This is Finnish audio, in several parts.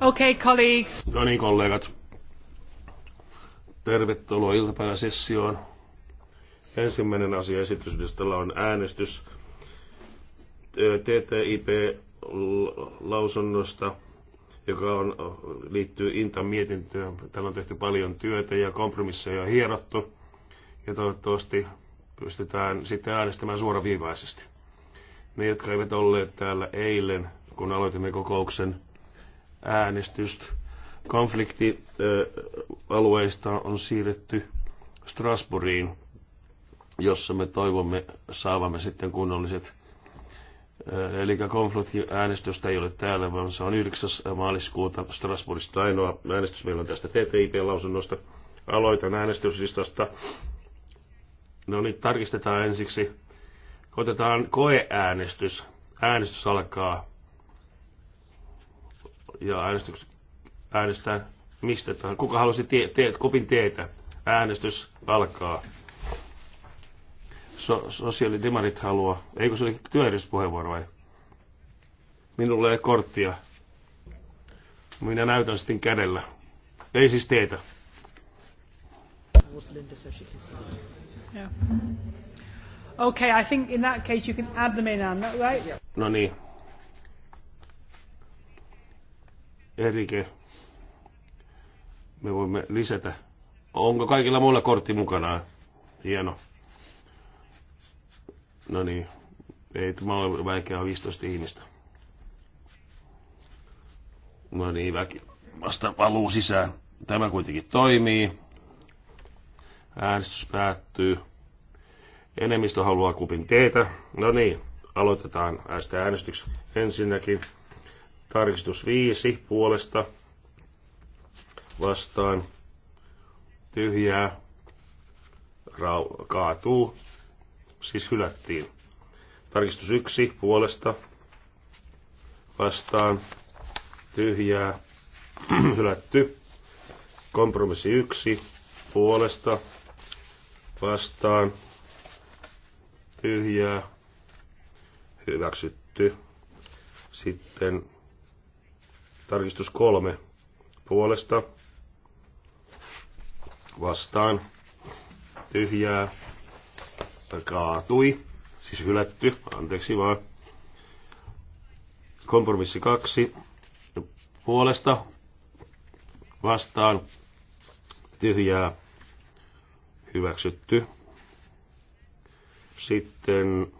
Okay, colleagues. No niin, kollegat. Tervetuloa iltapäiväsessioon. Ensimmäinen asia esityslistalla on äänestys eh, TTIP-lausunnosta, joka on, liittyy Intan mietintöön. Täällä on tehty paljon työtä ja kompromisseja on hierottu ja toivottavasti pystytään sitten äänestämään suoraviivaisesti. Ne, jotka eivät olleet täällä eilen, kun aloitimme kokouksen, äänestys konfliktialueista on siirretty Strasbourgiin, jossa me toivomme saavamme sitten kunnolliset Eli konfliktiäänestystä ei ole täällä, vaan se on 9. maaliskuuta Strasbourgista ainoa äänestys. Meillä on tästä TTIP-lausunnosta. Aloitan äänestyslistasta. No niin, tarkistetaan ensiksi. Otetaan koeäänestys. Äänestys alkaa ja äänestys, äänestää mistä tahansa. Kuka halusi tie, tie, kopin tietä? Äänestys alkaa. So, sosiaalidemarit haluaa. Eikö se oli työjärjestyspuheenvuoro vai? Minulla ei korttia. Minä näytän sitten kädellä. Ei siis teitä. Okay, I think in that case you can add them in, Anna, right? No niin, Erike, me voimme lisätä. Onko kaikilla muilla kortti mukana? Hieno. No niin, ei tämä ole vaikeaa 15 ihmistä. No niin, väki vasta valuu sisään. Tämä kuitenkin toimii. Äänestys päättyy. Enemmistö haluaa kupin teetä. No niin, aloitetaan äänestyksen ensinnäkin. Tarkistus 5 puolesta vastaan tyhjää rau- kaatuu, siis hylättiin. Tarkistus 1 puolesta vastaan tyhjää hylätty. Kompromissi 1 puolesta vastaan tyhjää hyväksytty. Sitten Tarkistus kolme puolesta vastaan tyhjää kaatui, siis hylätty, anteeksi vaan. Kompromissi kaksi puolesta vastaan tyhjää hyväksytty. Sitten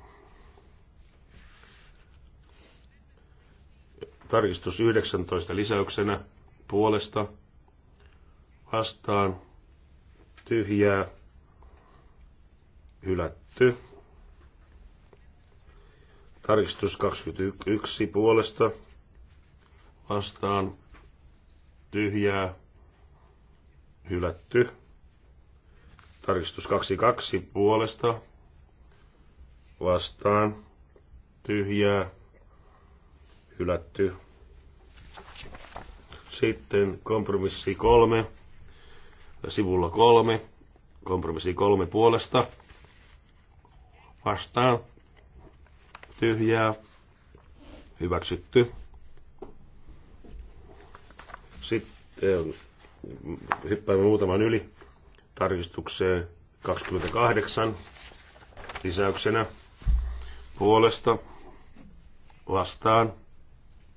Tarkistus 19 lisäyksenä puolesta vastaan tyhjää hylätty. Tarkistus 21 puolesta vastaan tyhjää hylätty. Tarkistus 22 puolesta vastaan tyhjää hylätty. Sitten kompromissi kolme, sivulla kolme, kompromissi kolme puolesta, vastaan, tyhjää, hyväksytty. Sitten hyppäämme muutaman yli tarkistukseen 28 lisäyksenä puolesta vastaan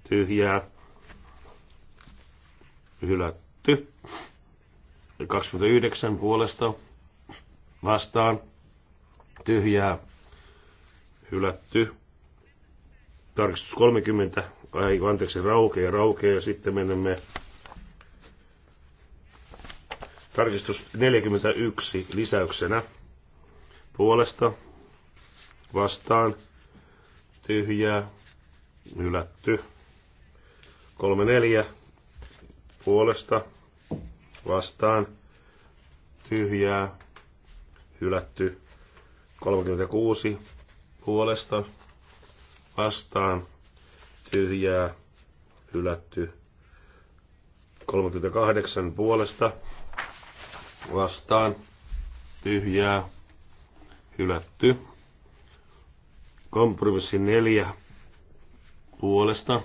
tyhjää, hylätty. 29 puolesta vastaan, tyhjää, hylätty. Tarkistus 30, ai anteeksi, raukea, raukea ja sitten menemme tarkistus 41 lisäyksenä puolesta vastaan tyhjää, hylätty. Kolme neljä puolesta vastaan tyhjää hylätty. 36 puolesta vastaan tyhjää hylätty. 38 puolesta vastaan tyhjää hylätty. Kompromissi 4 puolesta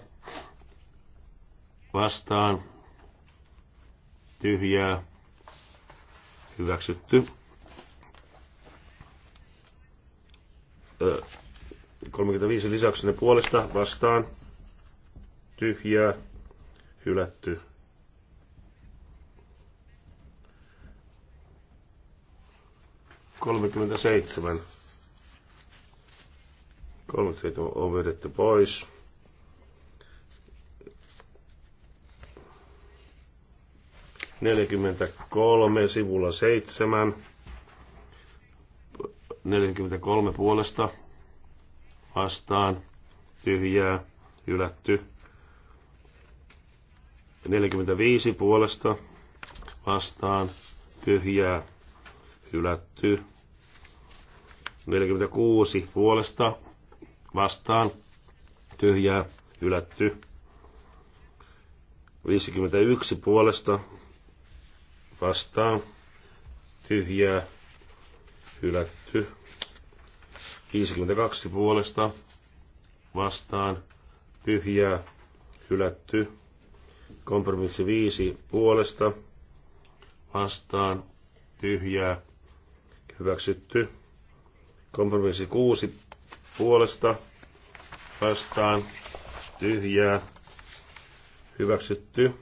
vastaan tyhjää hyväksytty. 35 lisäyksenä puolesta vastaan tyhjää hylätty. Kolmekymmentä seitsemän on vedetty pois. 43 sivulla 7. 43 puolesta vastaan tyhjää hylätty. 45 puolesta vastaan tyhjää hylätty. 46 puolesta vastaan tyhjää hylätty. 51 puolesta vastaan tyhjää hylätty. 52 puolesta vastaan tyhjää hylätty. Kompromissi 5 puolesta vastaan tyhjää hyväksytty. Kompromissi 6 puolesta vastaan tyhjää hyväksytty.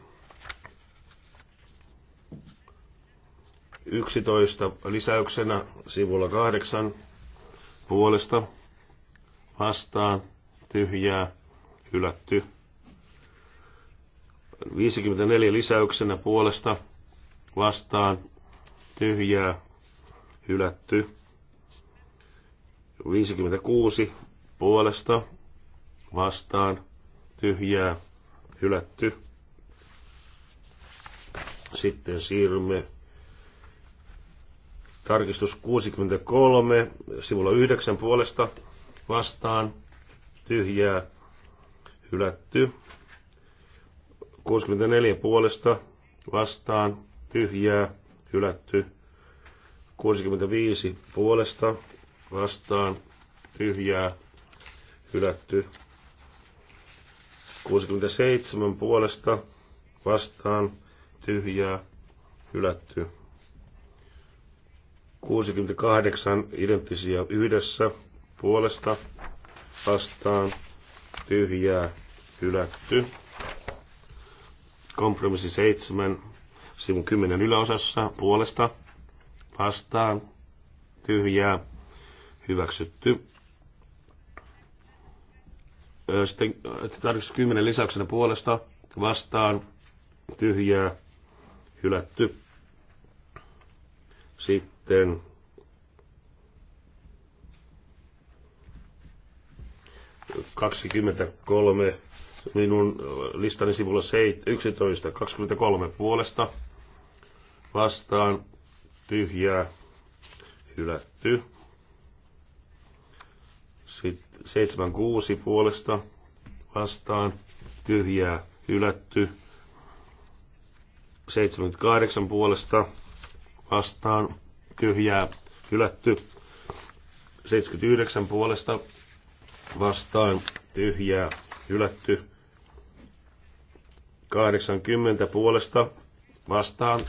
11 lisäyksenä sivulla 8 puolesta vastaan tyhjää hylätty. 54 lisäyksenä puolesta vastaan tyhjää hylätty. 56 puolesta vastaan tyhjää hylätty. Sitten siirrymme Tarkistus 63, sivulla 9 puolesta vastaan, tyhjää, hylätty. 64 puolesta vastaan, tyhjää, hylätty. 65 puolesta vastaan, tyhjää, hylätty. 67 puolesta vastaan, tyhjää, hylätty. 68 identtisiä yhdessä puolesta vastaan tyhjää hylätty. Kompromissi 7 sivun 10 yläosassa puolesta vastaan tyhjää hyväksytty. Sitten tarkistus 10 lisäyksenä puolesta vastaan tyhjää hylätty. Sitten sitten kaksikymmentäkolme minun listani sivulla 11, 23 puolesta vastaan tyhjää hylätty. Sitten 76 puolesta vastaan tyhjää hylätty. 78 puolesta vastaan tyhjää hylätty. 79 puolesta vastaan tyhjää hylätty. 80 puolesta vastaan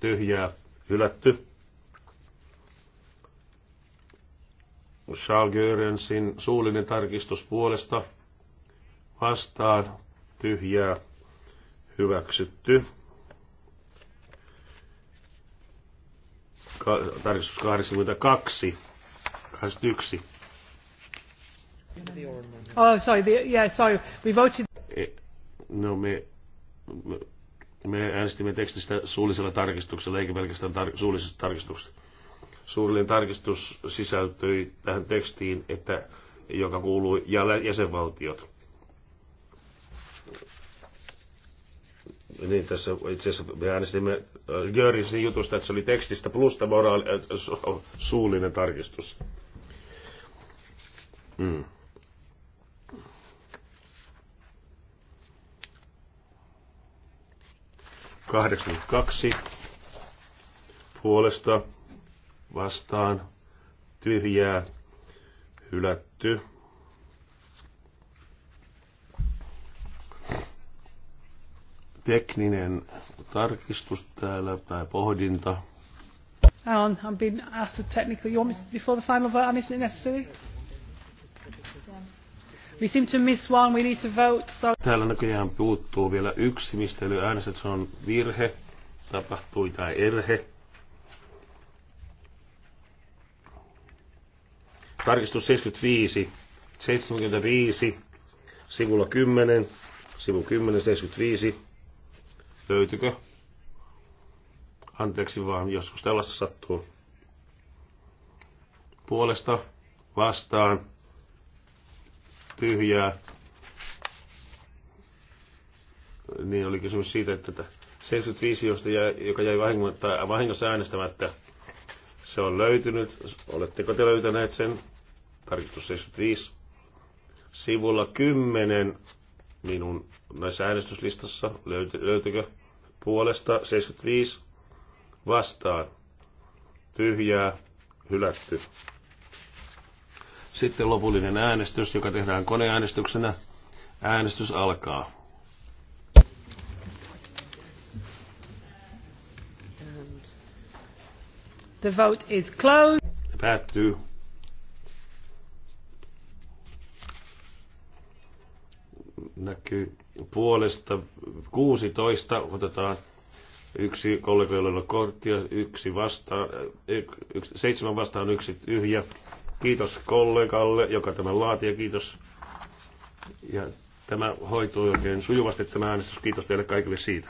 tyhjää hylätty. Charles Görensin suullinen tarkistus puolesta vastaan tyhjää hyväksytty. tarkistus 82, 81. Oh, sorry, the, yeah, sorry, we voted... E, no me, me, me äänestimme tekstistä suullisella tarkistuksella, eikä pelkästään tar- suullisesta tarkistuksesta. Suullinen tarkistus sisältyi tähän tekstiin, että, joka kuuluu jäsenvaltiot. Niin, tässä itse asiassa me äänestimme äh, Görinsin jutusta, että se oli tekstistä plus tämä moraali, äh, su, suullinen tarkistus. Mm. kaksi puolesta vastaan tyhjää hylätty. tekninen tarkistus täällä tai pohdinta. Alan, on, I'm being asked a technical. You want me before the final vote, Annie, is it necessary? We seem to miss one, we need to vote, so... Täällä näköjään puuttuu vielä yksi mistely äänestys, se on virhe, tapahtui tai erhe. Tarkistus 75, 75, sivulla 10, sivu 10, 75. Löytykö? Anteeksi vaan, joskus tällaista sattuu. Puolesta vastaan tyhjää. Niin oli kysymys siitä, että 75, josta jäi, joka jäi vahingossa, vahingossa äänestämättä, se on löytynyt. Oletteko te löytäneet sen? Tarkistus 75. Sivulla 10 minun näissä äänestyslistassa. Löyty, löytykö? puolesta 75 vastaan tyhjää hylätty. Sitten lopullinen äänestys, joka tehdään koneäänestyksenä. Äänestys alkaa. The vote is closed. Päättyy. Näkyy puolesta 16 otetaan yksi kollega, jolla on korttia, yksi vastaan, yksi, seitsemän vastaan, yksi tyhjä. Kiitos kollegalle, joka tämän laati ja kiitos. Ja tämä hoituu oikein sujuvasti tämä äänestys. Kiitos teille kaikille siitä.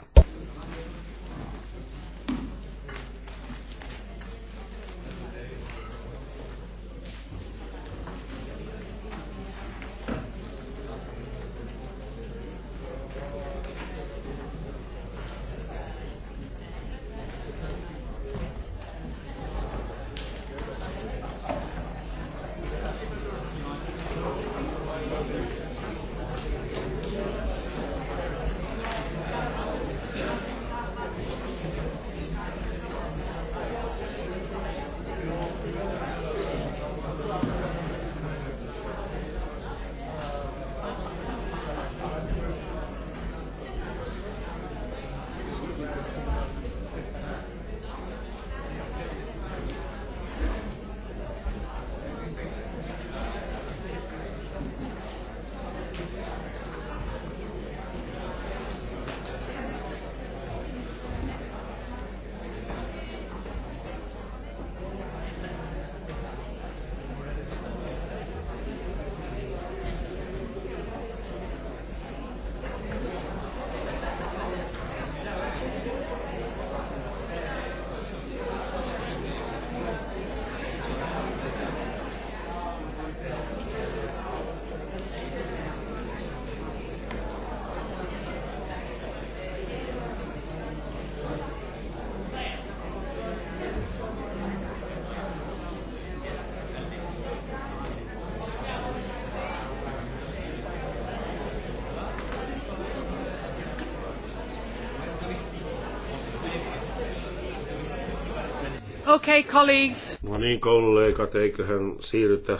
Okay, colleagues. No niin, kollegat, eiköhän siirrytä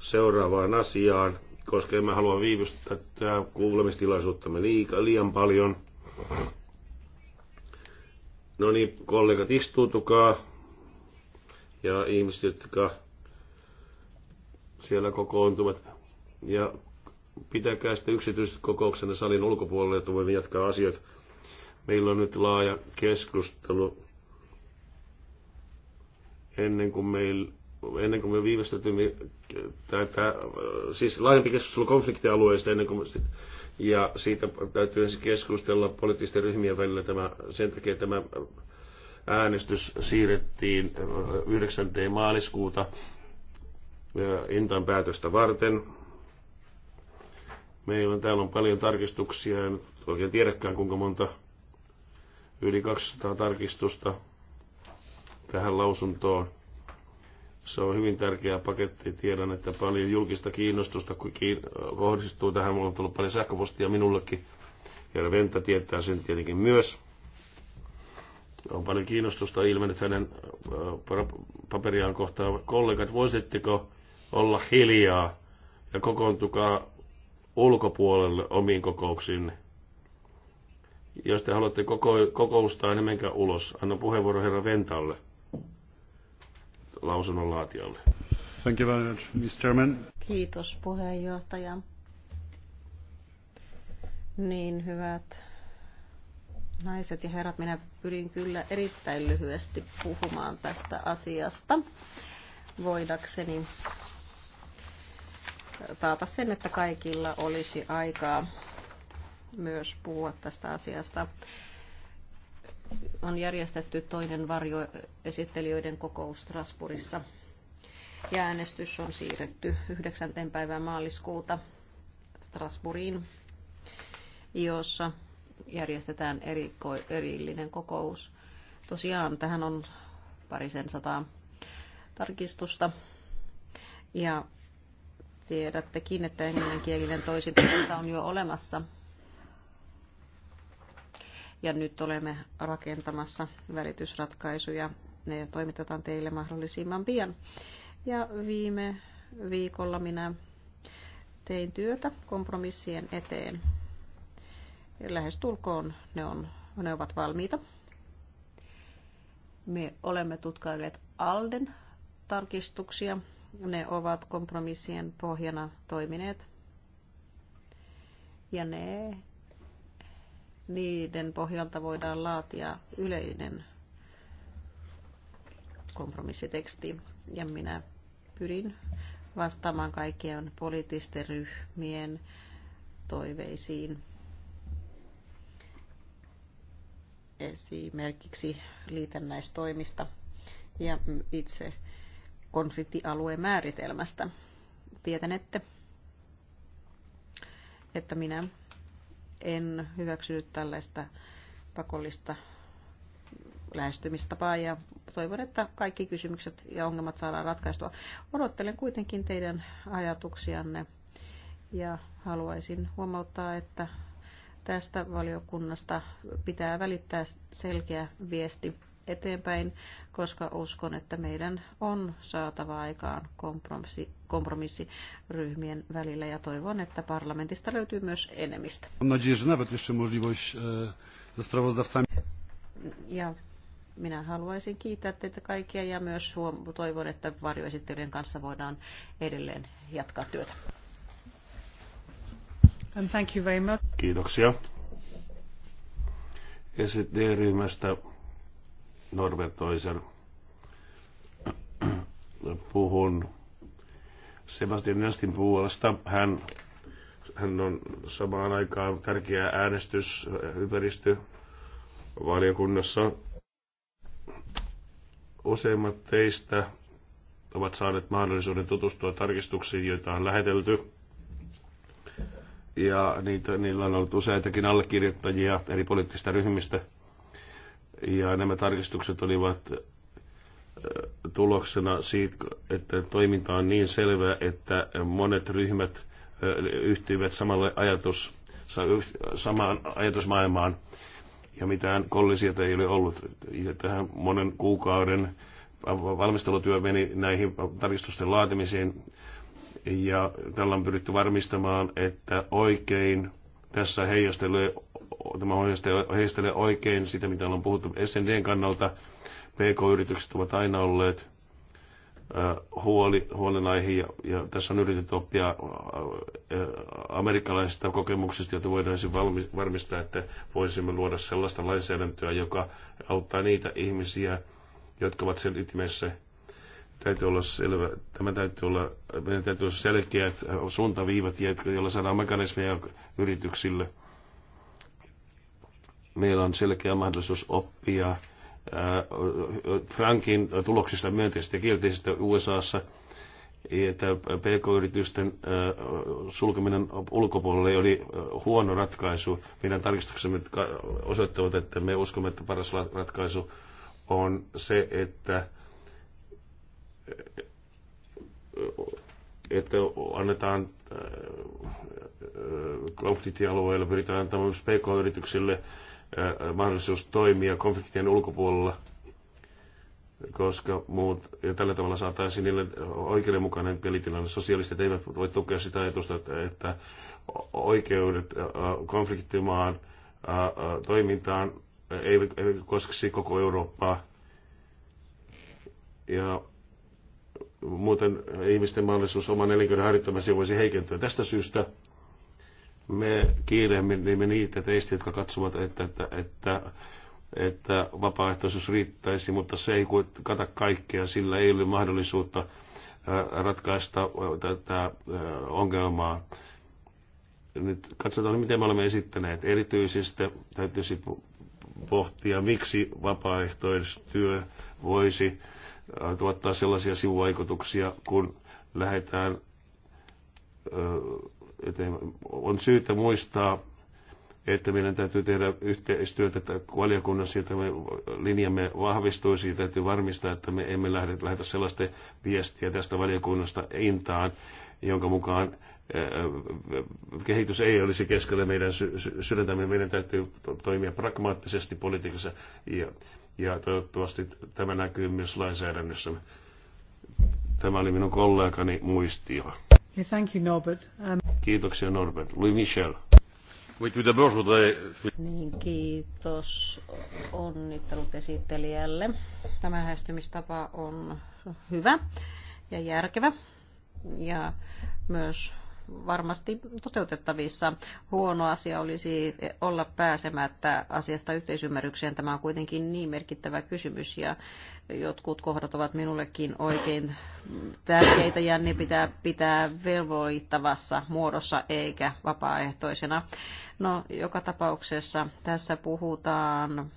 seuraavaan asiaan, koska emme halua kuulemistilaisuutta kuulemistilaisuuttamme liika, liian paljon. No niin, kollegat, istuutukaa. Ja ihmiset, jotka siellä kokoontuvat. Ja pitäkää sitten yksityiset kokouksena salin ulkopuolelle, että voimme jatkaa asioita. Meillä on nyt laaja keskustelu ennen kuin, meillä ennen kuin me viivästytimme tätä, siis laajempi keskustelu konfliktialueista ennen kuin sit, ja siitä täytyy ensin keskustella poliittisten ryhmien välillä. Tämä, sen takia tämä äänestys siirrettiin 9. Äh, maaliskuuta äh, Intan päätöstä varten. Meillä on, täällä on paljon tarkistuksia, en oikein tiedäkään kuinka monta, yli 200 tarkistusta tähän lausuntoon. Se on hyvin tärkeä paketti. Tiedän, että paljon julkista kiinnostusta kohdistuu tähän. Mulla on tullut paljon sähköpostia minullekin. Ja Venta tietää sen tietenkin myös. On paljon kiinnostusta ilmennyt hänen paperiaan kohtaan. Kollegat, voisitteko olla hiljaa ja kokoontukaa ulkopuolelle omiin kokouksiinne? Jos te haluatte koko, kokoustaa, niin menkää ulos. Anna puheenvuoro herra Ventalle lausunnon laatijalle. Thank you very much, Chairman. Kiitos puheenjohtaja. Niin hyvät naiset ja herrat, minä pyrin kyllä erittäin lyhyesti puhumaan tästä asiasta voidakseni taata sen, että kaikilla olisi aikaa myös puhua tästä asiasta on järjestetty toinen varjoesittelijöiden kokous Strasbourgissa. Ja äänestys on siirretty 9. päivää maaliskuuta Strasbourgiin, jossa järjestetään eriko, erillinen kokous. Tosiaan tähän on parisen sataa tarkistusta. Ja tiedättekin, että englanninkielinen toisinta on jo olemassa ja nyt olemme rakentamassa välitysratkaisuja. Ne toimitetaan teille mahdollisimman pian. Ja viime viikolla minä tein työtä kompromissien eteen. Lähestulkoon ne, on, ne ovat valmiita. Me olemme tutkailleet Alden tarkistuksia. Ne ovat kompromissien pohjana toimineet. Ja ne niiden pohjalta voidaan laatia yleinen kompromissiteksti. Ja minä pyrin vastaamaan kaikkien poliittisten ryhmien toiveisiin. Esimerkiksi liitännäistoimista ja itse konfliktialueen määritelmästä. Tietänette, että minä en hyväksynyt tällaista pakollista lähestymistapaa ja toivon, että kaikki kysymykset ja ongelmat saadaan ratkaistua. Odottelen kuitenkin teidän ajatuksianne ja haluaisin huomauttaa, että tästä valiokunnasta pitää välittää selkeä viesti eteenpäin, koska uskon, että meidän on saatava aikaan kompromissi, kompromissi ryhmien välillä ja toivon, että parlamentista löytyy myös enemmistö. E, ja minä haluaisin kiittää teitä kaikkia ja myös huom- toivon, että varjoesittelyjen kanssa voidaan edelleen jatkaa työtä. And thank you very much. Kiitoksia. SD-ryhmästä Norbertoisen. Puhun Sebastian Nestin puolesta. Hän, hän on samaan aikaan tärkeä äänestys äh, ympäristö valiokunnassa. Useimmat teistä ovat saaneet mahdollisuuden tutustua tarkistuksiin, joita on lähetelty. Ja niitä, niillä on ollut useitakin allekirjoittajia eri poliittisista ryhmistä – ja nämä tarkistukset olivat äh, tuloksena siitä, että toiminta on niin selvää, että monet ryhmät äh, yhtyivät samalle ajatus, samaan ajatusmaailmaan ja mitään kollisiota ei ole ollut. Tähän monen kuukauden valmistelutyö meni näihin tarkistusten laatimiseen ja tällä on pyritty varmistamaan, että oikein tässä heijastelee, tämä heijastelee oikein sitä, mitä on puhuttu SNDn kannalta. PK-yritykset ovat aina olleet huoli, huolenaihe ja, ja tässä on yritetty oppia amerikkalaisista kokemuksista, jotta voidaan varmistaa, että voisimme luoda sellaista lainsäädäntöä, joka auttaa niitä ihmisiä, jotka ovat sen ytimessä täytyy olla selvä, tämä täytyy olla, meidän täytyy olla selkeät suuntaviivat, joilla saadaan mekanismeja yrityksille. Meillä on selkeä mahdollisuus oppia äh, Frankin tuloksista myönteisistä ja kielteisistä USAssa, että PK-yritysten äh, sulkeminen ulkopuolelle oli äh, huono ratkaisu. Meidän tarkistuksemme osoittavat, että me uskomme, että paras ratkaisu on se, että että annetaan äh, äh, konfliktialueille pyritään antamaan myös pk-yrityksille äh, mahdollisuus toimia konfliktien ulkopuolella, koska muut, ja tällä tavalla saataisiin niille oikeudenmukainen pelitilanne. Sosialistit eivät voi tukea sitä ajatusta, että oikeudet konfliktimaan toimintaan ei, ei koskisi koko Eurooppaa. Ja Muuten ihmisten mahdollisuus oman elinkeinon harjoittamiseen voisi heikentyä. Tästä syystä me kiiremmin niitä teistä, jotka katsovat, että, että, että että vapaaehtoisuus riittäisi, mutta se ei kata kaikkea, sillä ei ole mahdollisuutta äh, ratkaista äh, tätä äh, ongelmaa. Nyt katsotaan, miten me olemme esittäneet. Erityisesti täytyisi pohtia, miksi vapaaehtoistyö voisi tuottaa sellaisia sivuvaikutuksia, kun lähdetään, on syytä muistaa, että meidän täytyy tehdä yhteistyötä valiokunnassa, että me linjamme vahvistuisi. Täytyy varmistaa, että me emme lähde, lähetä sellaista viestiä tästä valiokunnasta intaan, jonka mukaan kehitys ei olisi keskellä meidän sydäntämme. Meidän täytyy toimia pragmaattisesti politiikassa. Ja ja toivottavasti tämä näkyy myös lainsäädännössä. Tämä oli minun kollegani muistio. Thank you, Norbert. Um... Kiitoksia Norbert. Louis Michel. Oui, tout d'abord, je voudrais... Niin, kiitos. Onnittelut esittelijälle. Tämä lähestymistapa on hyvä ja järkevä ja myös varmasti toteutettavissa. Huono asia olisi olla pääsemättä asiasta yhteisymmärrykseen. Tämä on kuitenkin niin merkittävä kysymys ja jotkut kohdat ovat minullekin oikein tärkeitä ja ne pitää pitää velvoittavassa muodossa eikä vapaaehtoisena. No, joka tapauksessa tässä puhutaan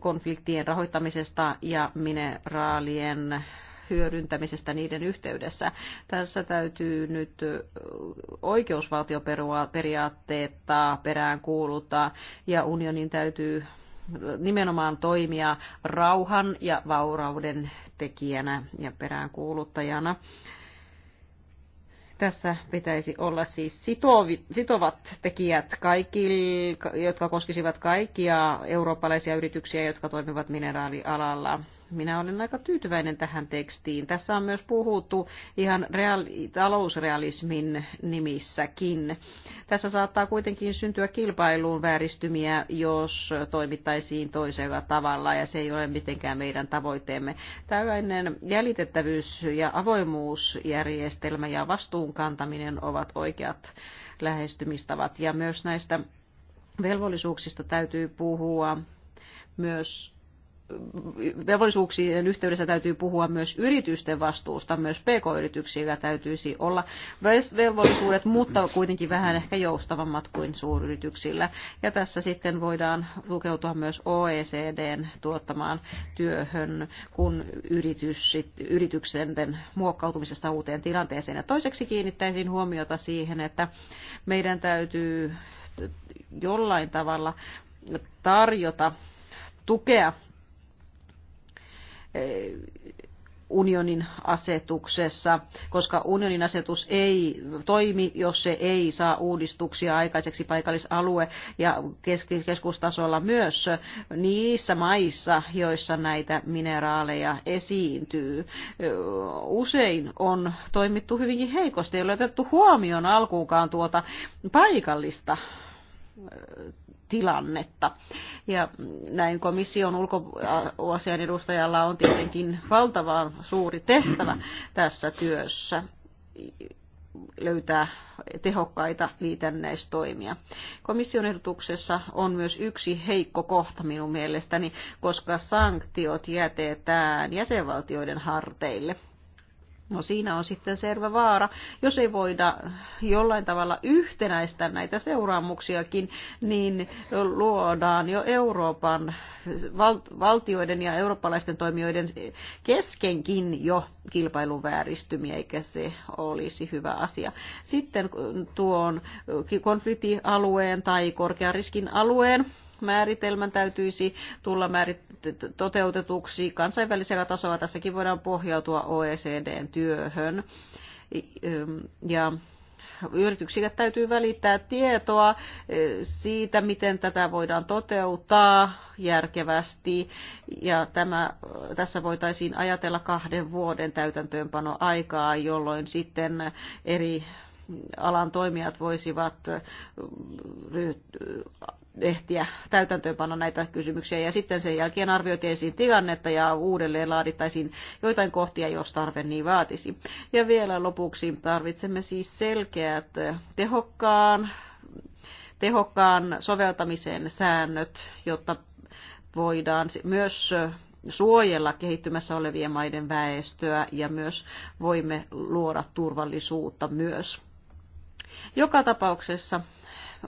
konfliktien rahoittamisesta ja mineraalien hyödyntämisestä niiden yhteydessä. Tässä täytyy nyt oikeusvaltioperiaatteetta perään kuuluttaa ja unionin täytyy nimenomaan toimia rauhan ja vaurauden tekijänä ja peräänkuuluttajana. Tässä pitäisi olla siis sitovat tekijät, kaikki, jotka koskisivat kaikkia eurooppalaisia yrityksiä, jotka toimivat mineraalialalla minä olen aika tyytyväinen tähän tekstiin. Tässä on myös puhuttu ihan reaali- talousrealismin nimissäkin. Tässä saattaa kuitenkin syntyä kilpailuun vääristymiä, jos toimittaisiin toisella tavalla, ja se ei ole mitenkään meidän tavoitteemme. Tällainen jäljitettävyys ja avoimuusjärjestelmä ja vastuunkantaminen ovat oikeat lähestymistavat, ja myös näistä velvollisuuksista täytyy puhua myös velvollisuuksien yhteydessä täytyy puhua myös yritysten vastuusta, myös pk-yrityksillä täytyisi olla velvollisuudet, mutta kuitenkin vähän ehkä joustavammat kuin suuryrityksillä. Ja tässä sitten voidaan lukeutua myös OECDn tuottamaan työhön, kun yritys, yrityksen muokkautumisesta uuteen tilanteeseen. Ja toiseksi kiinnittäisin huomiota siihen, että meidän täytyy jollain tavalla tarjota tukea Eh, unionin asetuksessa, koska unionin asetus ei toimi, jos se ei saa uudistuksia aikaiseksi paikallisalue- ja keskustasolla myös niissä maissa, joissa näitä mineraaleja esiintyy. Eh, usein on toimittu hyvinkin heikosti, ei ole otettu huomioon alkuunkaan tuota paikallista eh, tilannetta. Ja näin komission ulkoasian edustajalla on tietenkin valtavan suuri tehtävä tässä työssä löytää tehokkaita liitännäistoimia. Komission ehdotuksessa on myös yksi heikko kohta minun mielestäni, koska sanktiot jätetään jäsenvaltioiden harteille. No siinä on sitten selvä vaara. Jos ei voida jollain tavalla yhtenäistää näitä seuraamuksiakin, niin luodaan jo Euroopan valtioiden ja eurooppalaisten toimijoiden keskenkin jo kilpailun vääristymiä, eikä se olisi hyvä asia. Sitten tuon konfliktialueen tai korkean riskin alueen määritelmän täytyisi tulla määrit- toteutetuksi kansainvälisellä tasolla. Tässäkin voidaan pohjautua OECDn työhön. Ja yrityksille täytyy välittää tietoa eh, siitä, miten tätä voidaan toteuttaa järkevästi. Ja tämä, tässä voitaisiin ajatella kahden vuoden täytäntöönpanoaikaa, jolloin sitten eri alan toimijat voisivat eh, ehtiä täytäntöönpanna näitä kysymyksiä ja sitten sen jälkeen arvioitaisiin tilannetta ja uudelleen laadittaisiin joitain kohtia, jos tarve niin vaatisi. Ja vielä lopuksi tarvitsemme siis selkeät, tehokkaan, tehokkaan soveltamisen säännöt, jotta voidaan myös suojella kehittymässä olevien maiden väestöä ja myös voimme luoda turvallisuutta myös. Joka tapauksessa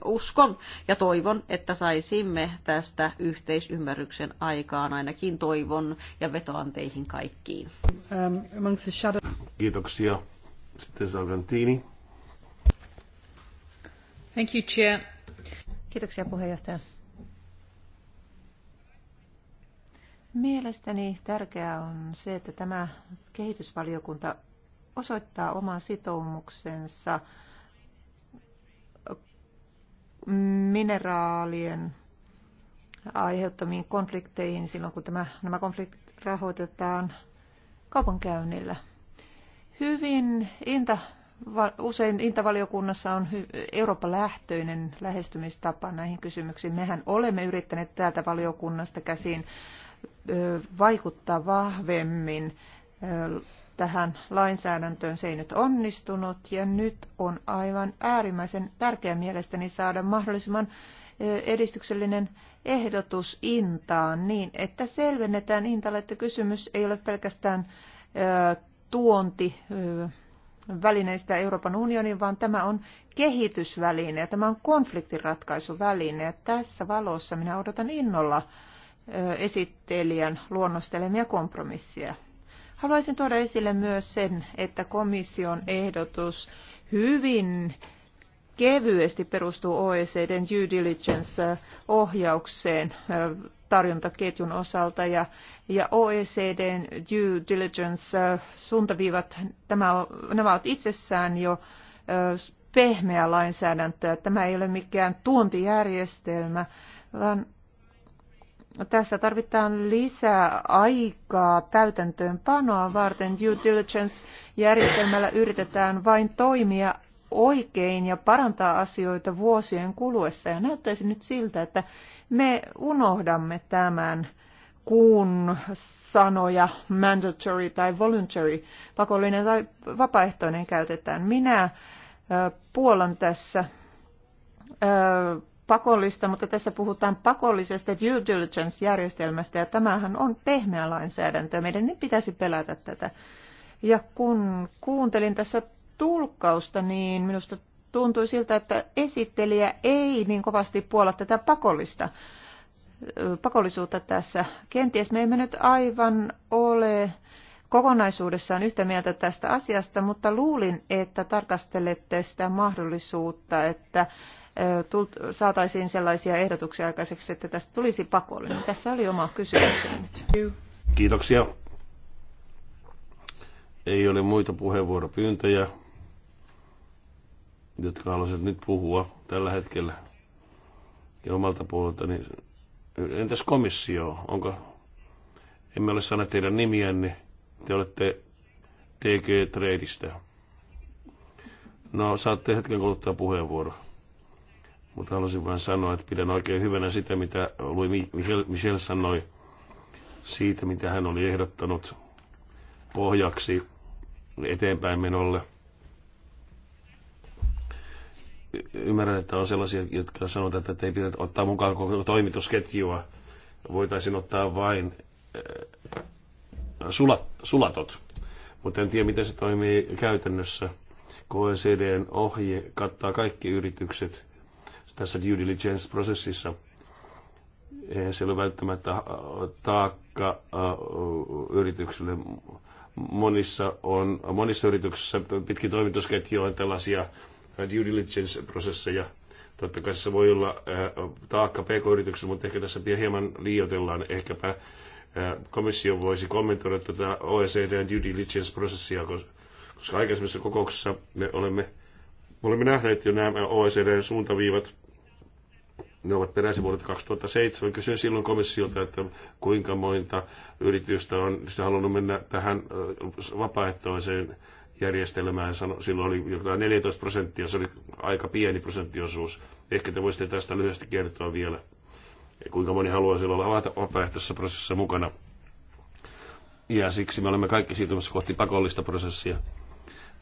uskon ja toivon, että saisimme tästä yhteisymmärryksen aikaan. Ainakin toivon ja vetoan teihin kaikkiin. Ähm, Kiitoksia. Sitten Salvantini. Thank you, Chair. Kiitoksia puheenjohtaja. Mielestäni tärkeää on se, että tämä kehitysvaliokunta osoittaa oman sitoumuksensa mineraalien aiheuttamiin konflikteihin silloin, kun tämä, nämä konfliktit rahoitetaan kaupankäynnillä. Hyvin inta, usein Intavaliokunnassa on Eurooppa-lähtöinen lähestymistapa näihin kysymyksiin. Mehän olemme yrittäneet täältä valiokunnasta käsin vaikuttaa vahvemmin tähän lainsäädäntöön. Se ei nyt onnistunut ja nyt on aivan äärimmäisen tärkeää mielestäni saada mahdollisimman edistyksellinen ehdotus Intaan niin, että selvennetään Intalle, että kysymys ei ole pelkästään tuonti välineistä Euroopan unionin, vaan tämä on kehitysväline ja tämä on konfliktinratkaisuväline. Ja tässä valossa minä odotan innolla esittelijän luonnostelemia kompromisseja. Haluaisin tuoda esille myös sen, että komission ehdotus hyvin kevyesti perustuu OECDn due diligence-ohjaukseen tarjontaketjun osalta ja, ja OECDn due diligence-suuntaviivat, tämä, nämä ovat itsessään jo pehmeä lainsäädäntöä. Tämä ei ole mikään tuontijärjestelmä, vaan tässä tarvitaan lisää aikaa täytäntöönpanoa varten. Due diligence-järjestelmällä yritetään vain toimia oikein ja parantaa asioita vuosien kuluessa. Ja näyttäisi nyt siltä, että me unohdamme tämän kuun sanoja mandatory tai voluntary, pakollinen tai vapaaehtoinen käytetään. Minä puolan tässä pakollista, mutta tässä puhutaan pakollisesta due diligence-järjestelmästä ja tämähän on pehmeä lainsäädäntö. Meidän niin pitäisi pelätä tätä. Ja kun kuuntelin tässä tulkkausta, niin minusta tuntui siltä, että esittelijä ei niin kovasti puolla tätä pakollista pakollisuutta tässä. Kenties me emme nyt aivan ole kokonaisuudessaan yhtä mieltä tästä asiasta, mutta luulin, että tarkastelette sitä mahdollisuutta, että saataisiin sellaisia ehdotuksia aikaiseksi, että tästä tulisi pakollinen. Tässä oli oma kysymykseni nyt. Kiitoksia. Ei ole muita puheenvuoropyyntöjä, jotka haluaisivat nyt puhua tällä hetkellä. Ja omalta puolelta, niin entäs komissio? Onko, emme ole saaneet teidän nimiänne, te olette DG Tradeista. No, saatte hetken kuluttaa puheenvuoron mutta halusin vain sanoa, että pidän oikein hyvänä sitä, mitä Louis Michel, Michel sanoi siitä, mitä hän oli ehdottanut pohjaksi eteenpäin menolle. Ymmärrän, että on sellaisia, jotka sanotaan, että ei pidä ottaa mukaan koko toimitusketjua. Voitaisiin ottaa vain äh, sulat, sulatot, mutta en tiedä, miten se toimii käytännössä. KECDn ohje kattaa kaikki yritykset – tässä due diligence-prosessissa. Se ei ole välttämättä äh, taakka äh, yrityksille. Monissa, on, monissa yrityksissä pitkin toimitusketju on tällaisia äh, due diligence-prosesseja. Totta kai se voi olla taakka pk-yrityksille, mutta ehkä tässä hieman liioitellaan. Ehkäpä komissio voisi kommentoida tätä OECD due diligence-prosessia, koska aikaisemmissa kokouksissa me olemme, me olemme nähneet jo nämä OECDn suuntaviivat ne ovat peräisin vuodelta 2007. Kysyin silloin komissiolta, että kuinka monta yritystä on halunnut mennä tähän vapaaehtoiseen järjestelmään. Silloin oli jotain 14 prosenttia, se oli aika pieni prosenttiosuus. Ehkä te voisitte tästä lyhyesti kertoa vielä, kuinka moni haluaa silloin olla vapaaehtoisessa prosessissa mukana. Ja siksi me olemme kaikki siirtymässä kohti pakollista prosessia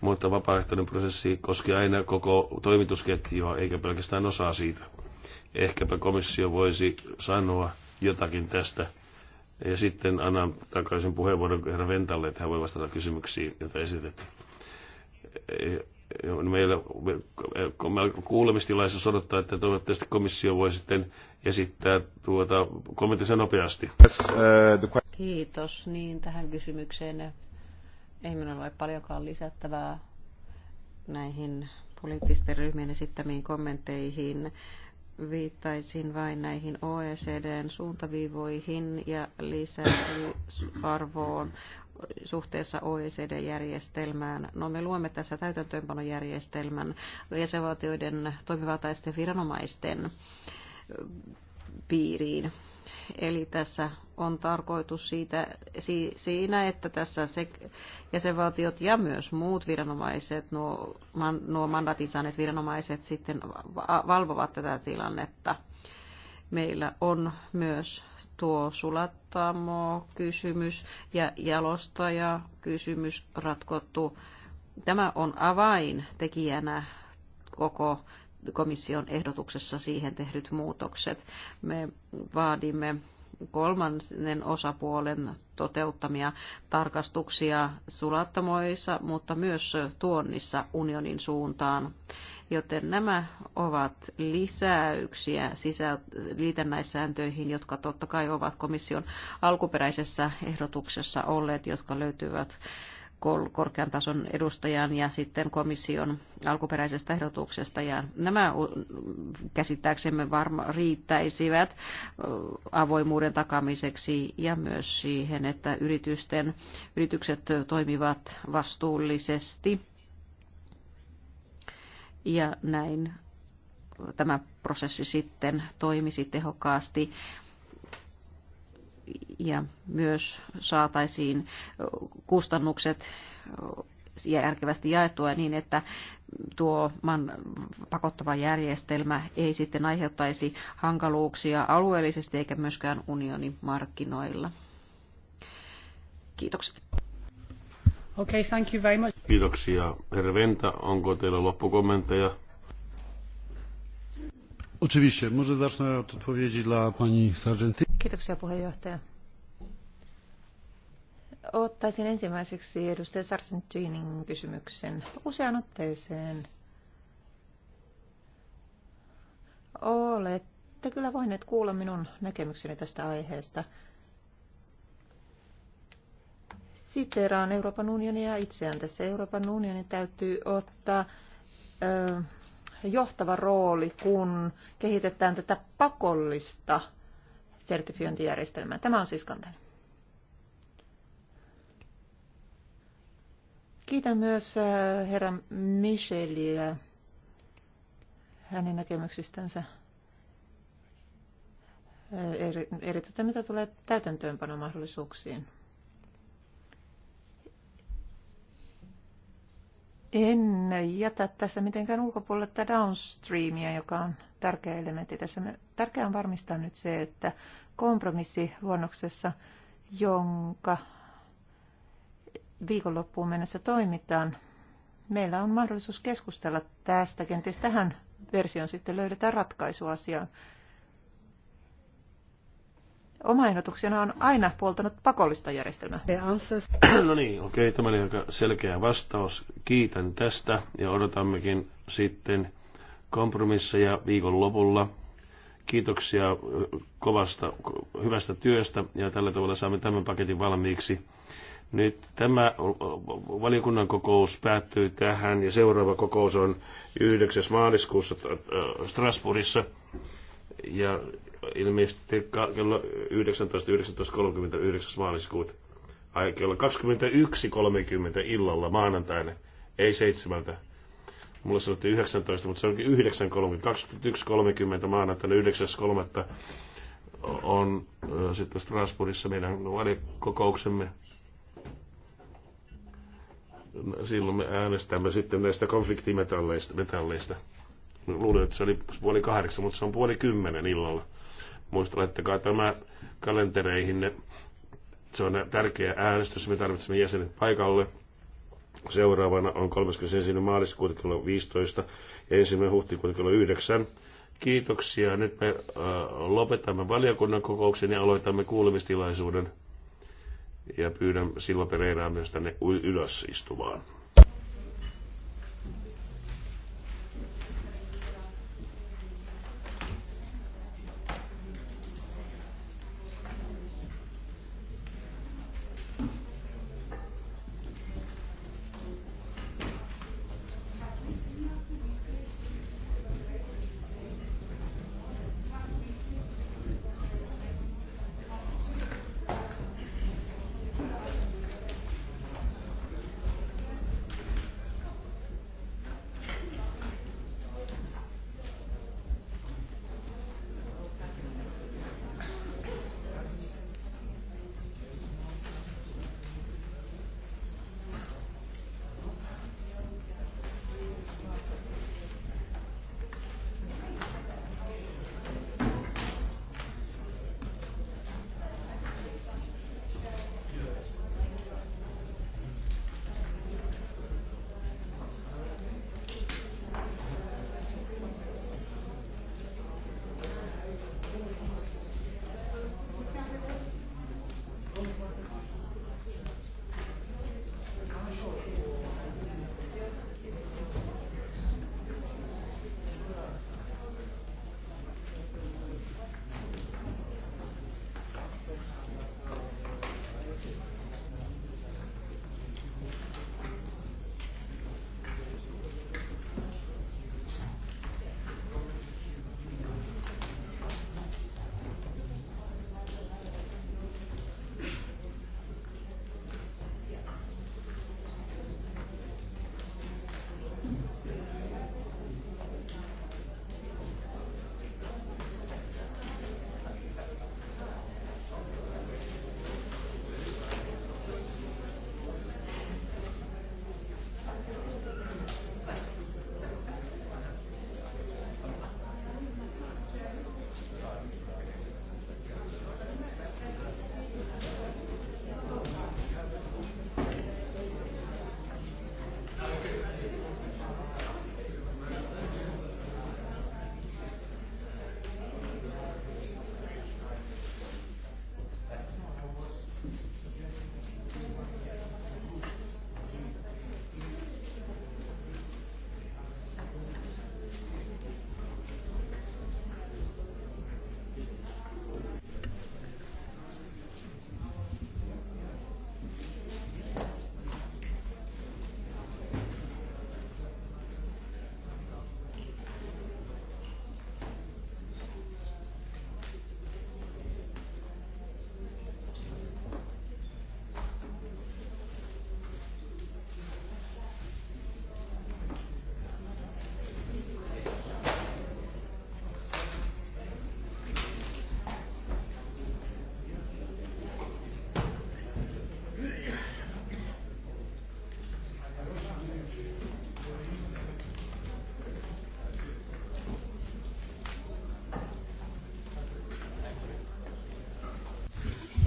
mutta vapaaehtoinen prosessi koskee aina koko toimitusketjua, eikä pelkästään osaa siitä. Ehkäpä komissio voisi sanoa jotakin tästä. Ja sitten annan takaisin puheenvuoron herra Ventalle, että hän voi vastata kysymyksiin, joita esitettiin. Meillä kuulemistilaisuus odottaa, että toivottavasti komissio voi sitten esittää tuota kommenttinsa nopeasti. Uh, Kiitos. Niin tähän kysymykseen ei minulla ole paljonkaan lisättävää näihin poliittisten ryhmien esittämiin kommentteihin viittaisin vain näihin OECDn suuntaviivoihin ja lisäarvoon suhteessa OECD-järjestelmään. No me luomme tässä täytäntöönpanojärjestelmän jäsenvaltioiden toimivaltaisten viranomaisten piiriin Eli tässä on tarkoitus siitä, si, siinä, että tässä se, jäsenvaltiot ja myös muut viranomaiset, nuo, man, nuo mandatin saaneet viranomaiset sitten valvovat tätä tilannetta. Meillä on myös tuo sulattamo-kysymys ja jalostaja-kysymys ratkottu. Tämä on avain tekijänä koko komission ehdotuksessa siihen tehdyt muutokset. Me vaadimme kolmannen osapuolen toteuttamia tarkastuksia sulattamoissa, mutta myös tuonnissa unionin suuntaan. Joten nämä ovat lisäyksiä sisä, liitännäissääntöihin, jotka totta kai ovat komission alkuperäisessä ehdotuksessa olleet, jotka löytyvät korkean tason edustajan ja sitten komission alkuperäisestä ehdotuksesta. Ja nämä käsittääksemme varma riittäisivät avoimuuden takamiseksi ja myös siihen, että yritysten, yritykset toimivat vastuullisesti. Ja näin tämä prosessi sitten toimisi tehokkaasti ja myös saataisiin kustannukset järkevästi jaettua niin, että tuo man pakottava järjestelmä ei sitten aiheuttaisi hankaluuksia alueellisesti eikä myöskään unionin markkinoilla. Kiitokset. Okay, thank you very much. Kiitoksia. Herra Venta, onko teillä loppukommentteja? Oczywiście, może zacznę od odpowiedzi dla pani Sargentini. Kiitoksia puheenjohtaja. Ottaisin ensimmäiseksi edustaja Sargentinin kysymyksen usean otteeseen. Olette kyllä voineet kuulla minun näkemykseni tästä aiheesta. Siteraan Euroopan unionia itseään tässä. Euroopan unionin täytyy ottaa ö, johtava rooli, kun kehitetään tätä pakollista sertifiointijärjestelmää. Tämä on siis kantani. Kiitän myös äh, herra Micheliä hänen näkemyksistänsä. Äh, eri, erityisesti tota, mitä tulee täytäntöönpanomahdollisuuksiin. En jätä tässä mitenkään ulkopuolelle tätä downstreamia, joka on tärkeä elementti tässä. Tärkeää on varmistaa nyt se, että kompromissiluonnoksessa, jonka viikonloppuun mennessä toimitaan. Meillä on mahdollisuus keskustella tästä. Kenties tähän versioon sitten löydetään ratkaisu asiaan. Oma ehdotuksena on aina puoltanut pakollista järjestelmää. No niin, okei, tämä oli aika selkeä vastaus. Kiitän tästä ja odotammekin sitten kompromisseja viikon lopulla. Kiitoksia kovasta, hyvästä työstä ja tällä tavalla saamme tämän paketin valmiiksi nyt tämä valiokunnan kokous päättyy tähän ja seuraava kokous on 9. maaliskuussa äh, äh, Strasbourgissa ja ilmeisesti kello 19.19.39. maaliskuuta. Ai, kello 21.30 illalla maanantaina, ei seitsemältä. Mulla sanottiin 19, mutta se onkin 9.30, 21.30 maanantaina 9.3. on äh, sitten Strasbourgissa meidän kokouksemme silloin me äänestämme sitten näistä konfliktimetalleista. Metalleista. Luulen, että se oli puoli kahdeksan, mutta se on puoli kymmenen illalla. Muista laittakaa tämä kalentereihin. Se on tärkeä äänestys, me tarvitsemme jäsenet paikalle. Seuraavana on 31. maaliskuuta kello 15 ja 1. huhtikuuta kello 9. Kiitoksia. Nyt me äh, lopetamme valiokunnan kokouksen ja aloitamme kuulemistilaisuuden ja pyydän Silva Pereiraa myös tänne ylös istumaan.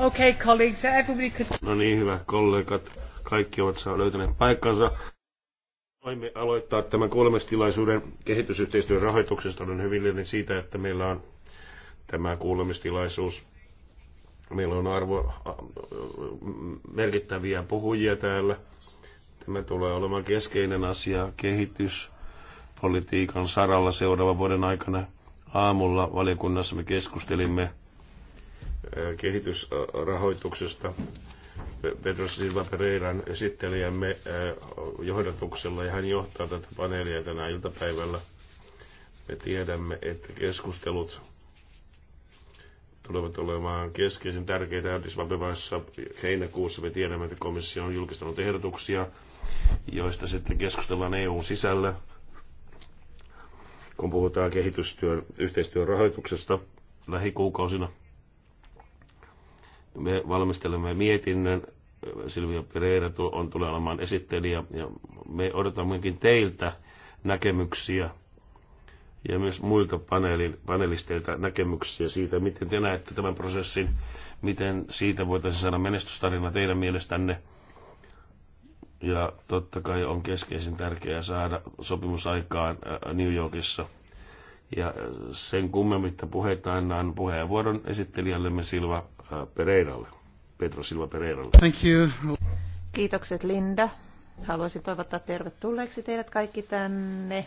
Okay, colleagues, everybody could... No niin, hyvät kollegat, kaikki ovat saa löytäneet paikkansa. Voimme aloittaa tämän kuulemistilaisuuden kehitysyhteistyön rahoituksesta. Olen niin siitä, että meillä on tämä kuulemistilaisuus. Meillä on arvo merkittäviä puhujia täällä. Tämä tulee olemaan keskeinen asia kehityspolitiikan saralla seuraavan vuoden aikana. Aamulla valiokunnassa me keskustelimme kehitysrahoituksesta. Pedro Silva Pereiran esittelijämme eh, johdatuksella ja hän johtaa tätä paneelia tänä iltapäivällä. Me tiedämme, että keskustelut tulevat olemaan keskeisen tärkeitä Addis Abebassa. Heinäkuussa me tiedämme, että komissio on julkistanut ehdotuksia, joista sitten keskustellaan EUn sisällä, kun puhutaan kehitystyön yhteistyön rahoituksesta lähikuukausina. Me valmistelemme mietinnön. Silvia Pereira on tulee olemaan esittelijä ja me odotammekin teiltä näkemyksiä ja myös muilta paneelin, panelisteilta näkemyksiä siitä, miten te näette tämän prosessin, miten siitä voitaisiin saada menestystarina teidän mielestänne. Ja totta kai on keskeisin tärkeää saada sopimus äh, New Yorkissa. Ja sen kummemmitta puheita annan puheenvuoron esittelijällemme Silva Äh, Pereiralle, Pedro Silva Pereiralle. Thank you. Kiitokset Linda. Haluaisin toivottaa tervetulleeksi teidät kaikki tänne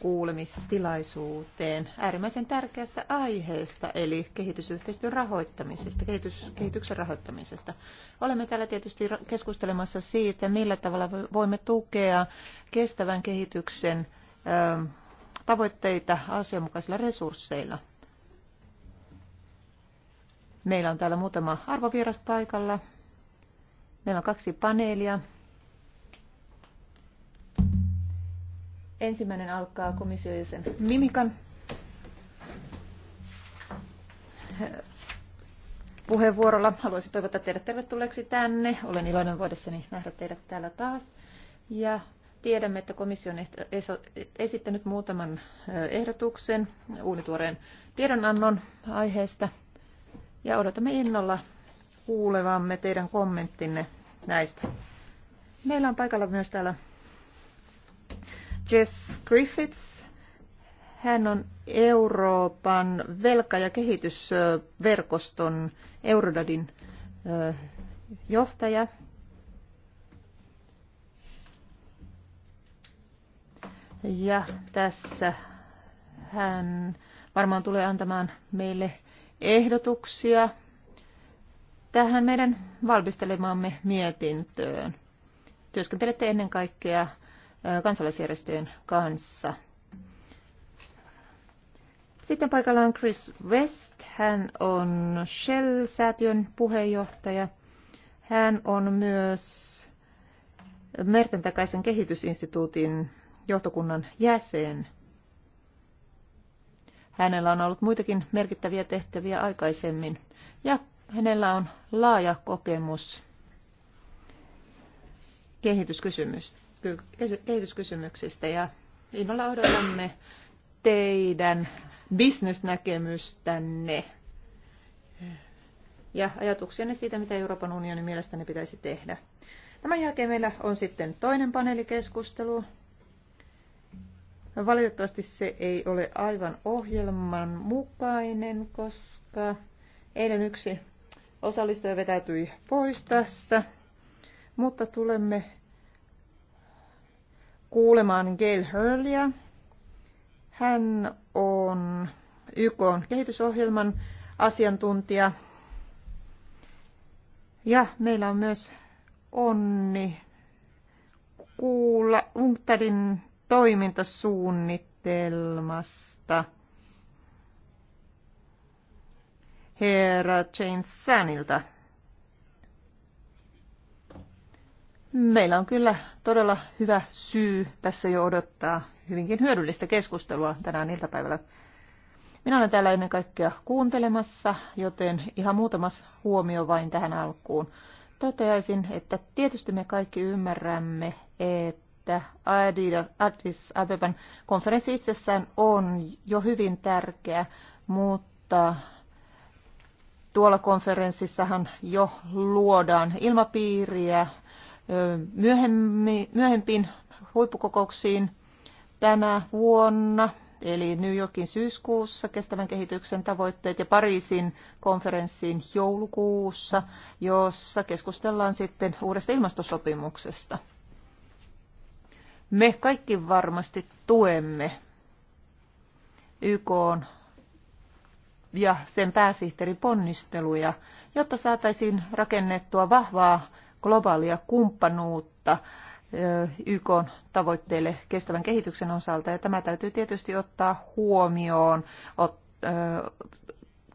kuulemistilaisuuteen äärimmäisen tärkeästä aiheesta, eli kehitysyhteistyön rahoittamisesta, kehitys, kehityksen rahoittamisesta. Olemme täällä tietysti keskustelemassa siitä, millä tavalla voimme tukea kestävän kehityksen ö, ähm, tavoitteita asianmukaisilla resursseilla – Meillä on täällä muutama arvovieras paikalla. Meillä on kaksi paneelia. Ensimmäinen alkaa komissiojäsen Mimikan puheenvuorolla. Haluaisin toivottaa teidät tervetulleeksi tänne. Olen iloinen voidessani nähdä teidät täällä taas. Ja tiedämme, että komissio on esittänyt muutaman ehdotuksen uunituoreen tiedonannon aiheesta – ja odotamme innolla kuulevamme teidän kommenttinne näistä. Meillä on paikalla myös täällä Jess Griffiths. Hän on Euroopan velka- ja kehitysverkoston Eurodadin johtaja. Ja tässä hän varmaan tulee antamaan meille ehdotuksia tähän meidän valmistelemaamme mietintöön. Työskentelette ennen kaikkea kansalaisjärjestöjen kanssa. Sitten paikalla on Chris West. Hän on Shell-säätiön puheenjohtaja. Hän on myös Mertentakaisen kehitysinstituutin johtokunnan jäsen – Hänellä on ollut muitakin merkittäviä tehtäviä aikaisemmin ja hänellä on laaja kokemus kehityskysymyksistä ja innolla odotamme teidän bisnesnäkemystänne ja ajatuksianne siitä, mitä Euroopan unionin mielestäni pitäisi tehdä. Tämän jälkeen meillä on sitten toinen paneelikeskustelu, Valitettavasti se ei ole aivan ohjelman mukainen, koska eilen yksi osallistuja vetäytyi pois tästä, mutta tulemme kuulemaan Gail Hurlia. Hän on YK on kehitysohjelman asiantuntija. Ja meillä on myös onni kuulla UNCTADin toimintasuunnitelmasta herra James Sanilta. Meillä on kyllä todella hyvä syy tässä jo odottaa hyvinkin hyödyllistä keskustelua tänään iltapäivällä. Minä olen täällä ennen kaikkea kuuntelemassa, joten ihan muutamas huomio vain tähän alkuun. Toteaisin, että tietysti me kaikki ymmärrämme, että että Addis Abeban konferenssi itsessään on jo hyvin tärkeä, mutta tuolla konferenssissahan jo luodaan ilmapiiriä myöhempiin huippukokouksiin tänä vuonna, eli New Yorkin syyskuussa kestävän kehityksen tavoitteet ja Pariisin konferenssiin joulukuussa, jossa keskustellaan sitten uudesta ilmastosopimuksesta. Me kaikki varmasti tuemme YK ja sen pääsihteerin ponnisteluja, jotta saataisiin rakennettua vahvaa globaalia kumppanuutta YK tavoitteille kestävän kehityksen osalta. Ja tämä täytyy tietysti ottaa huomioon, ot, ö,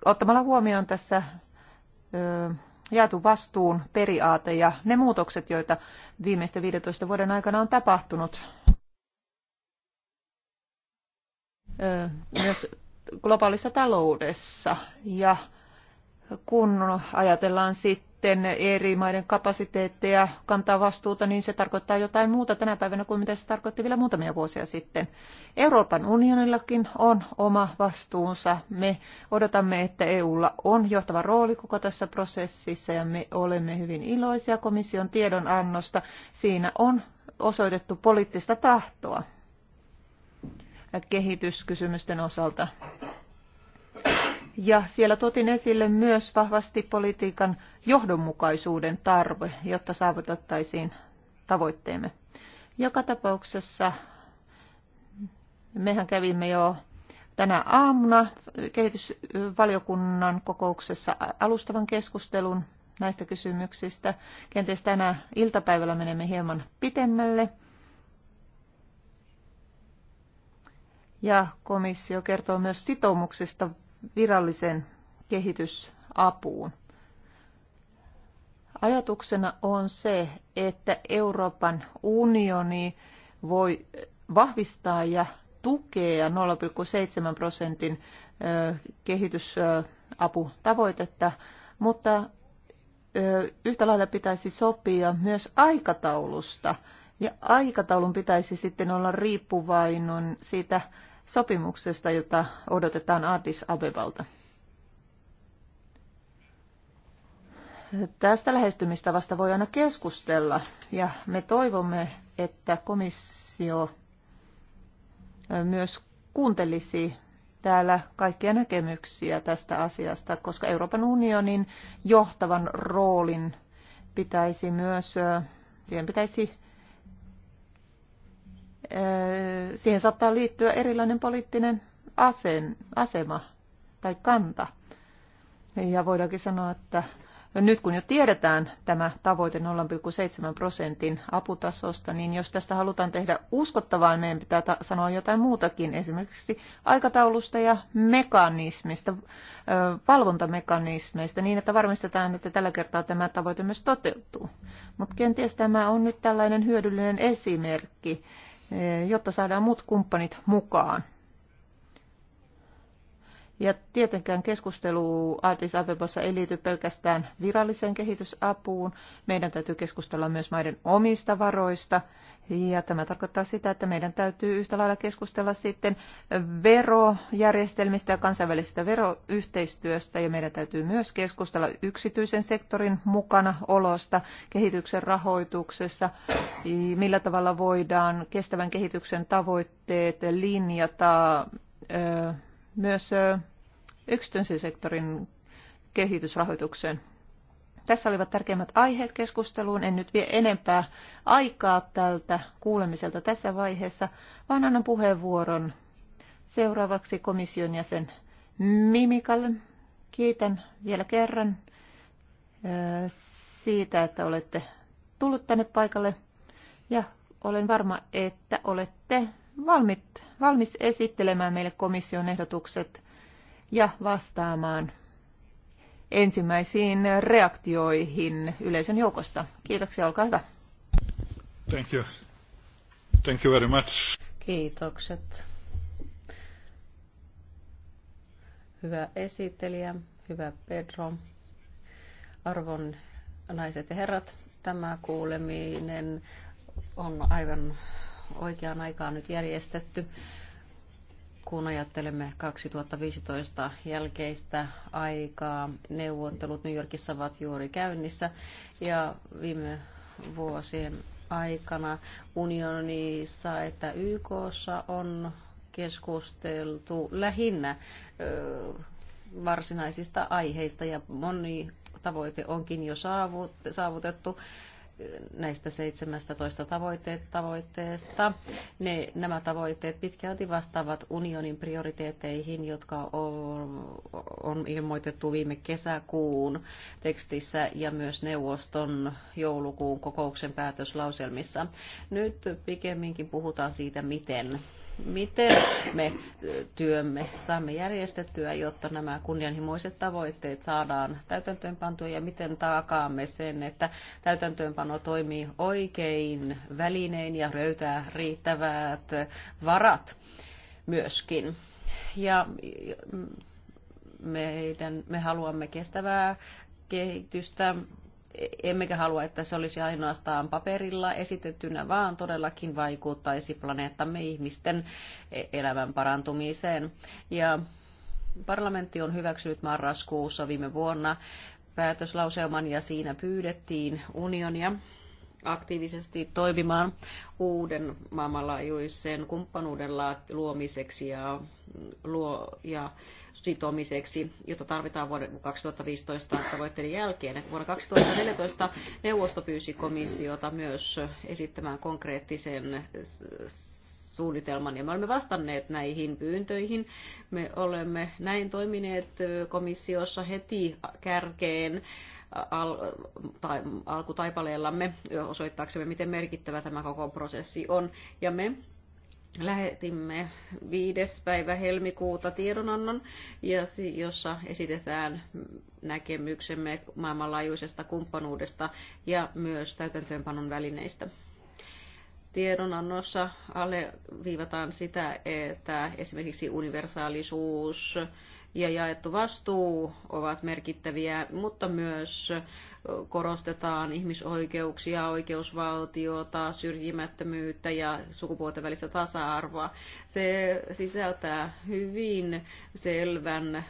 ottamalla huomioon tässä ö, jaetu vastuun periaate ja ne muutokset, joita viimeisten 15 vuoden aikana on tapahtunut. Myös globaalissa taloudessa ja kun ajatellaan sitten sitten eri maiden kapasiteetteja kantaa vastuuta, niin se tarkoittaa jotain muuta tänä päivänä kuin mitä se tarkoitti vielä muutamia vuosia sitten. Euroopan unionillakin on oma vastuunsa. Me odotamme, että EUlla on johtava rooli koko tässä prosessissa ja me olemme hyvin iloisia komission tiedonannosta. Siinä on osoitettu poliittista tahtoa kehityskysymysten osalta. Ja siellä totin esille myös vahvasti politiikan johdonmukaisuuden tarve, jotta saavutettaisiin tavoitteemme. Joka tapauksessa mehän kävimme jo tänä aamuna kehitysvaliokunnan kokouksessa alustavan keskustelun näistä kysymyksistä. Kenties tänä iltapäivällä menemme hieman pitemmälle. Ja komissio kertoo myös sitoumuksista virallisen kehitysapuun. Ajatuksena on se, että Euroopan unioni voi vahvistaa ja tukea 0,7 prosentin kehitysaputavoitetta, mutta yhtä lailla pitäisi sopia myös aikataulusta. Ja aikataulun pitäisi sitten olla riippuvainen siitä sopimuksesta, jota odotetaan Addis Abebalta. Tästä lähestymistavasta voi aina keskustella ja me toivomme, että komissio myös kuuntelisi täällä kaikkia näkemyksiä tästä asiasta, koska Euroopan unionin johtavan roolin pitäisi myös, siihen pitäisi siihen saattaa liittyä erilainen poliittinen asen, asema tai kanta. Ja voidaankin sanoa, että nyt kun jo tiedetään tämä tavoite 0,7 prosentin aputasosta, niin jos tästä halutaan tehdä uskottavaa, meidän pitää sanoa jotain muutakin, esimerkiksi aikataulusta ja mekanismista, valvontamekanismeista, niin että varmistetaan, että tällä kertaa tämä tavoite myös toteutuu. Mutta kenties tämä on nyt tällainen hyödyllinen esimerkki Eh, jotta saadaan muut kumppanit mukaan. Ja tietenkään keskustelu Addis Abebassa ei liity pelkästään viralliseen kehitysapuun. Meidän täytyy keskustella myös maiden omista varoista. Ja tämä tarkoittaa sitä, että meidän täytyy yhtä lailla keskustella sitten verojärjestelmistä ja kansainvälisestä veroyhteistyöstä. Ja meidän täytyy myös keskustella yksityisen sektorin mukana olosta, kehityksen rahoituksessa, millä tavalla voidaan kestävän kehityksen tavoitteet linjata myös yksityisen sektorin kehitysrahoitukseen. Tässä olivat tärkeimmät aiheet keskusteluun. En nyt vie enempää aikaa tältä kuulemiselta tässä vaiheessa, vaan annan puheenvuoron seuraavaksi komission jäsen Mimikalle. Kiitän vielä kerran siitä, että olette tullut tänne paikalle ja olen varma, että olette valmit, valmis esittelemään meille komission ehdotukset ja vastaamaan ensimmäisiin reaktioihin yleisön joukosta. Kiitoksia, olkaa hyvä. Thank you. Thank you very much. Kiitokset. Hyvä esittelijä, hyvä Pedro, arvon naiset ja herrat. Tämä kuuleminen on aivan oikeaan aikaan nyt järjestetty, kun ajattelemme 2015 jälkeistä aikaa. Neuvottelut New Yorkissa ovat juuri käynnissä ja viime vuosien aikana unionissa että YKssa on keskusteltu lähinnä varsinaisista aiheista ja moni tavoite onkin jo saavutettu näistä 17 tavoitteet, tavoitteesta. Ne, nämä tavoitteet pitkälti vastaavat unionin prioriteetteihin, jotka on, on ilmoitettu viime kesäkuun tekstissä ja myös neuvoston joulukuun kokouksen päätöslauselmissa. Nyt pikemminkin puhutaan siitä, miten miten me työmme saamme järjestettyä, jotta nämä kunnianhimoiset tavoitteet saadaan täytäntöönpantua ja miten taakaamme sen, että täytäntöönpano toimii oikein välinein ja röytää riittävät varat myöskin. Ja mm, meidän, me haluamme kestävää kehitystä emmekä halua, että se olisi ainoastaan paperilla esitettynä, vaan todellakin vaikuttaisi planeettamme ihmisten e- elämän parantumiseen. Ja parlamentti on hyväksynyt marraskuussa viime vuonna päätöslauselman ja siinä pyydettiin unionia aktiivisesti toimimaan uuden maailmanlaajuisen kumppanuuden luomiseksi ja, luo, ja sitomiseksi, jota tarvitaan vuoden 2015 tavoitteiden jälkeen. Vuonna 2014 neuvosto pyysi komissiota myös esittämään konkreettisen suunnitelman ja me olemme vastanneet näihin pyyntöihin. Me olemme näin toimineet komissiossa heti kärkeen al- tai alkutaipaleellamme osoittaaksemme, miten merkittävä tämä koko prosessi on. Ja me lähetimme 5. päivä helmikuuta tiedonannon, jossa esitetään näkemyksemme maailmanlaajuisesta kumppanuudesta ja myös täytäntöönpanon välineistä. Tiedonannossa alleviivataan sitä, että esimerkiksi universaalisuus, ja jaettu vastuu ovat merkittäviä, mutta myös korostetaan ihmisoikeuksia, oikeusvaltiota, syrjimättömyyttä ja sukupuolten välistä tasa-arvoa. Se sisältää hyvin selvän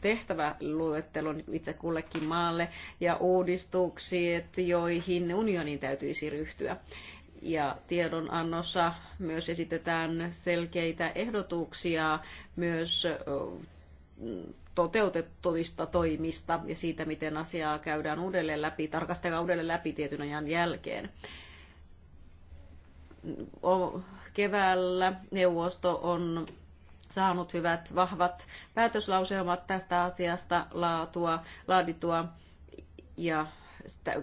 tehtäväluettelon itse kullekin maalle ja uudistukset, joihin unionin täytyisi ryhtyä ja tiedonannossa myös esitetään selkeitä ehdotuksia myös toteutettavista toimista ja siitä, miten asiaa käydään uudelleen läpi, tarkastellaan uudelleen läpi tietyn ajan jälkeen. Keväällä neuvosto on saanut hyvät, vahvat päätöslauselmat tästä asiasta laatua, laadittua ja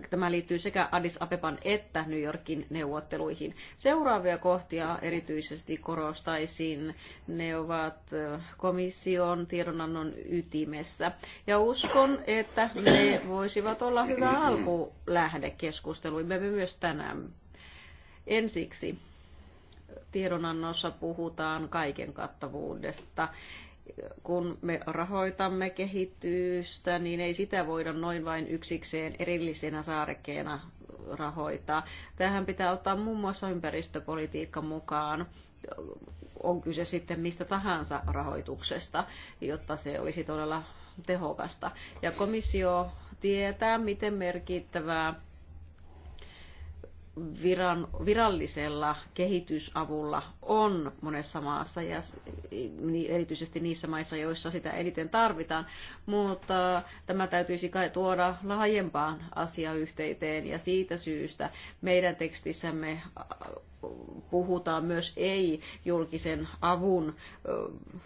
Tämä liittyy sekä Addis Abeban että New Yorkin neuvotteluihin. Seuraavia kohtia erityisesti korostaisin. Ne ovat komission tiedonannon ytimessä. Ja uskon, että ne voisivat olla hyvä alkulähde keskusteluimme myös tänään. Ensiksi tiedonannossa puhutaan kaiken kattavuudesta kun me rahoitamme kehitystä, niin ei sitä voida noin vain yksikseen erillisenä saarekkeena rahoittaa. Tähän pitää ottaa muun muassa ympäristöpolitiikka mukaan, on kyse sitten mistä tahansa rahoituksesta, jotta se olisi todella tehokasta. Ja komissio tietää, miten merkittävää viran, virallisella kehitysavulla on monessa maassa ja erityisesti niissä maissa, joissa sitä eniten tarvitaan, mutta tämä täytyisi kai tuoda laajempaan asiayhteyteen ja siitä syystä meidän tekstissämme puhutaan myös ei-julkisen avun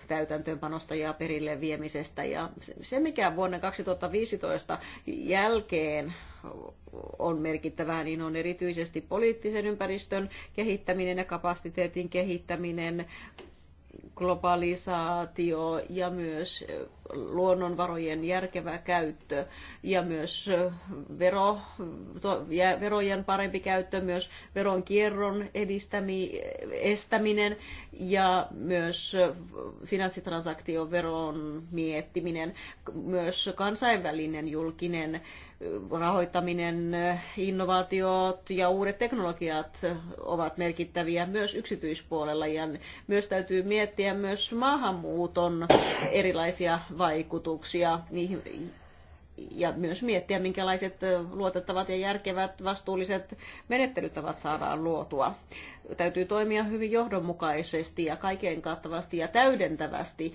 täytäntöönpanosta ja perille viemisestä. Ja se, mikä vuonna 2015 jälkeen on merkittävää, niin on erityisesti poliittisen ympäristön kehittäminen ja kapasiteetin kehittäminen, globalisaatio ja myös luonnonvarojen järkevä käyttö ja myös eh, vero, to, ja verojen parempi käyttö, myös veronkierron edistämi, eh, estäminen ja myös eh, finanssitransaktioveron miettiminen, myös kansainvälinen julkinen rahoittaminen, innovaatiot ja uudet teknologiat ovat merkittäviä myös yksityispuolella ja myös täytyy miettiä myös maahanmuuton erilaisia vaikutuksia niihin, ja myös miettiä, minkälaiset luotettavat ja järkevät vastuulliset menettelytavat saadaan luotua. Täytyy toimia hyvin johdonmukaisesti ja kaiken kattavasti ja täydentävästi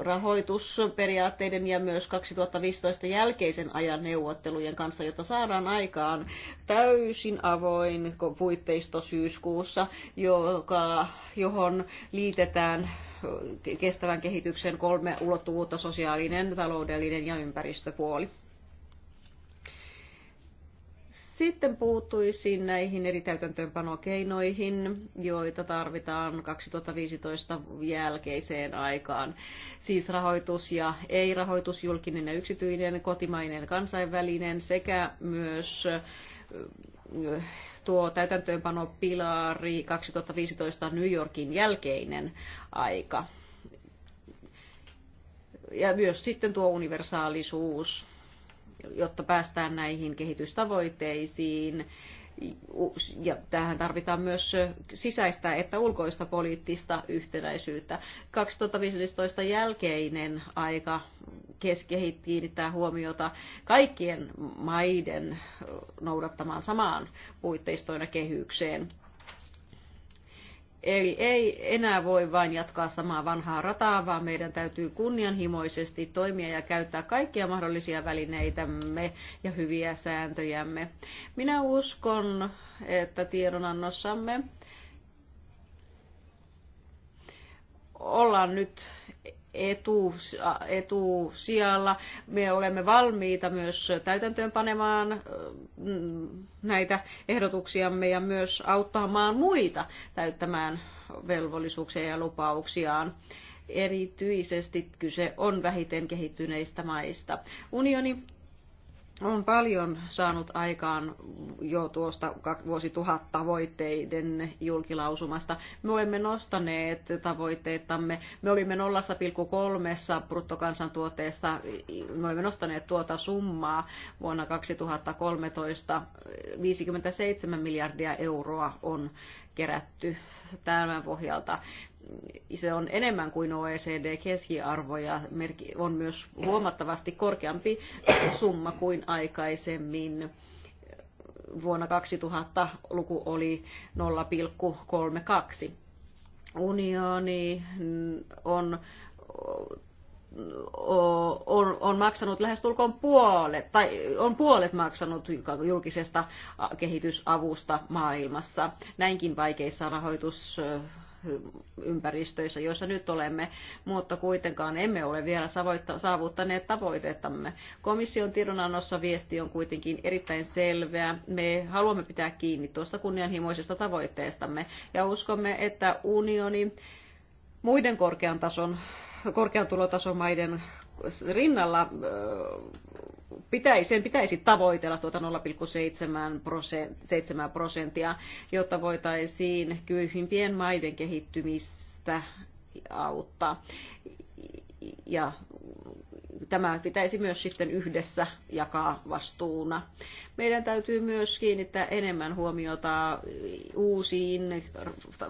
rahoitusperiaatteiden ja myös 2015 jälkeisen ajan neuvottelujen kanssa, jotta saadaan aikaan täysin avoin puitteisto syyskuussa, joka, johon liitetään kestävän kehityksen kolme ulottuvuutta, sosiaalinen, taloudellinen ja ympäristöpuoli. Sitten puuttuisin näihin eri täytäntöönpanokeinoihin, joita tarvitaan 2015 jälkeiseen aikaan. Siis rahoitus ja ei-rahoitus, julkinen ja yksityinen, kotimainen, kansainvälinen sekä myös tuo täytäntöönpanopilari 2015 New Yorkin jälkeinen aika. Ja myös sitten tuo universaalisuus, jotta päästään näihin kehitystavoitteisiin ja tähän tarvitaan myös sisäistä että ulkoista poliittista yhtenäisyyttä. 2015 jälkeinen aika keskehit kiinnittää huomiota kaikkien maiden noudattamaan samaan puitteistoina kehykseen. Eli ei enää voi vain jatkaa samaa vanhaa rataa, vaan meidän täytyy kunnianhimoisesti toimia ja käyttää kaikkia mahdollisia välineitämme ja hyviä sääntöjämme. Minä uskon, että tiedonannossamme ollaan nyt etu, etusijalla. Me olemme valmiita myös täytäntöönpanemaan mm, näitä ehdotuksiamme ja myös auttamaan muita täyttämään velvollisuuksia ja lupauksiaan erityisesti kyse on vähiten kehittyneistä maista. Unioni on paljon saanut aikaan jo tuosta vuosituhat tavoitteiden julkilausumasta. Me olemme nostaneet tavoitteitamme. Me olimme 0,3 bruttokansantuotteesta. Me olemme nostaneet tuota summaa vuonna 2013. 57 miljardia euroa on kerätty tämän pohjalta se on enemmän kuin OECD-keskiarvo ja on myös huomattavasti korkeampi summa kuin aikaisemmin. Vuonna 2000 luku oli 0,32. Unioni on on, on maksanut lähestulkoon puolet, tai on puolet maksanut julkisesta kehitysavusta maailmassa näinkin vaikeissa rahoitus ympäristöissä, joissa nyt olemme, mutta kuitenkaan emme ole vielä saavuttaneet tavoitettamme. Komission tiedonannossa viesti on kuitenkin erittäin selveä. Me haluamme pitää kiinni tuosta kunnianhimoisesta tavoitteestamme ja uskomme, että unioni muiden korkean tason korkean tulotason maiden rinnalla pitäisi, sen pitäisi tavoitella tuota 0,7 prosenttia, jotta voitaisiin köyhimpien maiden kehittymistä auttaa. Ja tämä pitäisi myös sitten yhdessä jakaa vastuuna. Meidän täytyy myös kiinnittää enemmän huomiota uusiin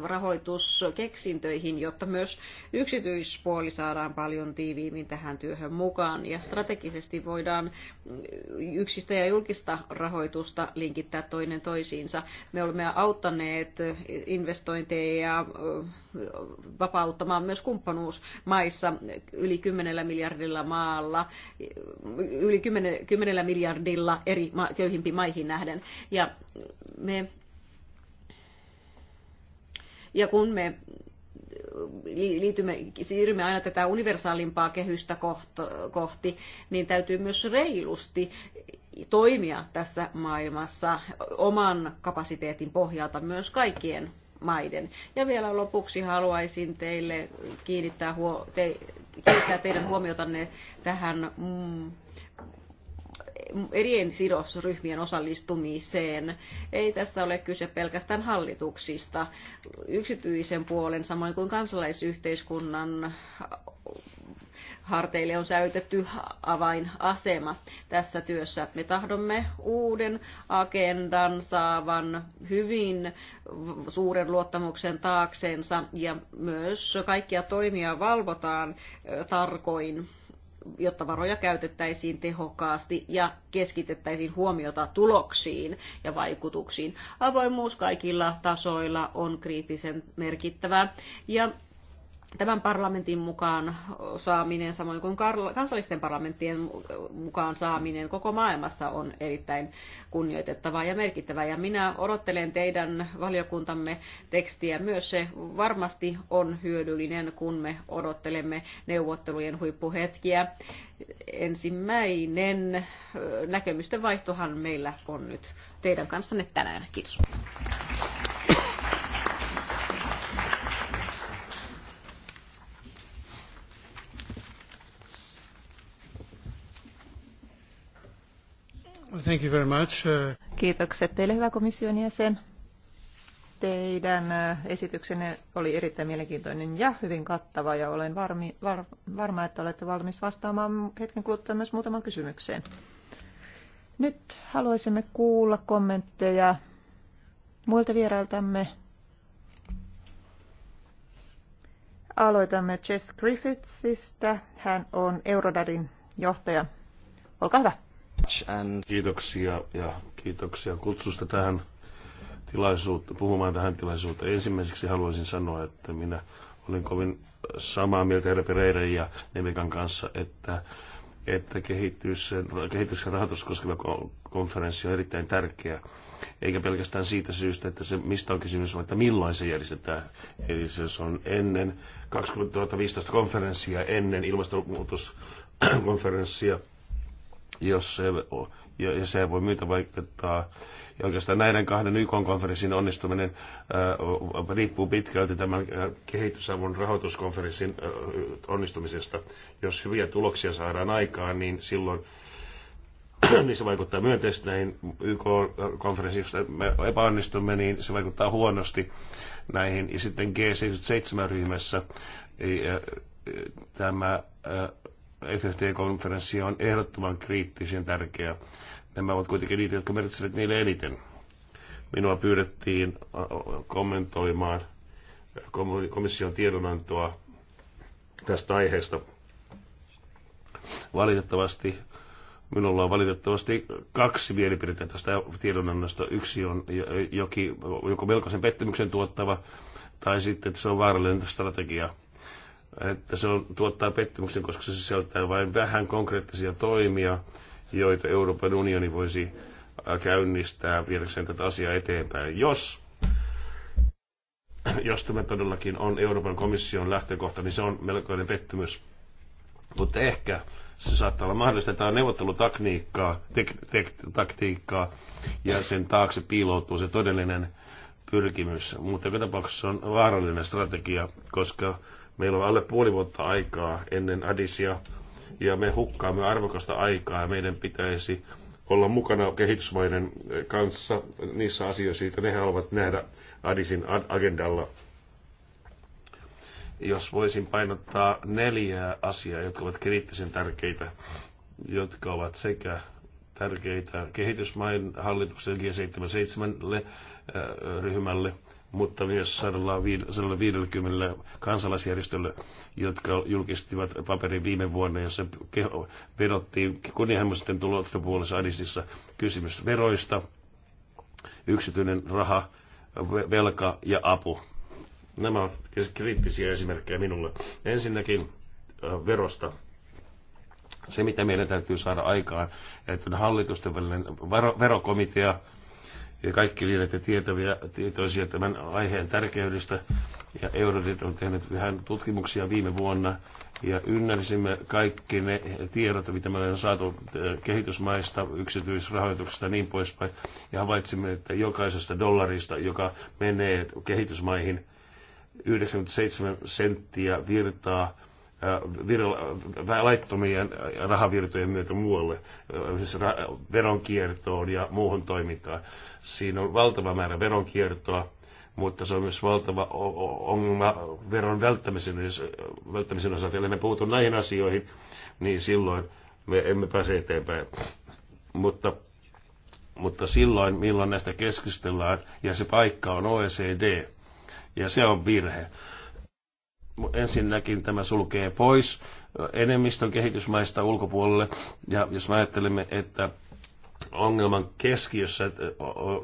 rahoituskeksintöihin, jotta myös yksityispuoli saadaan paljon tiiviimmin tähän työhön mukaan. Ja strategisesti voidaan yksistä ja julkista rahoitusta linkittää toinen toisiinsa. Me olemme auttaneet investointeja vapauttamaan myös kumppanuusmaissa yli 10 miljardilla maa alalla yli 10, 10 miljardilla eri köyhimpiin maihin nähden. Ja, me, ja kun me liitymme, siirrymme aina tätä universaalimpaa kehystä kohti, niin täytyy myös reilusti toimia tässä maailmassa oman kapasiteetin pohjalta myös kaikkien maiden. Ja vielä lopuksi haluaisin teille kiinnittää, huo, te, kiinnittää teidän huomiotanne tähän mm, eri sidosryhmien osallistumiseen. Ei tässä ole kyse pelkästään hallituksista. Yksityisen puolen, samoin kuin kansalaisyhteiskunnan harteille on säytetty avainasema tässä työssä. Me tahdomme uuden agendan saavan hyvin suuren luottamuksen taakseensa ja myös kaikkia toimia valvotaan tarkoin jotta varoja käytettäisiin tehokkaasti ja keskitettäisiin huomiota tuloksiin ja vaikutuksiin. Avoimuus kaikilla tasoilla on kriittisen merkittävää ja tämän parlamentin mukaan saaminen, samoin kuin kansallisten parlamenttien mukaan saaminen koko maailmassa on erittäin kunnioitettavaa ja merkittävää. Ja minä odottelen teidän valiokuntamme tekstiä. Myös se varmasti on hyödyllinen, kun me odottelemme neuvottelujen huippuhetkiä. Ensimmäinen näkemysten vaihtohan meillä on nyt teidän kanssanne tänään. Kiitos. Thank you very much. Uh, Kiitokset teille, hyvä komission jäsen. Teidän uh, esityksenne oli erittäin mielenkiintoinen ja hyvin kattava ja olen varmi, var, varma, että olette valmis vastaamaan hetken kuluttua myös muutaman kysymykseen. Nyt haluaisimme kuulla kommentteja muilta vierailtamme. Aloitamme Jess Griffithsistä. Hän on Eurodadin johtaja. Olkaa hyvä. Kiitoksia ja kiitoksia kutsusta tähän tilaisuutta, puhumaan tähän tilaisuuteen. Ensimmäiseksi haluaisin sanoa, että minä olin kovin samaa mieltä herra Pereiren ja Nemikan kanssa, että, että kehityksen, kehityksen rahoitus koskeva konferenssi on erittäin tärkeä. Eikä pelkästään siitä syystä, että se, mistä on kysymys, vaan että milloin se järjestetään. Eli se on ennen 2015 konferenssia, ennen ilmastonmuutoskonferenssia jos se, ja se voi myötä vaikuttaa. Ja oikeastaan näiden kahden YK-konferenssin onnistuminen ää, riippuu pitkälti tämän kehitysavun rahoituskonferenssin ää, onnistumisesta. Jos hyviä tuloksia saadaan aikaan, niin silloin niin se vaikuttaa myönteisesti näihin YK-konferenssiin. Jos me epäonnistumme, niin se vaikuttaa huonosti näihin. Ja sitten G77-ryhmässä tämä ää, FFT-konferenssi on ehdottoman kriittisen tärkeä. Nämä ovat kuitenkin niitä, jotka merkitsevät niille eniten. Minua pyydettiin kommentoimaan komission tiedonantoa tästä aiheesta. Valitettavasti Minulla on valitettavasti kaksi mielipidettä tästä tiedonannosta. Yksi on joki, joko melkoisen pettymyksen tuottava, tai sitten se on vaarallinen strategia että se on, tuottaa pettymyksen, koska se sisältää vain vähän konkreettisia toimia, joita Euroopan unioni voisi käynnistää viedäkseen tätä asiaa eteenpäin. Jos, jos tämä todellakin on Euroopan komission lähtökohta, niin se on melkoinen pettymys. Mutta ehkä se saattaa olla mahdollista. Tämä on neuvottelutakniikkaa, tek, tek, taktiikkaa, ja sen taakse piiloutuu se todellinen pyrkimys. Mutta joka tapauksessa se on vaarallinen strategia, koska Meillä on alle puoli vuotta aikaa ennen Adisia ja me hukkaamme arvokasta aikaa ja meidän pitäisi olla mukana kehitysmaiden kanssa niissä asioissa, joita ne haluavat nähdä Adisin agendalla. Jos voisin painottaa neljää asiaa, jotka ovat kriittisen tärkeitä, jotka ovat sekä tärkeitä kehitysmaiden hallituksen G77 äh, ryhmälle – mutta myös 150 kansalaisjärjestölle, jotka julkistivat paperin viime vuonna, jossa vedottiin kunnianhimoisten tulosten puolessa Adisissa kysymys veroista, yksityinen raha, velka ja apu. Nämä ovat kriittisiä esimerkkejä minulle. Ensinnäkin verosta se, mitä meidän täytyy saada aikaan, että hallitusten välinen verokomitea ja kaikki lienette tietäviä, tietoisia tämän aiheen tärkeydestä. Ja Eurodit on tehnyt vähän tutkimuksia viime vuonna ja ynnärsimme kaikki ne tiedot, mitä me olemme saatu äh, kehitysmaista, yksityisrahoituksesta ja niin poispäin. Ja havaitsimme, että jokaisesta dollarista, joka menee kehitysmaihin, 97 senttiä virtaa laittomien rahavirtojen myötä muualle, siis veronkiertoon ja muuhun toimintaan. Siinä on valtava määrä veronkiertoa, mutta se on myös valtava ongelma veron välttämisen, jos välttämisen osalta. Eli me puhuttu näihin asioihin, niin silloin me emme pääse eteenpäin. Mutta, mutta silloin, milloin näistä keskustellaan, ja se paikka on OECD, ja se on virhe ensinnäkin tämä sulkee pois enemmistön kehitysmaista ulkopuolelle. Ja jos ajattelemme, että ongelman keskiössä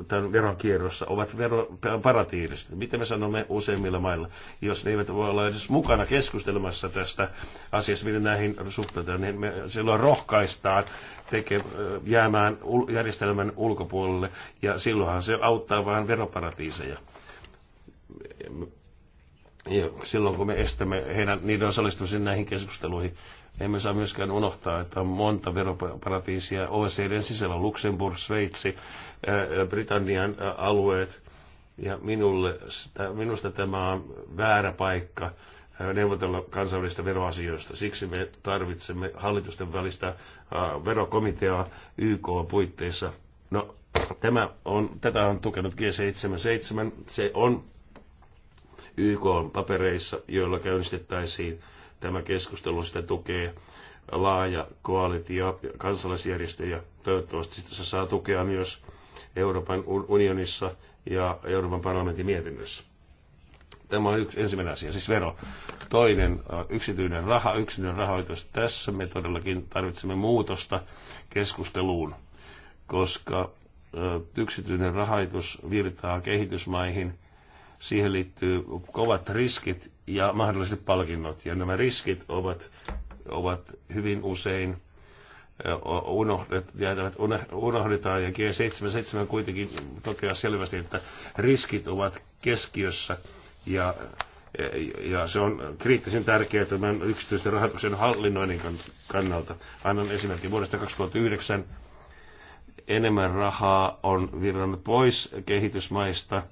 tämän veronkierrossa ovat veroparatiiriset. Niin miten me sanomme useimmilla mailla, jos ne eivät voi olla edes mukana keskustelemassa tästä asiasta, miten näihin suhtautetaan? niin me silloin rohkaistaan teke, jäämään järjestelmän ulkopuolelle, ja silloinhan se auttaa vain veroparatiiseja ja silloin kun me estämme heidän, niiden osallistumisen näihin keskusteluihin, emme saa myöskään unohtaa, että on monta veroparatiisia OECDn sisällä, Luxemburg, Sveitsi, Britannian alueet. Ja minulle, minusta tämä on väärä paikka neuvotella kansainvälistä veroasioista. Siksi me tarvitsemme hallitusten välistä verokomiteaa YK puitteissa. No, tämä on, tätä on tukenut G77. Se on YK-papereissa, joilla käynnistettäisiin tämä keskustelu, sitä tukee laaja koalitio kansalaisjärjestöjä. Toivottavasti se saa tukea myös Euroopan unionissa ja Euroopan parlamentin mietinnössä. Tämä on yksi ensimmäinen asia, siis vero. Toinen, äh, yksityinen raha, yksityinen rahoitus. Tässä me todellakin tarvitsemme muutosta keskusteluun, koska äh, yksityinen rahoitus virtaa kehitysmaihin Siihen liittyy kovat riskit ja mahdolliset palkinnot. Ja nämä riskit ovat, ovat hyvin usein unohdetaan, unohdetaan ja G77 kuitenkin toteaa selvästi, että riskit ovat keskiössä ja, ja se on kriittisen tärkeää tämän yksityisten rahoituksen hallinnoinnin kannalta. Annan esimerkki vuodesta 2009 enemmän rahaa on virrannut pois kehitysmaista –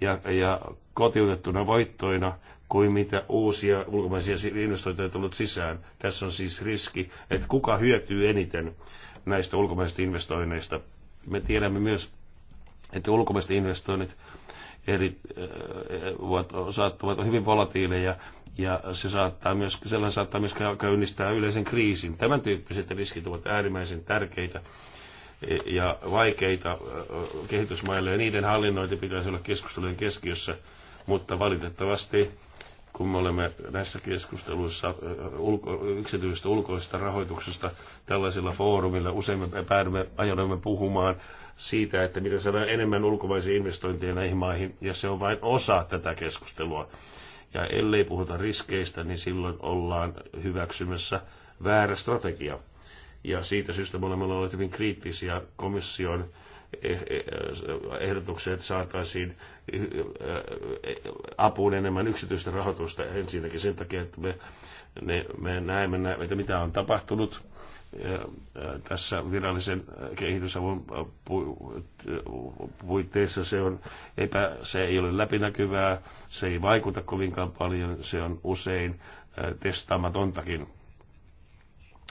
ja, ja kotiutettuna voittoina kuin mitä uusia ulkomaisia investointeja on tullut sisään. Tässä on siis riski, että kuka hyötyy eniten näistä ulkomaisista investoinneista. Me tiedämme myös, että ulkomaiset investoinnit eri, äh, ovat, saattavat olla hyvin volatiileja ja se saattaa myös, sellainen saattaa myös käynnistää yleisen kriisin. Tämän tyyppiset riskit ovat äärimmäisen tärkeitä ja vaikeita kehitysmaille, ja niiden hallinnointi pitäisi olla keskustelujen keskiössä, mutta valitettavasti kun me olemme näissä keskusteluissa ulko, yksityisestä ulkoisesta rahoituksesta tällaisilla foorumilla, usein me päädymme, ajaudumme puhumaan siitä, että miten saadaan enemmän ulkomaisia investointeja näihin maihin, ja se on vain osa tätä keskustelua. Ja ellei puhuta riskeistä, niin silloin ollaan hyväksymässä väärä strategia. Ja siitä syystä me olemme olleet hyvin kriittisiä komission eh, eh, eh, ehdotuksia, että saataisiin apuun enemmän yksityistä rahoitusta ensinnäkin sen takia, että me, ne, me näemme, että mitä on tapahtunut tässä virallisen kehitysavun puitteissa. Se, on epä, se ei ole läpinäkyvää, se ei vaikuta kovinkaan paljon, se on usein testaamatontakin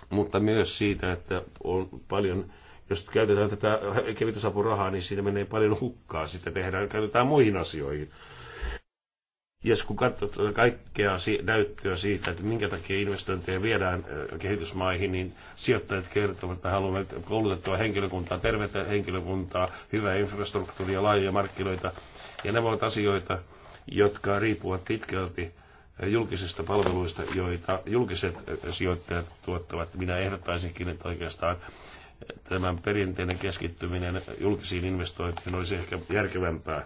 mutta myös siitä, että on paljon, jos käytetään tätä kevitysapurahaa, niin siinä menee paljon hukkaa. sitä tehdään, käytetään muihin asioihin. Ja kun katsot tuota kaikkea näyttöä siitä, että minkä takia investointeja viedään äh, kehitysmaihin, niin sijoittajat kertovat, että haluamme koulutettua henkilökuntaa, tervetä henkilökuntaa, hyvää infrastruktuuria, laajoja markkinoita. Ja nämä ovat asioita, jotka riippuvat pitkälti julkisista palveluista, joita julkiset sijoittajat tuottavat. Minä ehdottaisinkin, että oikeastaan tämän perinteinen keskittyminen julkisiin investointeihin olisi ehkä järkevämpää.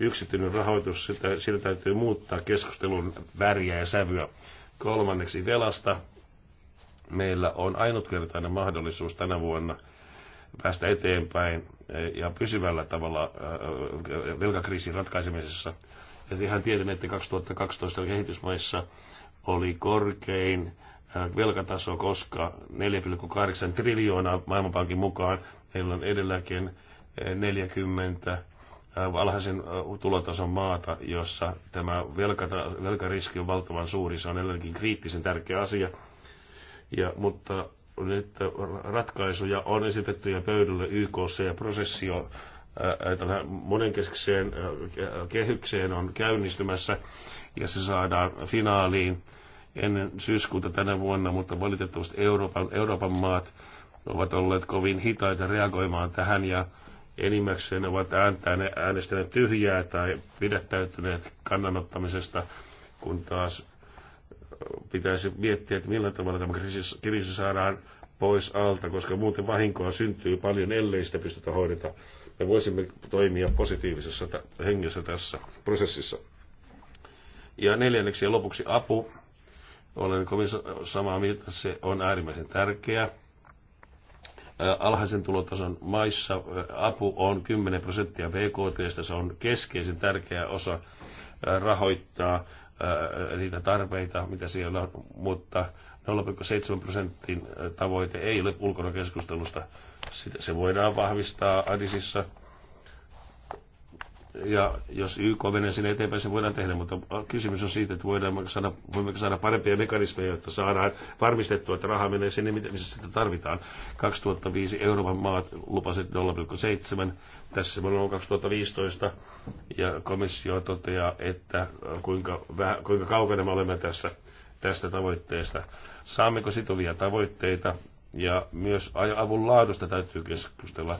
Yksityinen rahoitus, sitä, sitä täytyy muuttaa keskustelun väriä ja sävyä. Kolmanneksi velasta. Meillä on ainutkertainen mahdollisuus tänä vuonna päästä eteenpäin ja pysyvällä tavalla äh, äh, velkakriisin ratkaisemisessa ihan tiedämme, että 2012 kehitysmaissa oli korkein äh, velkataso, koska 4,8 triljoonaa Maailmanpankin mukaan meillä on edelläkin 40 äh, äh, alhaisen tulotason maata, jossa tämä velkata, velkariski on valtavan suuri. Se on edelleenkin kriittisen tärkeä asia. Ja, mutta nyt ratkaisuja on esitetty ja pöydälle YKC ja prosessio monenkeskiseen kehykseen on käynnistymässä ja se saadaan finaaliin ennen syyskuuta tänä vuonna, mutta valitettavasti Euroopan, Euroopan maat ovat olleet kovin hitaita reagoimaan tähän ja enimmäkseen ovat äänestäneet tyhjää tai pidättäytyneet kannanottamisesta, kun taas pitäisi miettiä, että millä tavalla tämä kriisi, kriisi saadaan pois alta, koska muuten vahinkoa syntyy paljon, ellei sitä pystytä hoidetaan. Me voisimme toimia positiivisessa hengessä tässä prosessissa. Ja neljänneksi ja lopuksi apu. Olen kovin samaa mieltä, se on äärimmäisen tärkeä. Alhaisen tulotason maissa apu on 10 prosenttia VKT, se on keskeisen tärkeä osa rahoittaa niitä tarpeita, mitä siellä on, mutta 0,7 prosentin tavoite ei ole ulkona keskustelusta se voidaan vahvistaa Adisissa. Ja jos YK menee sinne eteenpäin, se voidaan tehdä, mutta kysymys on siitä, että voidaanko saada, voimmeko saada parempia mekanismeja, jotta saadaan varmistettua, että raha menee sinne, missä sitä tarvitaan. 2005 Euroopan maat lupasivat 0,7, tässä me on 2015, ja komissio toteaa, että kuinka, kuinka kaukana me olemme tässä, tästä tavoitteesta. Saammeko sitovia tavoitteita ja myös avun laadusta täytyy keskustella.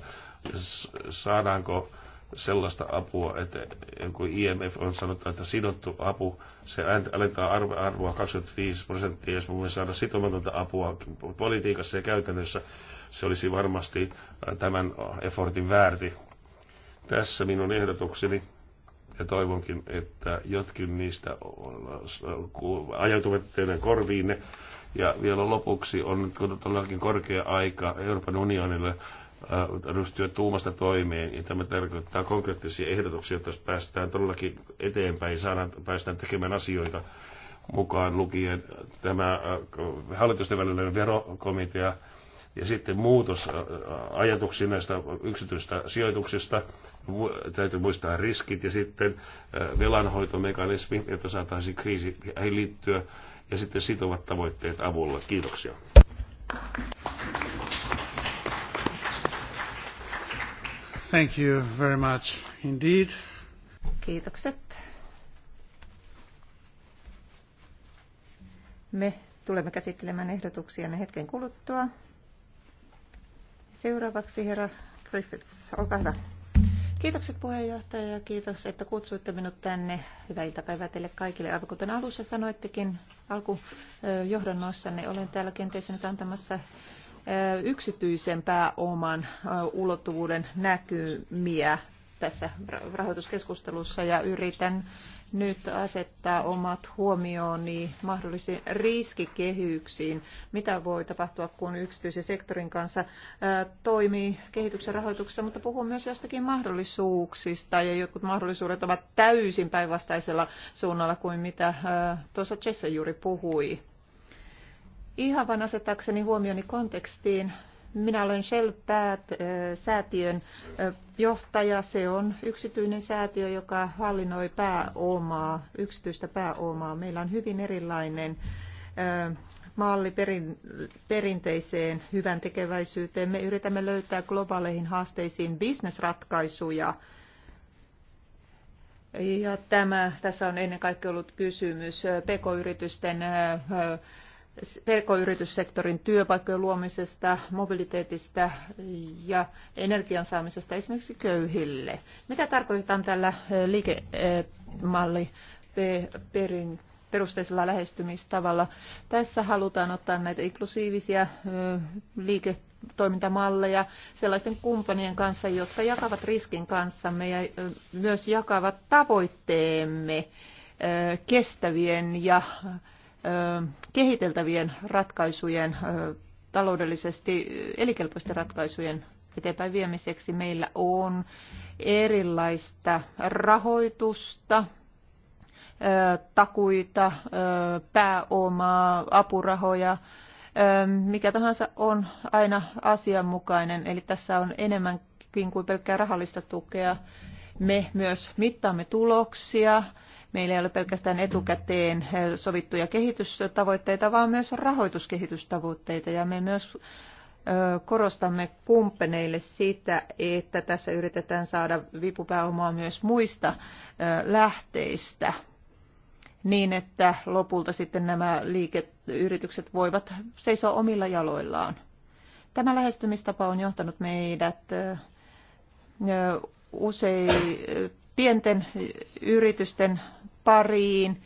Saadaanko sellaista apua, että kun IMF on sanottu, että sidottu apu, se alentaa arvoa 25 prosenttia, jos me voimme saada sitomatonta apua politiikassa ja käytännössä, se olisi varmasti tämän effortin väärti. Tässä minun ehdotukseni, ja toivonkin, että jotkin niistä ajautuvat teidän korviinne. Ja vielä lopuksi on todellakin korkea aika Euroopan unionille äh, ryhtyä tuumasta toimeen, ja tämä tarkoittaa konkreettisia ehdotuksia, että jos päästään todellakin eteenpäin, saadaan, päästään tekemään asioita mukaan lukien tämä äh, hallitusten välinen verokomitea, ja sitten muutos äh, ajatuksiin näistä yksityistä sijoituksista, täytyy muistaa riskit ja sitten velanhoitomekanismi, että saataisiin kriisi liittyä ja sitten sitovat tavoitteet avulla. Kiitoksia. Thank you very much indeed. Kiitokset. Me tulemme käsittelemään ehdotuksia ne hetken kuluttua. Seuraavaksi herra Griffiths, olkaa hyvä. Kiitokset puheenjohtaja ja kiitos, että kutsuitte minut tänne. Hyvää iltapäivää teille kaikille. Aivan kuten alussa sanoittekin alkujohdannossanne, olen täällä kenties nyt antamassa yksityisen pääoman ulottuvuuden näkymiä tässä rahoituskeskustelussa ja yritän nyt asettaa omat huomioni mahdollisiin riskikehyksiin, mitä voi tapahtua, kun yksityisen sektorin kanssa toimii kehityksen rahoituksessa, mutta puhuu myös jostakin mahdollisuuksista, ja jotkut mahdollisuudet ovat täysin päinvastaisella suunnalla kuin mitä tuossa Jesse juuri puhui. Ihan vain asettaakseni huomioni kontekstiin, minä olen Shell-säätiön johtaja. Se on yksityinen säätiö, joka hallinnoi pääomaa, yksityistä pääomaa. Meillä on hyvin erilainen malli perin, perinteiseen hyvän tekeväisyyteen. Me yritämme löytää globaaleihin haasteisiin bisnesratkaisuja. Ja tämä, tässä on ennen kaikkea ollut kysymys pk-yritysten pk-yrityssektorin työpaikkojen luomisesta, mobiliteetista ja energian saamisesta esimerkiksi köyhille. Mitä tarkoitetaan tällä eh, liikemalli perin perusteisella lähestymistavalla. Tässä halutaan ottaa näitä inklusiivisia eh, liiketoimintamalleja sellaisten kumppanien kanssa, jotka jakavat riskin kanssamme ja eh, myös jakavat tavoitteemme kestävien ja kehiteltävien ratkaisujen, taloudellisesti elikelpoisten ratkaisujen eteenpäin viemiseksi meillä on erilaista rahoitusta, takuita, pääomaa, apurahoja, mikä tahansa on aina asianmukainen. Eli tässä on enemmänkin kuin pelkkää rahallista tukea. Me myös mittaamme tuloksia Meillä ei ole pelkästään etukäteen eh, sovittuja kehitystavoitteita, vaan myös rahoituskehitystavoitteita. Ja me myös eh, korostamme kumppaneille sitä, että tässä yritetään saada vipupääomaa myös muista eh, lähteistä niin, että lopulta sitten nämä liikeyritykset voivat seisoa omilla jaloillaan. Tämä lähestymistapa on johtanut meidät usein pienten yritysten pariin.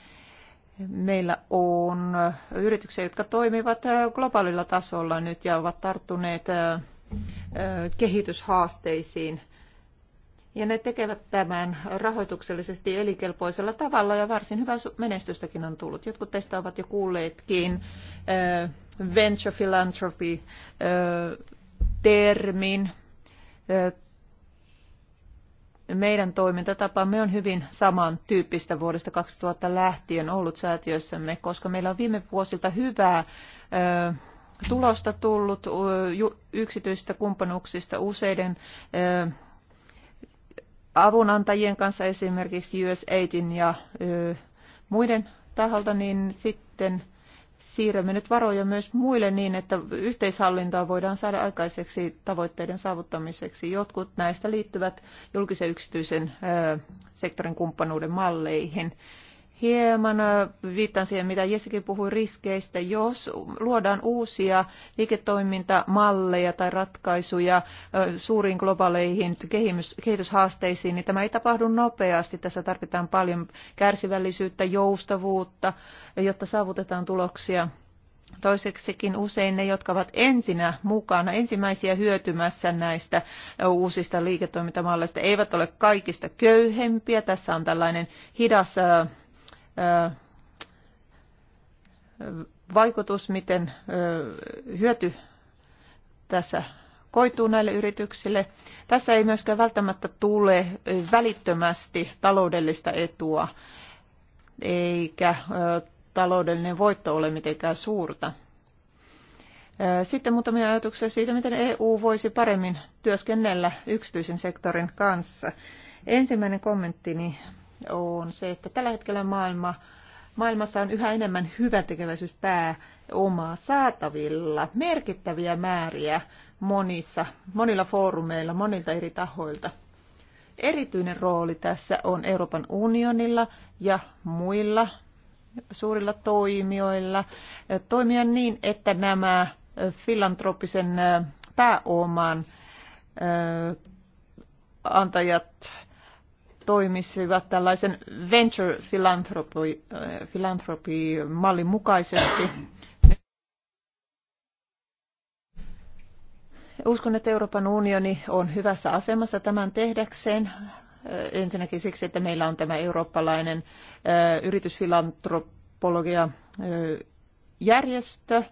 Meillä on yrityksiä, jotka toimivat globaalilla tasolla nyt ja ovat tarttuneet kehityshaasteisiin. Ja ne tekevät tämän rahoituksellisesti elinkelpoisella tavalla ja varsin hyvää menestystäkin on tullut. Jotkut teistä ovat jo kuulleetkin venture philanthropy termin meidän toimintatapamme on hyvin samantyyppistä vuodesta 2000 lähtien ollut säätiössämme, koska meillä on viime vuosilta hyvää tulosta tullut yksityisistä kumppanuuksista useiden avunantajien kanssa esimerkiksi USAIDin ja muiden taholta, niin sitten – siirrämme nyt varoja myös muille niin, että yhteishallintoa voidaan saada aikaiseksi tavoitteiden saavuttamiseksi. Jotkut näistä liittyvät julkisen yksityisen sektorin kumppanuuden malleihin hieman äh, viittaan siihen, mitä Jessikin puhui riskeistä. Jos luodaan uusia liiketoimintamalleja tai ratkaisuja äh, suuriin globaaleihin kehityshaasteisiin, niin tämä ei tapahdu nopeasti. Tässä tarvitaan paljon kärsivällisyyttä, joustavuutta, jotta saavutetaan tuloksia. Toiseksikin usein ne, jotka ovat ensinä mukana, ensimmäisiä hyötymässä näistä uusista liiketoimintamalleista, eivät ole kaikista köyhempiä. Tässä on tällainen hidas äh, vaikutus, miten hyöty tässä koituu näille yrityksille. Tässä ei myöskään välttämättä tule välittömästi taloudellista etua, eikä taloudellinen voitto ole mitenkään suurta. Sitten muutamia ajatuksia siitä, miten EU voisi paremmin työskennellä yksityisen sektorin kanssa. Ensimmäinen kommenttini on se, että tällä hetkellä maailma, maailmassa on yhä enemmän hyväntekeväisyyspää omaa saatavilla merkittäviä määriä monissa, monilla foorumeilla, monilta eri tahoilta. Erityinen rooli tässä on Euroopan unionilla ja muilla suurilla toimijoilla toimia niin, että nämä filantropisen pääoman antajat toimisivat tällaisen venture philanthropy, äh, philanthropy mallin mukaisesti. Uskon, että Euroopan unioni on hyvässä asemassa tämän tehdäkseen. Äh, ensinnäkin siksi, että meillä on tämä eurooppalainen äh, yritysfilantropologia järjestö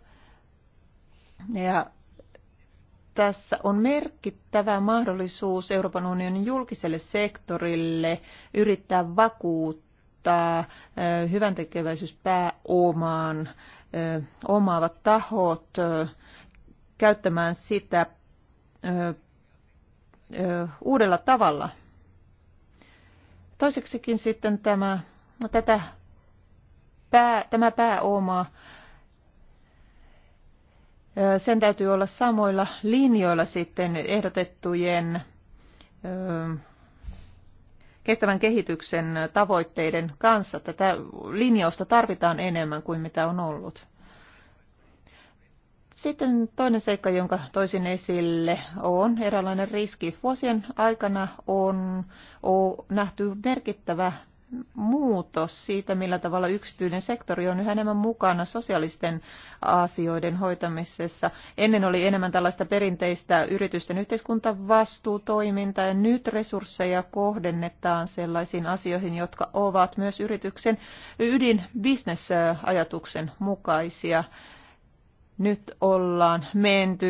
ja tässä on merkittävä mahdollisuus Euroopan unionin julkiselle sektorille yrittää vakuuttaa hyvän tekeväisyyspääomaan omaavat tahot käyttämään sitä uudella tavalla. Toiseksikin sitten tämä, tätä pää, tämä pääoma sen täytyy olla samoilla linjoilla sitten ehdotettujen kestävän kehityksen tavoitteiden kanssa. Tätä linjausta tarvitaan enemmän kuin mitä on ollut. Sitten toinen seikka, jonka toisin esille, on eräänlainen riski. Vuosien aikana on, on nähty merkittävä muutos siitä, millä tavalla yksityinen sektori on yhä enemmän mukana sosiaalisten asioiden hoitamisessa. Ennen oli enemmän tällaista perinteistä yritysten yhteiskuntavastuutoimintaa ja nyt resursseja kohdennetaan sellaisiin asioihin, jotka ovat myös yrityksen ydinbisnesajatuksen mukaisia. Nyt ollaan menty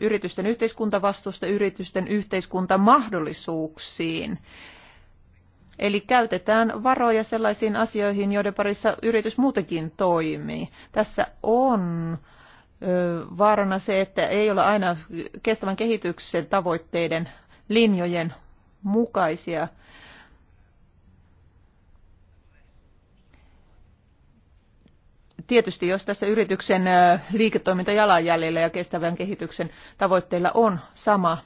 yritysten yhteiskuntavastuusta yritysten yhteiskuntamahdollisuuksiin. Eli käytetään varoja sellaisiin asioihin, joiden parissa yritys muutenkin toimii. Tässä on vaarana se, että ei ole aina kestävän kehityksen tavoitteiden linjojen mukaisia. Tietysti jos tässä yrityksen liiketoiminta jalanjäljellä ja kestävän kehityksen tavoitteilla on sama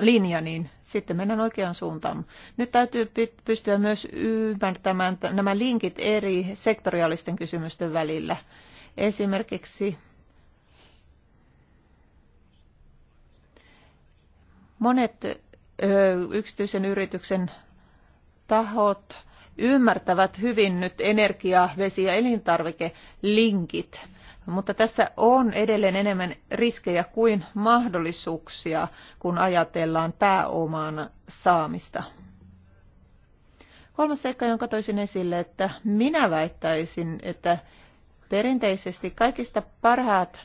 linja, niin sitten mennään oikeaan suuntaan. Nyt täytyy pystyä myös ymmärtämään nämä linkit eri sektoriaalisten kysymysten välillä. Esimerkiksi monet yksityisen yrityksen tahot ymmärtävät hyvin nyt energia, vesi ja elintarvikelinkit mutta tässä on edelleen enemmän riskejä kuin mahdollisuuksia, kun ajatellaan pääomaan saamista. Kolmas seikka, jonka toisin esille, että minä väittäisin, että perinteisesti kaikista parhaat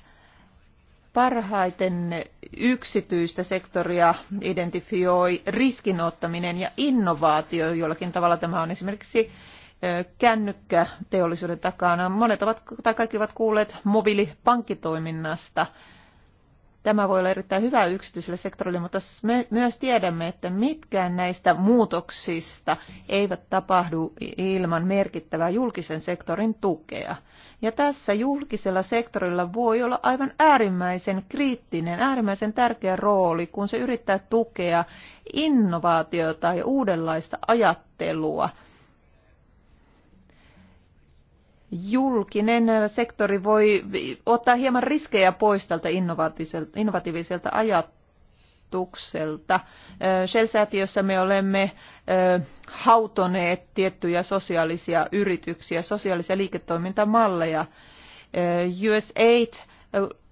parhaiten yksityistä sektoria identifioi riskinottaminen ja innovaatio. Jollakin tavalla tämä on esimerkiksi kännykkäteollisuuden takana. Monet ovat, tai kaikki ovat kuulleet mobiilipankkitoiminnasta. Tämä voi olla erittäin hyvä yksityiselle sektorille, mutta me myös tiedämme, että mitkään näistä muutoksista eivät tapahdu ilman merkittävää julkisen sektorin tukea. Ja tässä julkisella sektorilla voi olla aivan äärimmäisen kriittinen, äärimmäisen tärkeä rooli, kun se yrittää tukea innovaatiota ja uudenlaista ajattelua – julkinen sektori voi ottaa hieman riskejä pois tältä innovatiiviselta ajatukselta. Shell-säätiössä me olemme hautoneet tiettyjä sosiaalisia yrityksiä, sosiaalisia liiketoimintamalleja. USAID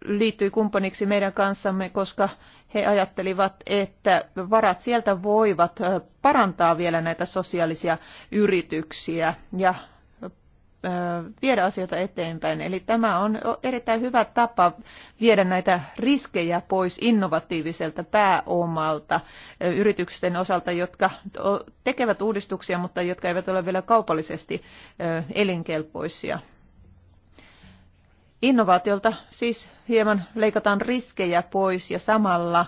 liittyi kumppaniksi meidän kanssamme, koska he ajattelivat, että varat sieltä voivat parantaa vielä näitä sosiaalisia yrityksiä ja viedä asioita eteenpäin. Eli tämä on erittäin hyvä tapa viedä näitä riskejä pois innovatiiviselta pääomalta yritysten osalta, jotka tekevät uudistuksia, mutta jotka eivät ole vielä kaupallisesti elinkelpoisia. Innovaatiolta siis hieman leikataan riskejä pois ja samalla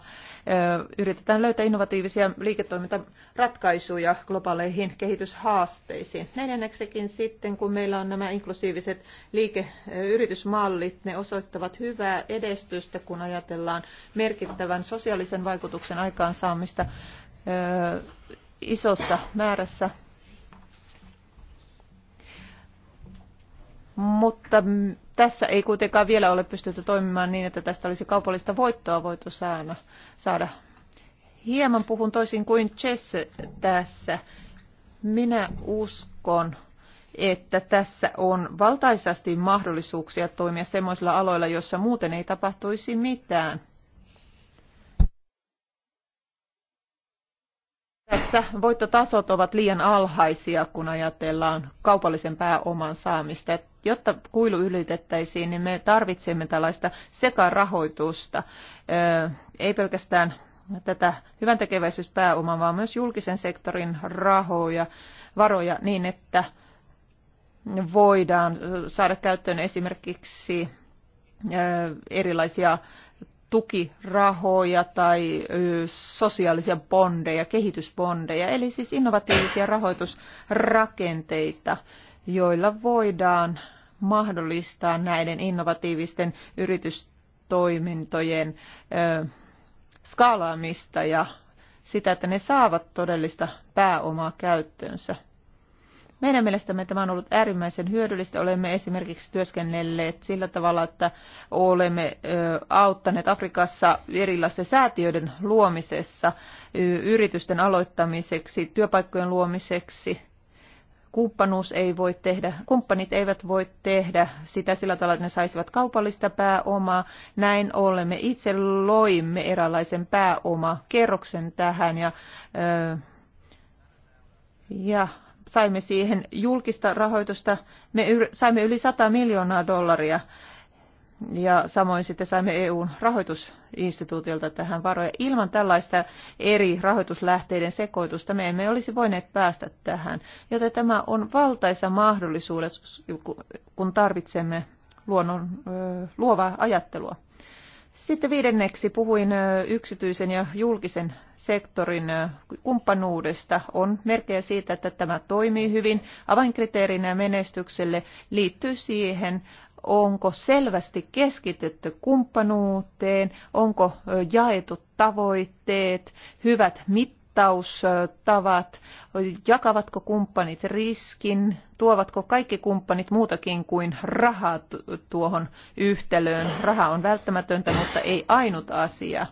yritetään löytää innovatiivisia liiketoimintaratkaisuja globaaleihin kehityshaasteisiin. Neljänneksikin sitten, kun meillä on nämä inklusiiviset liikeyritysmallit, ne osoittavat hyvää edestystä, kun ajatellaan merkittävän sosiaalisen vaikutuksen aikaansaamista isossa määrässä mutta tässä ei kuitenkaan vielä ole pystytty toimimaan niin, että tästä olisi kaupallista voittoa voitu saada. saada. Hieman puhun toisin kuin Chess tässä. Minä uskon, että tässä on valtaisasti mahdollisuuksia toimia semmoisilla aloilla, joissa muuten ei tapahtuisi mitään. Tässä voittotasot ovat liian alhaisia, kun ajatellaan kaupallisen pääoman saamista jotta kuilu ylitettäisiin, niin me tarvitsemme tällaista sekarahoitusta, ei pelkästään tätä hyvän tekeväisyyspääomaa, vaan myös julkisen sektorin rahoja, varoja niin, että voidaan saada käyttöön esimerkiksi erilaisia tukirahoja tai sosiaalisia bondeja, kehitysbondeja, eli siis innovatiivisia rahoitusrakenteita joilla voidaan mahdollistaa näiden innovatiivisten yritystoimintojen skaalaamista ja sitä, että ne saavat todellista pääomaa käyttöönsä. Meidän mielestämme tämä on ollut äärimmäisen hyödyllistä. Olemme esimerkiksi työskennelleet sillä tavalla, että olemme auttaneet Afrikassa erilaisten säätiöiden luomisessa, yritysten aloittamiseksi, työpaikkojen luomiseksi kumppanuus ei voi tehdä, kumppanit eivät voi tehdä sitä sillä tavalla, että ne saisivat kaupallista pääomaa. Näin ollen me itse loimme eräänlaisen pääomakerroksen tähän ja, ja saimme siihen julkista rahoitusta. Me saimme yli 100 miljoonaa dollaria ja samoin sitten saimme EUn rahoitusinstituutiolta tähän varoja. Ilman tällaista eri rahoituslähteiden sekoitusta me emme olisi voineet päästä tähän. Joten tämä on valtaisa mahdollisuus, kun tarvitsemme luonnon, luovaa ajattelua. Sitten viidenneksi puhuin yksityisen ja julkisen sektorin kumppanuudesta. On merkkejä siitä, että tämä toimii hyvin. Avainkriteerinä menestykselle liittyy siihen, onko selvästi keskitytty kumppanuuteen, onko jaetut tavoitteet, hyvät mittaustavat, jakavatko kumppanit riskin, tuovatko kaikki kumppanit muutakin kuin rahaa tuohon yhtälöön. Raha on välttämätöntä, mutta ei ainut asia.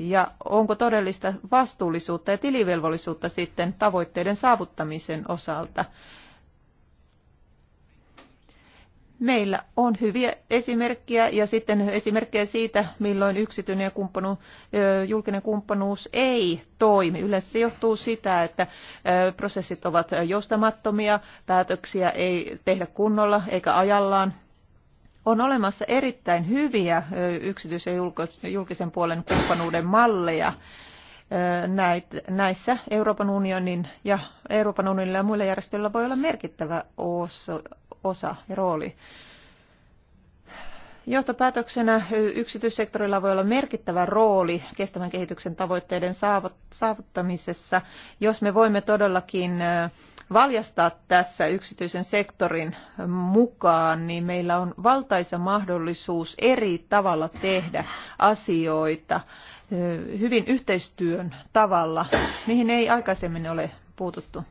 Ja onko todellista vastuullisuutta ja tilivelvollisuutta sitten tavoitteiden saavuttamisen osalta? Meillä on hyviä esimerkkejä ja sitten esimerkkejä siitä, milloin yksityinen kumppanu, julkinen kumppanuus ei toimi. Yleensä se johtuu sitä, että prosessit ovat joustamattomia, päätöksiä ei tehdä kunnolla eikä ajallaan. On olemassa erittäin hyviä yksityisen ja julkisen puolen kumppanuuden malleja, näissä Euroopan unionin ja Euroopan unionilla ja muilla järjestöillä voi olla merkittävä osa, osa ja rooli. Johtopäätöksenä yksityissektorilla voi olla merkittävä rooli kestävän kehityksen tavoitteiden saavuttamisessa, jos me voimme todellakin valjastaa tässä yksityisen sektorin mukaan, niin meillä on valtaisa mahdollisuus eri tavalla tehdä asioita hyvin yhteistyön tavalla, mihin ei aikaisemmin ole puututtu,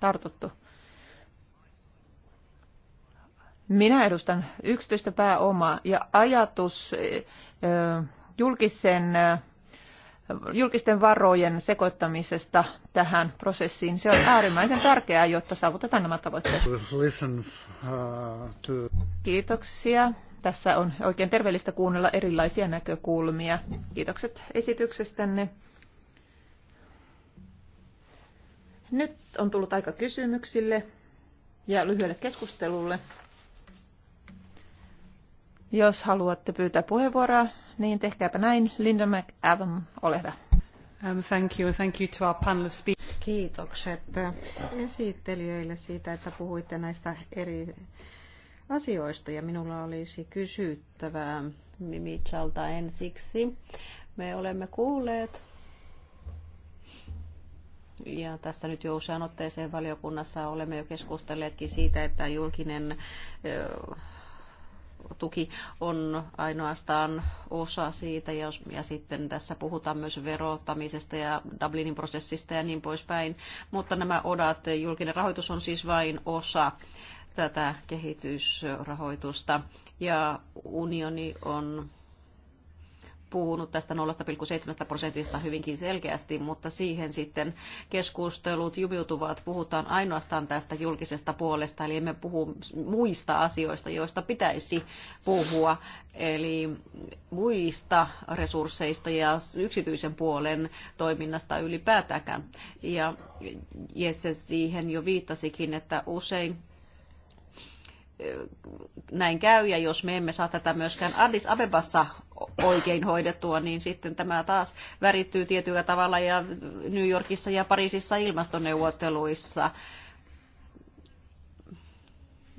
tartuttu. Minä edustan yksityistä pääomaa ja ajatus julkisen, julkisten varojen sekoittamisesta tähän prosessiin, se on äärimmäisen tärkeää, jotta saavutetaan nämä tavoitteet. Uh, Kiitoksia. Tässä on oikein terveellistä kuunnella erilaisia näkökulmia. Kiitokset esityksestänne. Nyt on tullut aika kysymyksille ja lyhyelle keskustelulle. Jos haluatte pyytää puheenvuoroa, niin tehkääpä näin. Linda McAvan, ole hyvä. Um, thank you, thank you to our panel of speakers. Kiitokset esittelijöille siitä, että puhuitte näistä eri asioista ja minulla olisi kysyttävää Mimitsalta ensiksi. Me olemme kuulleet ja tässä nyt jo useaan otteeseen valiokunnassa olemme jo keskustelleetkin siitä, että julkinen tuki on ainoastaan osa siitä, ja, jos, ja sitten tässä puhutaan myös verottamisesta ja Dublinin prosessista ja niin poispäin, mutta nämä odat, julkinen rahoitus on siis vain osa tätä kehitysrahoitusta, ja unioni on puhunut tästä 0,7 prosentista hyvinkin selkeästi, mutta siihen sitten keskustelut jumiutuvat. Puhutaan ainoastaan tästä julkisesta puolesta, eli emme puhu muista asioista, joista pitäisi puhua, eli muista resursseista ja yksityisen puolen toiminnasta ylipäätäänkään. Ja Jesse siihen jo viittasikin, että usein näin käy ja jos me emme saa tätä myöskään Addis Abebassa oikein hoidettua, niin sitten tämä taas värittyy tietyllä tavalla ja New Yorkissa ja Pariisissa ilmastoneuvotteluissa.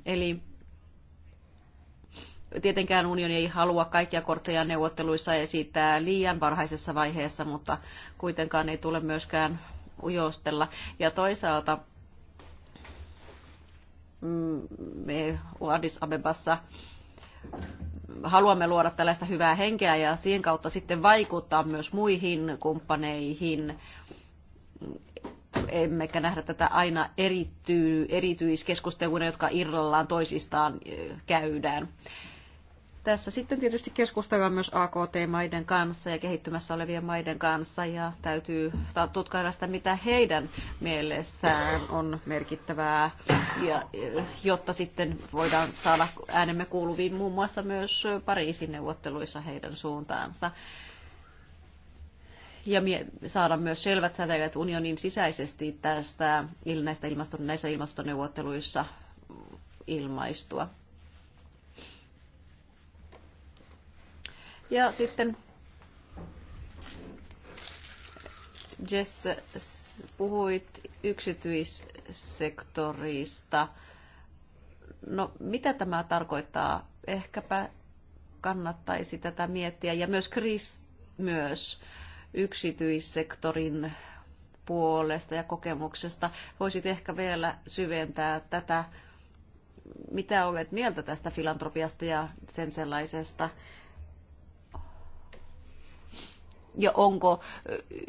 Eli tietenkään unioni ei halua kaikkia kortteja neuvotteluissa esittää liian varhaisessa vaiheessa, mutta kuitenkaan ei tule myöskään ujostella. Ja toisaalta mm, me Addis Abebassa haluamme luoda tällaista hyvää henkeä ja siihen kautta sitten vaikuttaa myös muihin kumppaneihin. Emmekä nähdä tätä aina erittyy, erityiskeskusteluina, jotka irrallaan toisistaan käydään. Tässä sitten tietysti keskustellaan myös AKT-maiden kanssa ja kehittymässä olevien maiden kanssa ja täytyy tutkailla sitä, mitä heidän mielessään on merkittävää, ja, eh, jotta sitten voidaan saada äänemme kuuluviin muun muassa myös Pariisin neuvotteluissa heidän suuntaansa ja saada myös selvät sävelet unionin sisäisesti tästä näistä ilmaston, näissä ilmastoneuvotteluissa ilmaistua. Ja sitten Jess, puhuit yksityissektorista. No, mitä tämä tarkoittaa? Ehkäpä kannattaisi tätä miettiä. Ja myös Chris myös yksityissektorin puolesta ja kokemuksesta. Voisit ehkä vielä syventää tätä, mitä olet mieltä tästä filantropiasta ja sen sellaisesta ja onko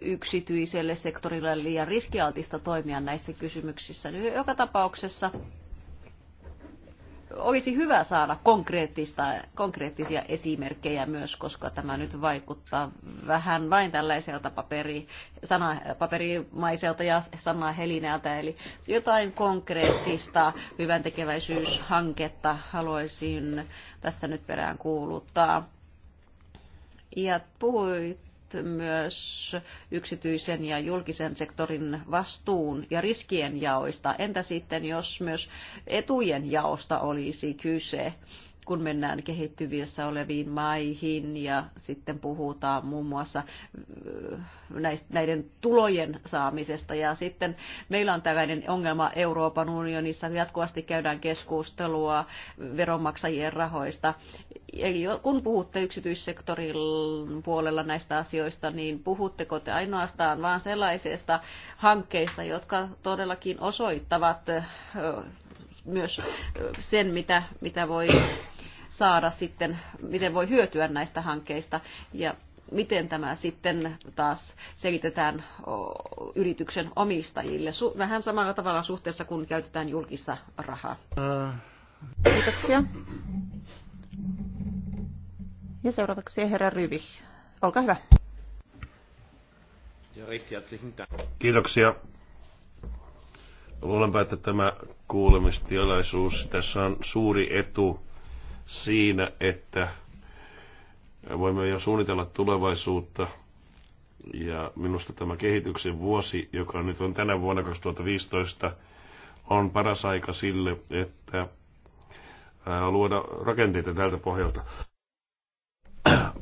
yksityiselle sektorille liian riskialtista toimia näissä kysymyksissä. Nyt joka tapauksessa olisi hyvä saada konkreettista, konkreettisia esimerkkejä myös, koska tämä nyt vaikuttaa vähän vain tällaiselta paperi, sana, paperimaiselta ja sanaa helinältä. Eli jotain konkreettista hyvän tekeväisyyshanketta haluaisin tässä nyt perään kuuluttaa. Ja puhuit myös yksityisen ja julkisen sektorin vastuun ja riskien jaoista. Entä sitten, jos myös etujen jaosta olisi kyse? kun mennään kehittyvissä oleviin maihin ja sitten puhutaan muun muassa äh, näiden tulojen saamisesta. Ja sitten meillä on tällainen ongelma Euroopan unionissa, jatkuvasti käydään keskustelua veronmaksajien rahoista. Eli kun puhutte yksityissektorin puolella näistä asioista, niin puhutteko te ainoastaan vain sellaisista hankkeista, jotka todellakin osoittavat äh, myös sen, mitä, mitä voi saada sitten, miten voi hyötyä näistä hankkeista ja miten tämä sitten taas selitetään yrityksen omistajille. Vähän samalla tavalla suhteessa, kun käytetään julkista rahaa. Äh. Kiitoksia. Ja seuraavaksi herra Ryvi. Olkaa hyvä. Kiitoksia Luulenpa, että tämä kuulemistilaisuus, tässä on suuri etu siinä, että voimme jo suunnitella tulevaisuutta. Ja minusta tämä kehityksen vuosi, joka nyt on tänä vuonna 2015, on paras aika sille, että luoda rakenteita tältä pohjalta.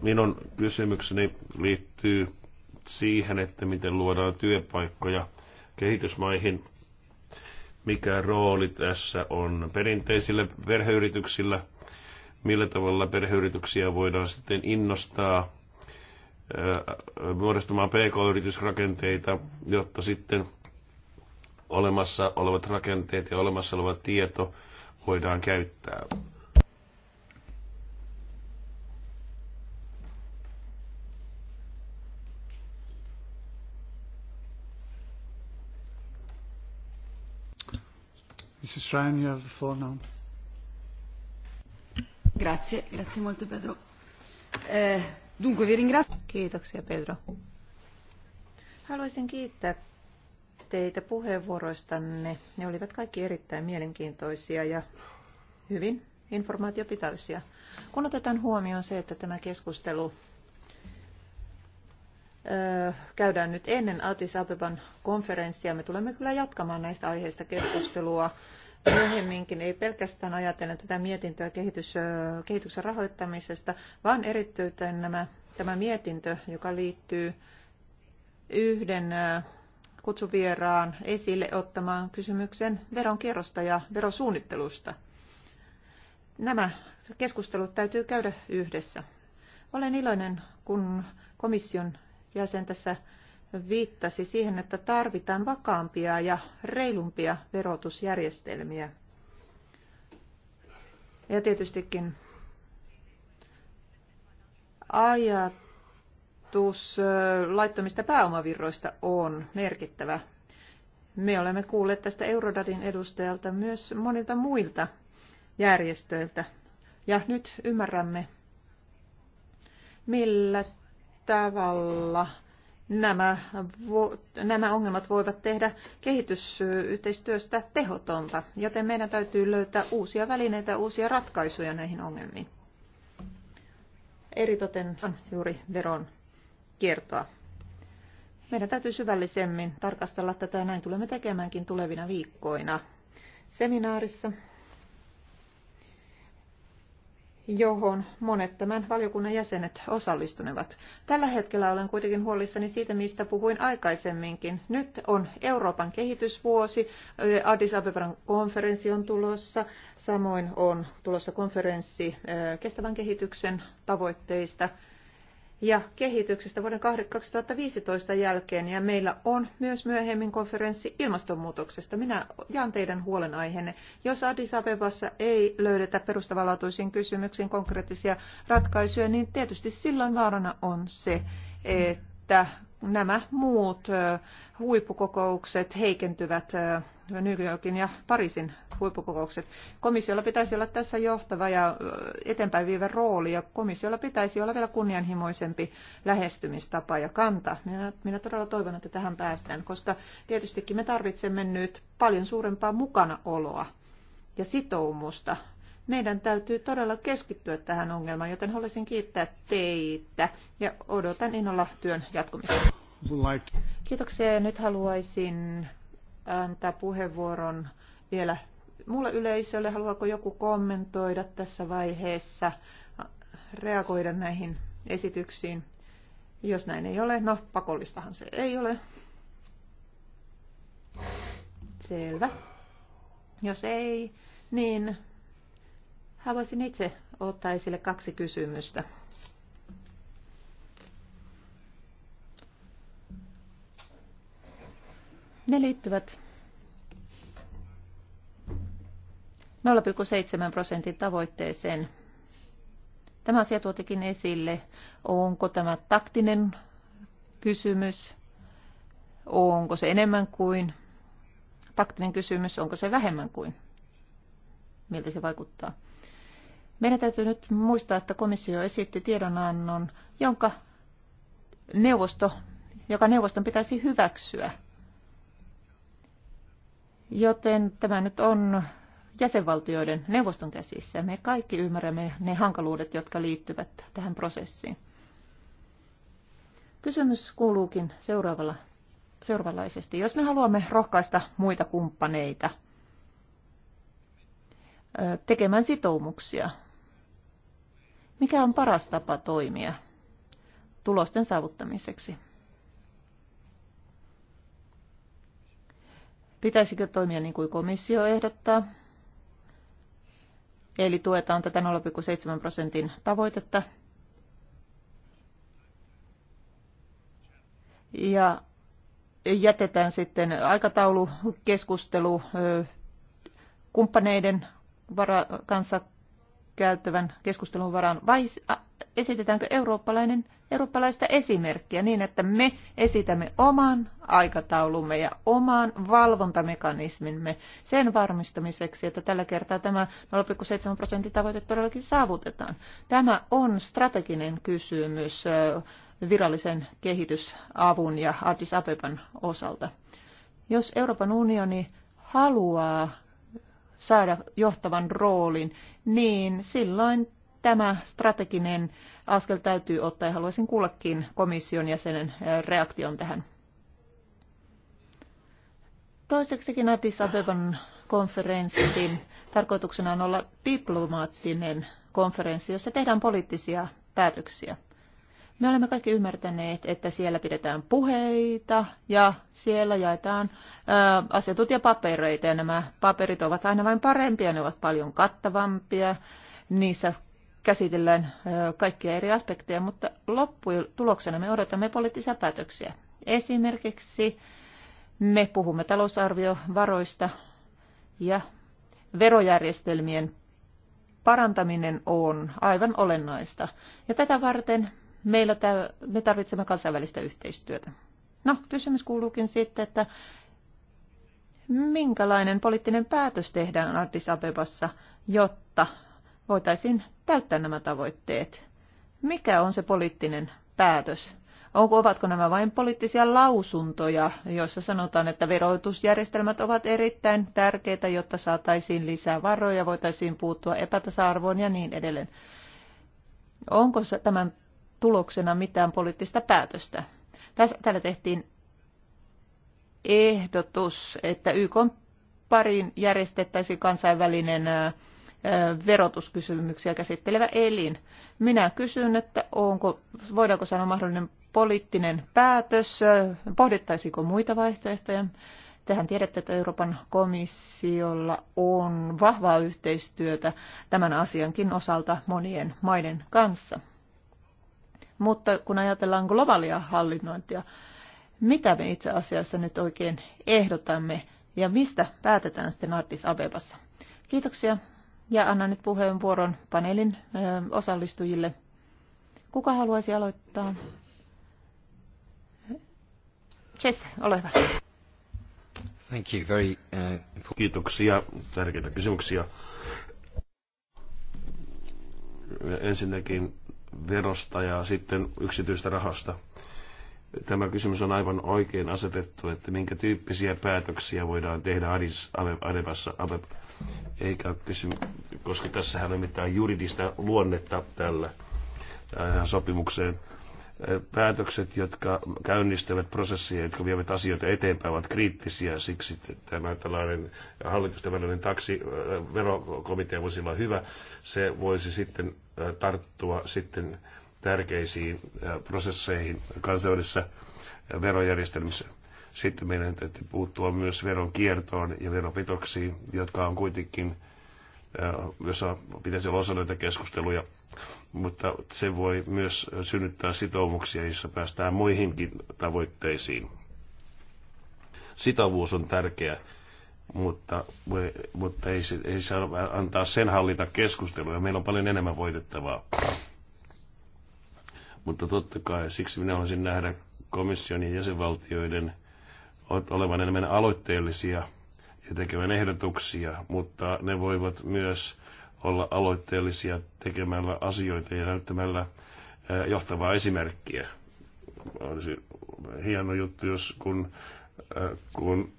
Minun kysymykseni liittyy siihen, että miten luodaan työpaikkoja kehitysmaihin – mikä rooli tässä on perinteisillä perheyrityksillä, millä tavalla perheyrityksiä voidaan sitten innostaa muodostamaan pk-yritysrakenteita, jotta sitten olemassa olevat rakenteet ja olemassa oleva tieto voidaan käyttää. Grazie, grazie molto Pedro. Eh, dunque, vi ringrazio. Kiitoksia Pedro. Haluaisin kiittää teitä puheenvuoroistanne. Ne olivat kaikki erittäin mielenkiintoisia ja hyvin informaatiopitoisia. Kun otetaan huomioon se, että tämä keskustelu eh, käydään nyt ennen Addis Abeban konferenssia, me tulemme kyllä jatkamaan näistä aiheista keskustelua myöhemminkin, ei pelkästään ajatellen tätä mietintöä kehitys, kehityksen rahoittamisesta, vaan erityisen nämä, tämä mietintö, joka liittyy yhden kutsuvieraan esille ottamaan kysymyksen veronkierrosta ja verosuunnittelusta. Nämä keskustelut täytyy käydä yhdessä. Olen iloinen, kun komission jäsen tässä viittasi siihen, että tarvitaan vakaampia ja reilumpia verotusjärjestelmiä. Ja tietystikin ajatus laittomista pääomavirroista on merkittävä. Me olemme kuulleet tästä Eurodadin edustajalta myös monilta muilta järjestöiltä. Ja nyt ymmärrämme, millä tavalla nämä, vo, nämä ongelmat voivat tehdä kehitysyhteistyöstä tehotonta, joten meidän täytyy löytää uusia välineitä, uusia ratkaisuja näihin ongelmiin. Eritoten juuri veron kiertoa. Meidän täytyy syvällisemmin tarkastella tätä ja näin tulemme tekemäänkin tulevina viikkoina seminaarissa johon monet tämän valiokunnan jäsenet osallistunevat. Tällä hetkellä olen kuitenkin huolissani siitä, mistä puhuin aikaisemminkin. Nyt on Euroopan kehitysvuosi, Addis Abeban konferenssi on tulossa, samoin on tulossa konferenssi eh, kestävän kehityksen tavoitteista – ja kehityksestä vuoden 2015 jälkeen ja meillä on myös myöhemmin konferenssi ilmastonmuutoksesta. Minä jaan teidän huolenaiheenne. Jos Addis Abebassa ei löydetä perustavanlaatuisiin kysymyksiin konkreettisia ratkaisuja, niin tietysti silloin vaarana on se, että nämä muut huippukokoukset heikentyvät New Yorkin ja Pariisin huippukokoukset. Komissiolla pitäisi olla tässä johtava ja eteenpäin viivä rooli ja komissiolla pitäisi olla vielä kunnianhimoisempi lähestymistapa ja kanta. Minä, minä todella toivon, että tähän päästään, koska tietystikin me tarvitsemme nyt paljon suurempaa mukanaoloa ja sitoumusta. Meidän täytyy todella keskittyä tähän ongelmaan, joten haluaisin kiittää teitä ja odotan innolla työn jatkumista. Kiitoksia ja nyt haluaisin antaa puheenvuoron vielä muulle yleisölle. Haluaako joku kommentoida tässä vaiheessa, reagoida näihin esityksiin? Jos näin ei ole, no pakollistahan se ei ole. Selvä. Jos ei, niin haluaisin itse ottaa esille kaksi kysymystä. Ne liittyvät 0,7 prosentin tavoitteeseen. Tämä asia tuotikin esille. Onko tämä taktinen kysymys? Onko se enemmän kuin taktinen kysymys? Onko se vähemmän kuin? Miltä se vaikuttaa? Meidän täytyy nyt muistaa, että komissio esitti tiedonannon, jonka neuvosto, joka neuvoston pitäisi hyväksyä – Joten tämä nyt on jäsenvaltioiden neuvoston käsissä. Me kaikki ymmärrämme ne hankaluudet, jotka liittyvät tähän prosessiin. Kysymys kuuluukin seuraavalla, seuraavallaisesti. Jos me haluamme rohkaista muita kumppaneita tekemään sitoumuksia, mikä on paras tapa toimia tulosten saavuttamiseksi? Pitäisikö toimia niin kuin komissio ehdottaa? Eli tuetaan tätä 0,7 prosentin tavoitetta. Ja jätetään sitten aikataulukeskustelu kumppaneiden vara- kanssa käyttävän keskustelun varaan vai esitetäänkö eurooppalainen, eurooppalaista esimerkkiä niin, että me esitämme oman aikataulumme ja oman valvontamekanismimme sen varmistamiseksi, että tällä kertaa tämä 0,7 prosentin tavoite todellakin saavutetaan. Tämä on strateginen kysymys virallisen kehitysavun ja Addis Abeban osalta. Jos Euroopan unioni haluaa saada johtavan roolin, niin silloin tämä strateginen askel täytyy ottaa ja haluaisin kuullakin komission jäsenen eh, reaktion tähän. Toiseksikin Addis Abeban konferenssin tarkoituksena on olla diplomaattinen konferenssi, jossa tehdään poliittisia päätöksiä. Me olemme kaikki ymmärtäneet, että siellä pidetään puheita ja siellä jaetaan ää, eh, asiantuntijapapereita ja nämä paperit ovat aina vain parempia, ne ovat paljon kattavampia, niissä käsitellään kaikkia eri aspekteja, mutta lopputuloksena me odotamme poliittisia päätöksiä. Esimerkiksi me puhumme talousarviovaroista ja verojärjestelmien parantaminen on aivan olennaista. Ja tätä varten meillä tää, me tarvitsemme kansainvälistä yhteistyötä. No, kysymys kuuluukin sitten, että minkälainen poliittinen päätös tehdään Addis Abebassa, jotta voitaisiin täyttää nämä tavoitteet. Mikä on se poliittinen päätös? Onko, ovatko nämä vain poliittisia lausuntoja, joissa sanotaan, että verotusjärjestelmät ovat erittäin tärkeitä, jotta saataisiin lisää varoja, voitaisiin puuttua epätasa-arvoon ja niin edelleen? Onko tämän tuloksena mitään poliittista päätöstä? Tässä, täällä tehtiin ehdotus, että YK pariin järjestettäisiin kansainvälinen verotuskysymyksiä käsittelevä elin. Minä kysyn, että onko, voidaanko sanoa mahdollinen poliittinen päätös, pohdittaisiko muita vaihtoehtoja. Tehän tiedätte, että Euroopan komissiolla on vahvaa yhteistyötä tämän asiankin osalta monien maiden kanssa. Mutta kun ajatellaan globaalia hallinnointia, mitä me itse asiassa nyt oikein ehdotamme ja mistä päätetään sitten Addis Abebassa? Kiitoksia ja annan nyt puheenvuoron paneelin osallistujille. Kuka haluaisi aloittaa? Jesse, ole hyvä. Thank you. Very, uh... Kiitoksia. Tärkeitä kysymyksiä. Ensinnäkin verosta ja sitten yksityistä rahasta. Tämä kysymys on aivan oikein asetettu, että minkä tyyppisiä päätöksiä voidaan tehdä Adis Abebassa, Abeb, eikä kysymys, koska tässä on mitään juridista luonnetta tällä äh, sopimukseen. Äh, päätökset, jotka käynnistävät prosessia, jotka vievät asioita eteenpäin, ovat kriittisiä. Siksi tämä tällainen hallitusten välinen taksiverokomitea äh, voisi olla hyvä. Se voisi sitten tarttua sitten tärkeisiin prosesseihin kansainvälisissä verojärjestelmissä. Sitten meidän täytyy puuttua myös veron kiertoon ja veropitoksiin, jotka on kuitenkin, jossa pitäisi olla osa näitä keskusteluja, mutta se voi myös synnyttää sitoumuksia, joissa päästään muihinkin tavoitteisiin. Sitovuus on tärkeä, mutta, mutta ei, ei saa antaa sen hallita keskustelua. Meillä on paljon enemmän voitettavaa. Mutta totta kai siksi minä haluaisin nähdä komission ja jäsenvaltioiden olevan enemmän aloitteellisia ja tekemään ehdotuksia, mutta ne voivat myös olla aloitteellisia tekemällä asioita ja näyttämällä johtavaa esimerkkiä. Olisi hieno juttu, jos kun kun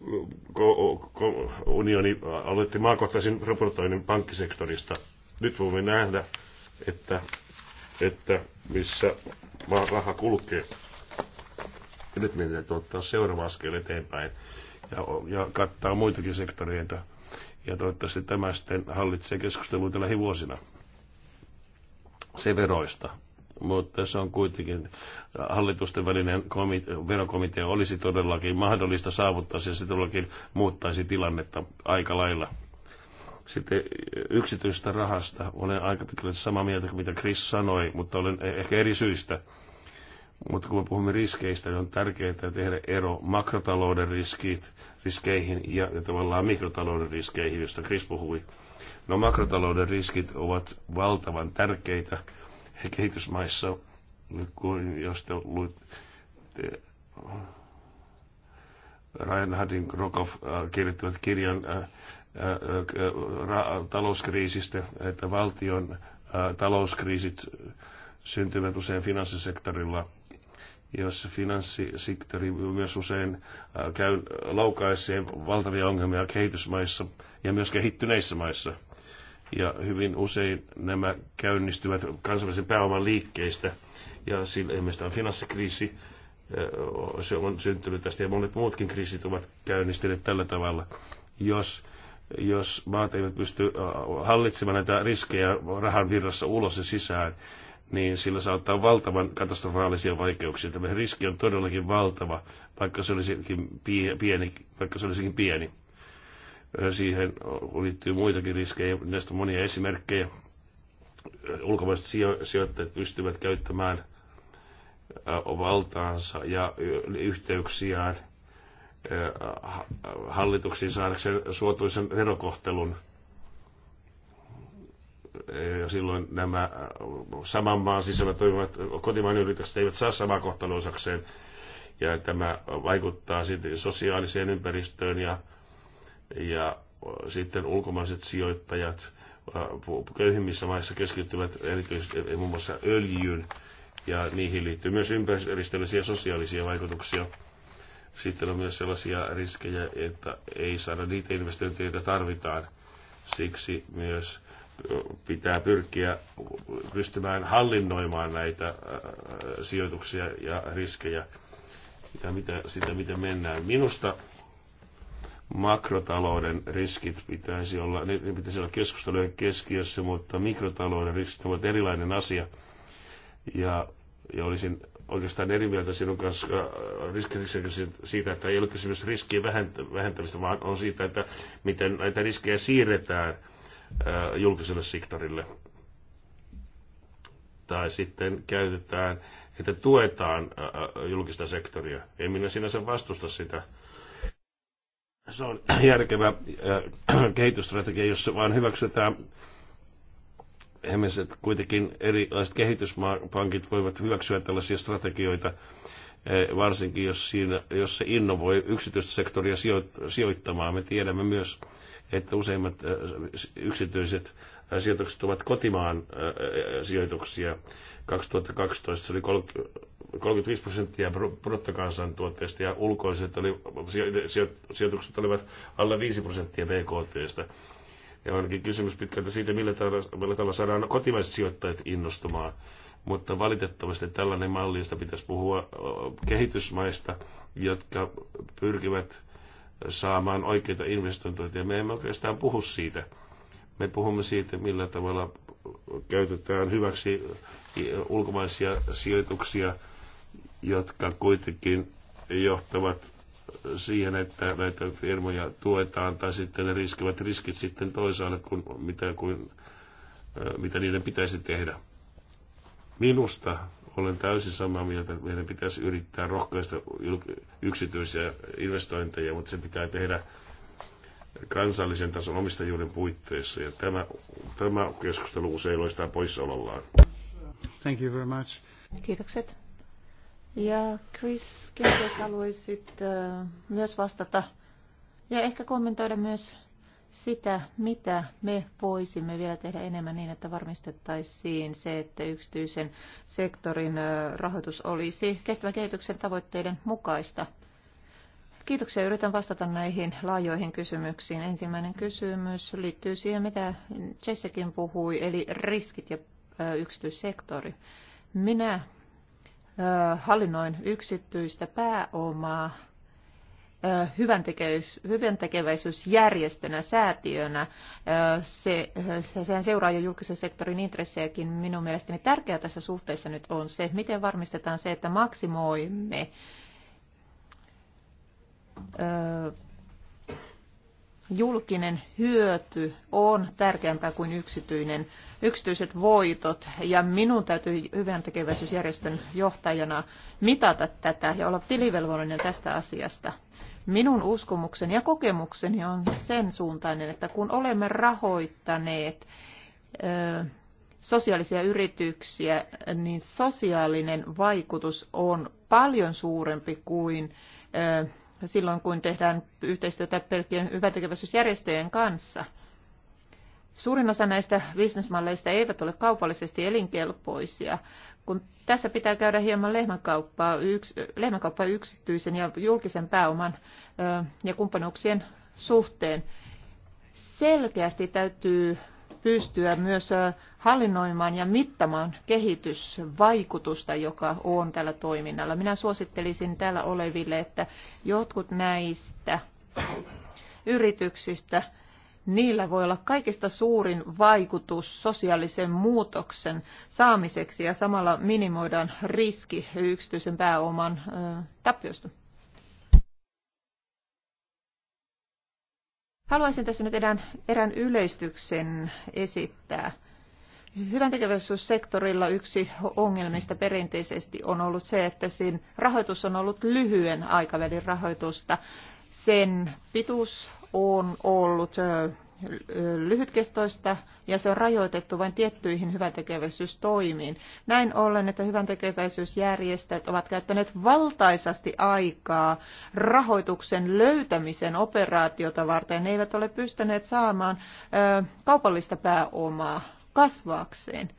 unioni aloitti maakohtaisen raportoinnin pankkisektorista. Nyt voimme nähdä, että että missä raha kulkee. Ja nyt meidän täytyy ottaa seuraava askel eteenpäin ja, ja kattaa muitakin sektoreita. Ja toivottavasti tämä sitten hallitsee keskustelua tällä vuosina se veroista. Mutta se on kuitenkin äh, hallitusten välinen komite- verokomitea olisi todellakin mahdollista saavuttaa ja se todellakin muuttaisi tilannetta aika lailla. Sitten eh, yksityisestä rahasta olen aika pitkälle samaa mieltä kuin mitä Chris sanoi, mutta olen eh, ehkä eri syistä. Mutta kun me puhumme riskeistä, niin on tärkeää tehdä ero makrotalouden riskit, riskeihin ja, ja tavallaan mikrotalouden riskeihin, josta Chris puhui. No makrotalouden riskit ovat valtavan tärkeitä he kehitysmaissa, kun jos te luit, Ryan Haddin Rokoff äh, kirjoittivat kirjan äh, Äh, äh, talouskriisistä, että valtion äh, talouskriisit syntyvät usein finanssisektorilla, jos finanssisektori myös usein käy laukaisee valtavia ongelmia kehitysmaissa ja myös kehittyneissä maissa. Ja hyvin usein nämä käynnistyvät kansainvälisen pääoman liikkeistä, ja sillä ilmeisesti on finanssikriisi, se on syntynyt tästä, ja monet muutkin kriisit ovat käynnistyneet tällä tavalla. Jos jos maat eivät pysty hallitsemaan näitä riskejä rahan virrassa ulos ja sisään, niin sillä saattaa valtavan katastrofaalisia vaikeuksia. Tämä riski on todellakin valtava, vaikka se olisikin pieni. Vaikka se olisikin pieni. Siihen liittyy muitakin riskejä, näistä on monia esimerkkejä. Ulkomaiset sijoittajat pystyvät käyttämään valtaansa ja yhteyksiään hallituksiin saadakseen suotuisen verokohtelun. Ja silloin nämä saman maan sisällä toimivat kotimaan yritykset eivät saa samaa kohtelua osakseen. Ja tämä vaikuttaa sitten sosiaaliseen ympäristöön ja, ja sitten ulkomaiset sijoittajat köyhimmissä maissa keskittyvät erityisesti muun muassa öljyyn ja niihin liittyy myös ympäristöllisiä ja sosiaalisia vaikutuksia sitten on myös sellaisia riskejä, että ei saada niitä investointeja, joita tarvitaan. Siksi myös pitää pyrkiä pystymään hallinnoimaan näitä äh, sijoituksia ja riskejä ja mitä, sitä, miten mennään. Minusta makrotalouden riskit pitäisi olla, ne, pitäisi olla keskustelujen keskiössä, mutta mikrotalouden riskit ovat erilainen asia. Ja, ja olisin oikeastaan eri mieltä sinun kanssa äh, siitä, että ei ole kysymys riskien vähentämistä, vaan on siitä, että miten näitä riskejä siirretään äh, julkiselle sektorille. Tai sitten käytetään, että tuetaan äh, julkista sektoria. En minä sinänsä vastusta sitä. Se on järkevä kehitysstrategia, jos se vaan hyväksytään hemmiset kuitenkin erilaiset kehityspankit voivat hyväksyä tällaisia strategioita, eh, varsinkin jos, siinä, jos se innovoi yksityistä sektoria sijoittamaan. Me tiedämme myös, että useimmat eh, yksityiset eh, sijoitukset ovat kotimaan sijoituksia. 2012 se oli 35 prosenttia bruttokansantuotteesta ja ulkoiset oli, sijoitukset olivat alle 5 prosenttia BKTstä. Ja onkin kysymys pitkältä siitä, millä tavalla, millä tavalla saadaan kotimaiset sijoittajat innostumaan. Mutta valitettavasti tällainen malli, josta pitäisi puhua kehitysmaista, jotka pyrkivät saamaan oikeita investointeja. Me emme oikeastaan puhu siitä. Me puhumme siitä, millä tavalla käytetään hyväksi ulkomaisia sijoituksia, jotka kuitenkin johtavat siihen, että näitä firmoja tuetaan tai sitten ne riskevät riskit sitten toisaalle, kun, mitä, kuin, mitä niiden pitäisi tehdä. Minusta olen täysin samaa mieltä, että meidän pitäisi yrittää rohkaista yksityisiä investointeja, mutta se pitää tehdä kansallisen tason omistajuuden puitteissa. Ja tämä, tämä keskustelu usein loistaa poissaolollaan. Thank you very much. Kiitokset. Ja Chris, kenties haluaisit myös vastata ja ehkä kommentoida myös sitä, mitä me voisimme vielä tehdä enemmän niin, että varmistettaisiin se, että yksityisen sektorin rahoitus olisi kestävän kehityksen tavoitteiden mukaista. Kiitoksia. Yritän vastata näihin laajoihin kysymyksiin. Ensimmäinen kysymys liittyy siihen, mitä Jessekin puhui, eli riskit ja yksityissektori. Minä hallinnoin yksityistä pääomaa hyväntekeväisyysjärjestönä, säätiönä. Se, sehän seuraa jo julkisen sektorin intressejäkin. Minun mielestäni tärkeää tässä suhteessa nyt on se, miten varmistetaan se, että maksimoimme julkinen hyöty on tärkeämpää kuin yksityinen, yksityiset voitot. Ja minun täytyy hyvän tekeväisyysjärjestön johtajana mitata tätä ja olla tilivelvollinen tästä asiasta. Minun uskomukseni ja kokemukseni on sen suuntainen, että kun olemme rahoittaneet ö, sosiaalisia yrityksiä, niin sosiaalinen vaikutus on paljon suurempi kuin ö, silloin, kun tehdään yhteistyötä pelkien hyväntekeväisyysjärjestöjen kanssa. Suurin osa näistä bisnesmalleista eivät ole kaupallisesti elinkelpoisia. Kun tässä pitää käydä hieman lehmänkauppaa, yks, lehmänkauppaa yksityisen ja julkisen pääoman ö, ja kumppanuuksien suhteen, selkeästi täytyy pystyä myös äh, hallinnoimaan ja mittamaan kehitysvaikutusta, joka on tällä toiminnalla. Minä suosittelisin täällä oleville, että jotkut näistä yrityksistä, niillä voi olla kaikista suurin vaikutus sosiaalisen muutoksen saamiseksi ja samalla minimoidaan riski yksityisen pääoman äh, tappiosta. Haluaisin tässä nyt erään, erään yleistyksen esittää. Hyvän tekeväisyyssektorilla yksi ongelmista perinteisesti on ollut se, että sen rahoitus on ollut lyhyen aikavälin rahoitusta. Sen pituus on ollut lyhytkestoista ja se on rajoitettu vain tiettyihin hyväntekeväisyystoimiin. Näin ollen, että hyväntekeväisyysjärjestöt ovat käyttäneet valtaisasti aikaa rahoituksen löytämisen operaatiota varten. Ne eivät ole pystyneet saamaan ö, kaupallista pääomaa kasvaakseen.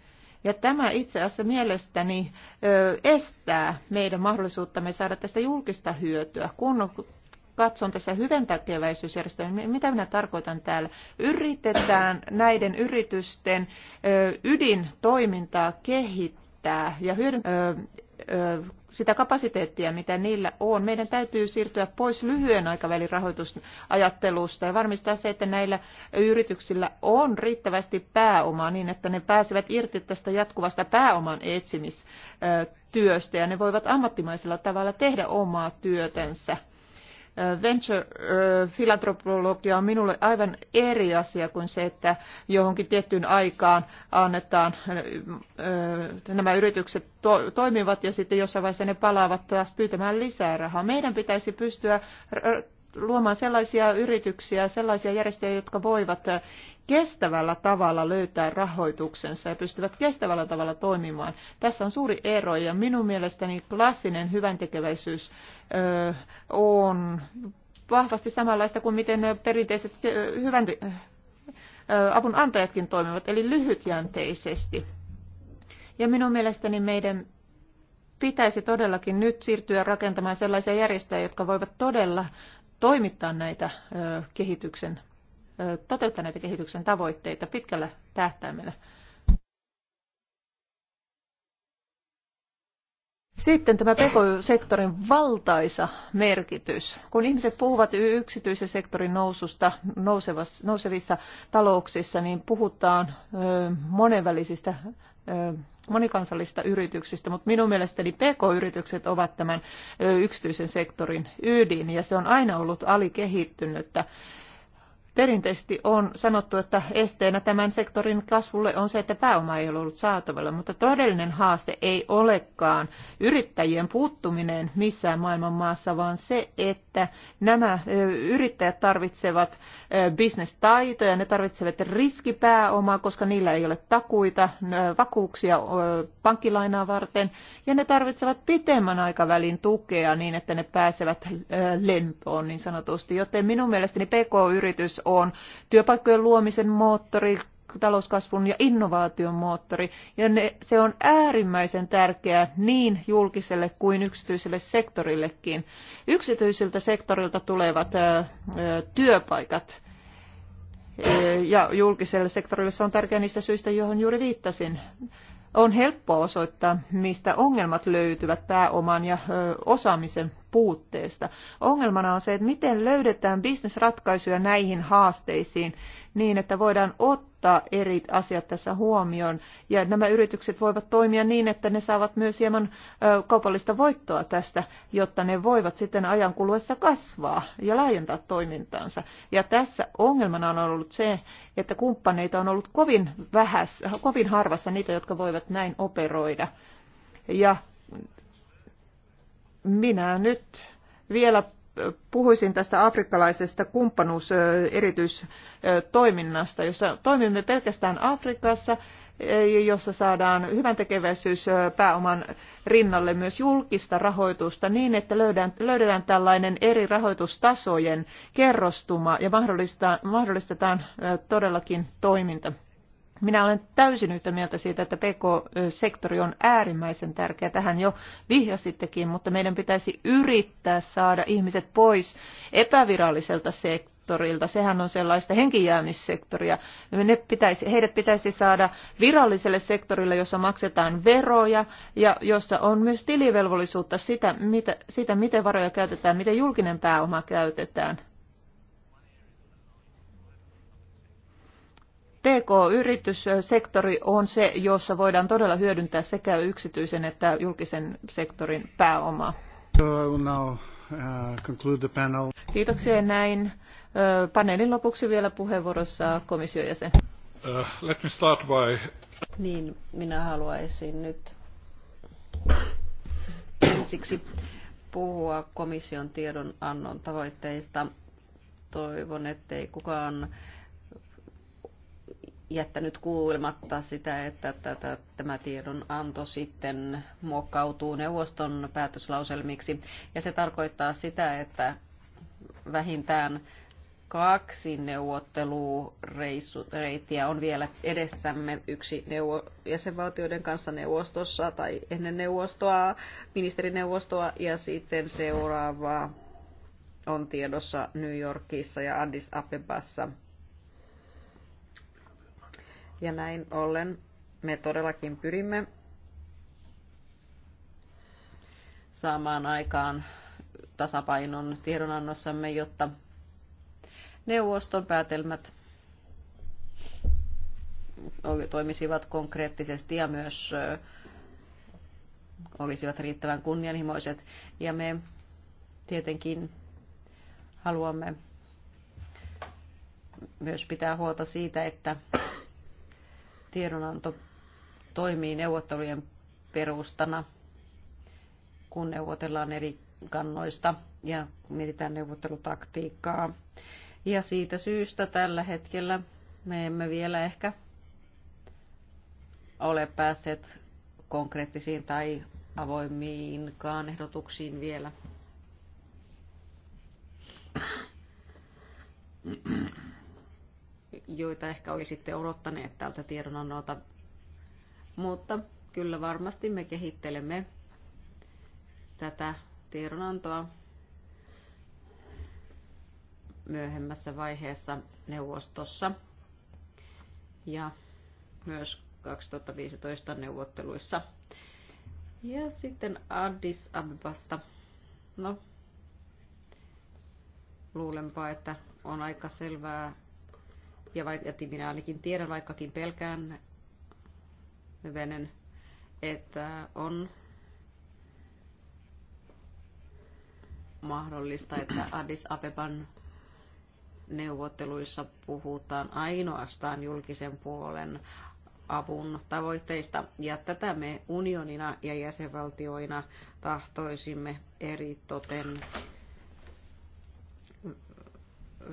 Ja tämä itse asiassa mielestäni ö, estää meidän mahdollisuuttamme saada tästä julkista hyötyä, kun katson tässä hyväntäkeväisyysjärjestelmää. Niin mitä minä tarkoitan täällä? Yritetään näiden yritysten ydintoimintaa kehittää ja hyödyntää sitä kapasiteettia, mitä niillä on. Meidän täytyy siirtyä pois lyhyen aikavälin rahoitusajattelusta ja varmistaa se, että näillä yrityksillä on riittävästi pääomaa niin, että ne pääsevät irti tästä jatkuvasta pääoman etsimistyöstä ja ne voivat ammattimaisella tavalla tehdä omaa työtänsä. Venture-filantropologia on minulle aivan eri asia kuin se, että johonkin tiettyyn aikaan annetaan, nämä yritykset to, toimivat ja sitten jossain vaiheessa ne palaavat taas pyytämään lisää rahaa. Meidän pitäisi pystyä luomaan sellaisia yrityksiä, sellaisia järjestöjä, jotka voivat kestävällä tavalla löytää rahoituksensa ja pystyvät kestävällä tavalla toimimaan. Tässä on suuri ero ja minun mielestäni klassinen hyväntekeväisyys ö, on vahvasti samanlaista kuin miten perinteiset hyvän, avun antajatkin toimivat, eli lyhytjänteisesti. Ja minun mielestäni meidän pitäisi todellakin nyt siirtyä rakentamaan sellaisia järjestöjä, jotka voivat todella toimittaa näitä kehityksen näitä kehityksen tavoitteita pitkällä tähtäimellä. Sitten tämä PK-sektorin valtaisa merkitys. Kun ihmiset puhuvat yksityisen sektorin noususta nousevissa talouksissa, niin puhutaan monenvälisistä monikansallisista yrityksistä, mutta minun mielestäni PK-yritykset ovat tämän yksityisen sektorin ydin ja se on aina ollut alikehittynyttä Perinteisesti on sanottu, että esteenä tämän sektorin kasvulle on se, että pääoma ei ole ollut saatavilla, mutta todellinen haaste ei olekaan yrittäjien puuttuminen missään maailman maassa, vaan se, että nämä yrittäjät tarvitsevat bisnestaitoja, ne tarvitsevat riskipääomaa, koska niillä ei ole takuita, vakuuksia pankkilainaa varten, ja ne tarvitsevat pitemmän aikavälin tukea niin, että ne pääsevät lentoon niin sanotusti, joten minun mielestäni PK-yritys on työpaikkojen luomisen moottori, talouskasvun ja innovaation moottori. Ja ne, se on äärimmäisen tärkeää niin julkiselle kuin yksityiselle sektorillekin. Yksityisiltä sektorilta tulevat ö, työpaikat e, ja julkiselle sektorille se on tärkeää niistä syistä, johon juuri viittasin. On helppoa osoittaa, mistä ongelmat löytyvät pääoman ja osaamisen puutteesta. Ongelmana on se, että miten löydetään bisnesratkaisuja näihin haasteisiin niin, että voidaan ottaa eri asiat tässä huomioon. Ja nämä yritykset voivat toimia niin, että ne saavat myös hieman kaupallista voittoa tästä, jotta ne voivat sitten ajan kuluessa kasvaa ja laajentaa toimintaansa. Ja tässä ongelmana on ollut se, että kumppaneita on ollut kovin, vähässä, kovin harvassa niitä, jotka voivat näin operoida. Ja minä nyt vielä puhuisin tästä afrikkalaisesta kumppanuuserityistoiminnasta, jossa toimimme pelkästään Afrikassa, e, jossa saadaan hyvän pääoman rinnalle myös julkista rahoitusta niin, että löydään, löydetään tällainen eri rahoitustasojen kerrostuma ja mahdollistetaan todellakin toiminta minä olen täysin yhtä mieltä siitä, että PK-sektori on äärimmäisen tärkeä. Tähän jo vihjasittekin, mutta meidän pitäisi yrittää saada ihmiset pois epäviralliselta sektorilta. Sehän on sellaista henkijäämissektoria. Ne pitäisi, heidät pitäisi saada viralliselle sektorille, jossa maksetaan veroja ja jossa on myös tilivelvollisuutta sitä, mitä, sitä miten varoja käytetään, miten julkinen pääoma käytetään. PK-yrityssektori on se, jossa voidaan todella hyödyntää sekä yksityisen että julkisen sektorin pääomaa. Uh, Kiitoksia näin. Paneelin lopuksi vielä puheenvuorossa komission jäsen. Uh, let me start by... Niin, minä haluaisin nyt ensiksi puhua komission tiedonannon tavoitteista. Toivon, ettei kukaan jättänyt kuulematta sitä, että tätä, tämä tiedonanto sitten muokkautuu neuvoston päätöslauselmiksi. Ja se tarkoittaa sitä, että vähintään kaksi neuvottelureittiä on vielä edessämme. Yksi neuvo- jäsenvaltioiden kanssa neuvostossa tai ennen neuvostoa, ministerineuvostoa ja sitten seuraava on tiedossa New Yorkissa ja Addis Abebassa ja näin ollen me todellakin pyrimme saamaan aikaan tasapainon tiedonannossamme, jotta neuvoston päätelmät toimisivat konkreettisesti ja myös olisivat riittävän kunnianhimoiset. Ja me tietenkin haluamme myös pitää huolta siitä, että tiedonanto toimii neuvottelujen perustana, kun neuvotellaan eri kannoista ja mietitään neuvottelutaktiikkaa. Ja siitä syystä tällä hetkellä me emme vielä ehkä ole päässeet konkreettisiin tai avoimiinkaan ehdotuksiin vielä joita ehkä olisitte odottaneet tältä tiedonannolta. Mutta kyllä varmasti me kehittelemme tätä tiedonantoa myöhemmässä vaiheessa neuvostossa ja myös 2015 neuvotteluissa. Ja sitten Addis Abbasta. No, luulenpa, että on aika selvää ja, vaikka, minä ainakin tiedän, vaikkakin pelkään venen, että on mahdollista, että Addis Abeban neuvotteluissa puhutaan ainoastaan julkisen puolen avun tavoitteista, ja tätä me unionina ja jäsenvaltioina tahtoisimme eri toten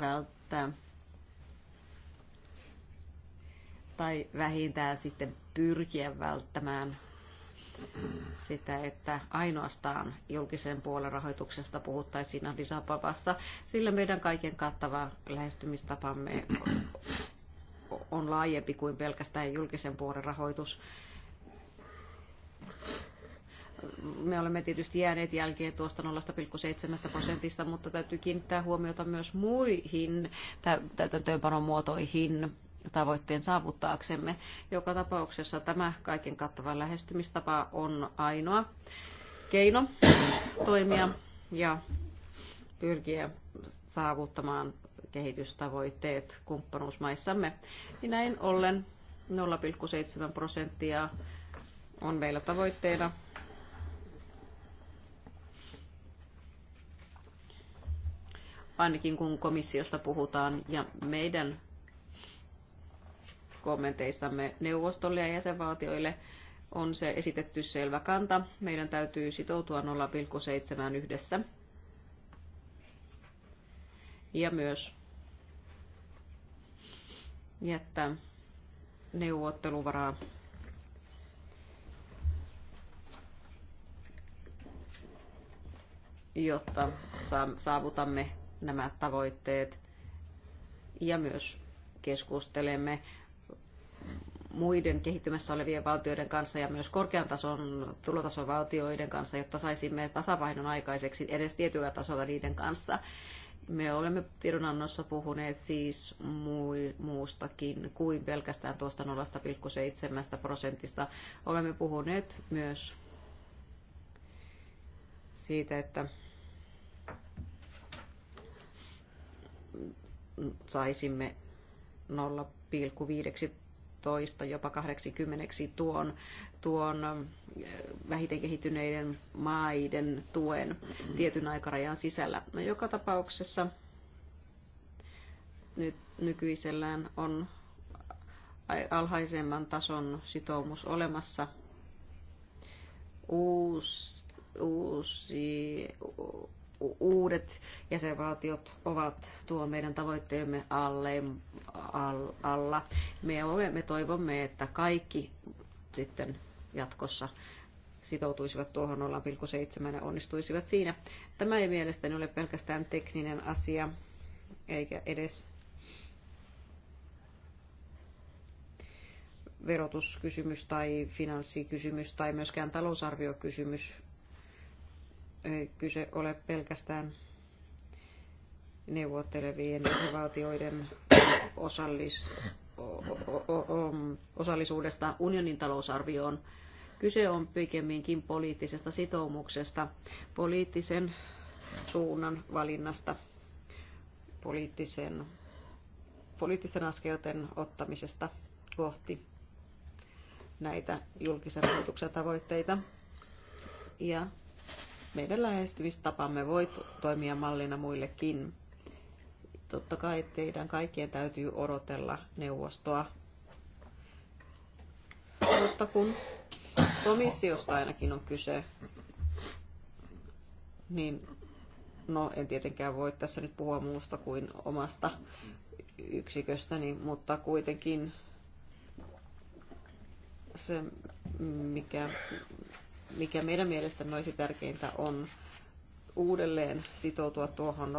välttää. tai vähintään sitten pyrkiä välttämään sitä, että ainoastaan julkisen puolen rahoituksesta puhuttaisiin Addis Ababassa, sillä meidän kaiken kattava lähestymistapamme on laajempi kuin pelkästään julkisen puolen rahoitus. Me olemme tietysti jääneet jälkeen tuosta 0,7 prosentista, mutta täytyy kiinnittää huomiota myös muihin täytäntöönpanomuotoihin. muotoihin tavoitteen saavuttaaksemme. Joka tapauksessa tämä kaiken kattava lähestymistapa on ainoa keino toimia ja pyrkiä saavuttamaan kehitystavoitteet kumppanuusmaissamme. Ja niin näin ollen 0,7 prosenttia on meillä tavoitteena. Ainakin kun komissiosta puhutaan ja meidän kommenteissamme neuvostolle ja jäsenvaltioille on se esitetty selvä kanta. Meidän täytyy sitoutua 0,7 yhdessä. Ja myös jättää neuvotteluvaraa jotta saavutamme nämä tavoitteet ja myös keskustelemme muiden kehittymässä olevien valtioiden kanssa ja myös korkean tason tulotason valtioiden kanssa, jotta saisimme tasapainon aikaiseksi edes tietyllä tasolla niiden kanssa. Me olemme tiedonannossa puhuneet siis muustakin kuin pelkästään tuosta 0,7 prosentista. Olemme puhuneet myös siitä, että saisimme 0,5 15, jopa 80 tuon, tuon äh, vähiten kehittyneiden maiden tuen tietyn aikarajan sisällä. No, joka tapauksessa nyt nykyisellään on alhaisemman tason sitoumus olemassa. Uusi, uusi uudet jäsenvaltiot ovat tuo meidän tavoitteemme alle, alla. Me, olemme, toivomme, että kaikki sitten jatkossa sitoutuisivat tuohon 0,7 ja onnistuisivat siinä. Tämä ei mielestäni ole pelkästään tekninen asia, eikä edes verotuskysymys tai finanssikysymys tai myöskään talousarviokysymys ei kyse ole pelkästään neuvottelevien jäsenvaltioiden osallis, osallisuudesta unionin talousarvioon. Kyse on pikemminkin poliittisesta sitoumuksesta, poliittisen suunnan valinnasta, poliittisen, poliittisen askelten ottamisesta kohti näitä julkisen rahoituksen tavoitteita. Ja meidän lähestymistapamme voi toimia mallina muillekin. Totta kai teidän kaikkien täytyy odotella neuvostoa. Mutta kun komissiosta ainakin on kyse, niin no en tietenkään voi tässä nyt puhua muusta kuin omasta yksiköstäni, mutta kuitenkin se, mikä mikä meidän mielestämme olisi tärkeintä, on uudelleen sitoutua tuohon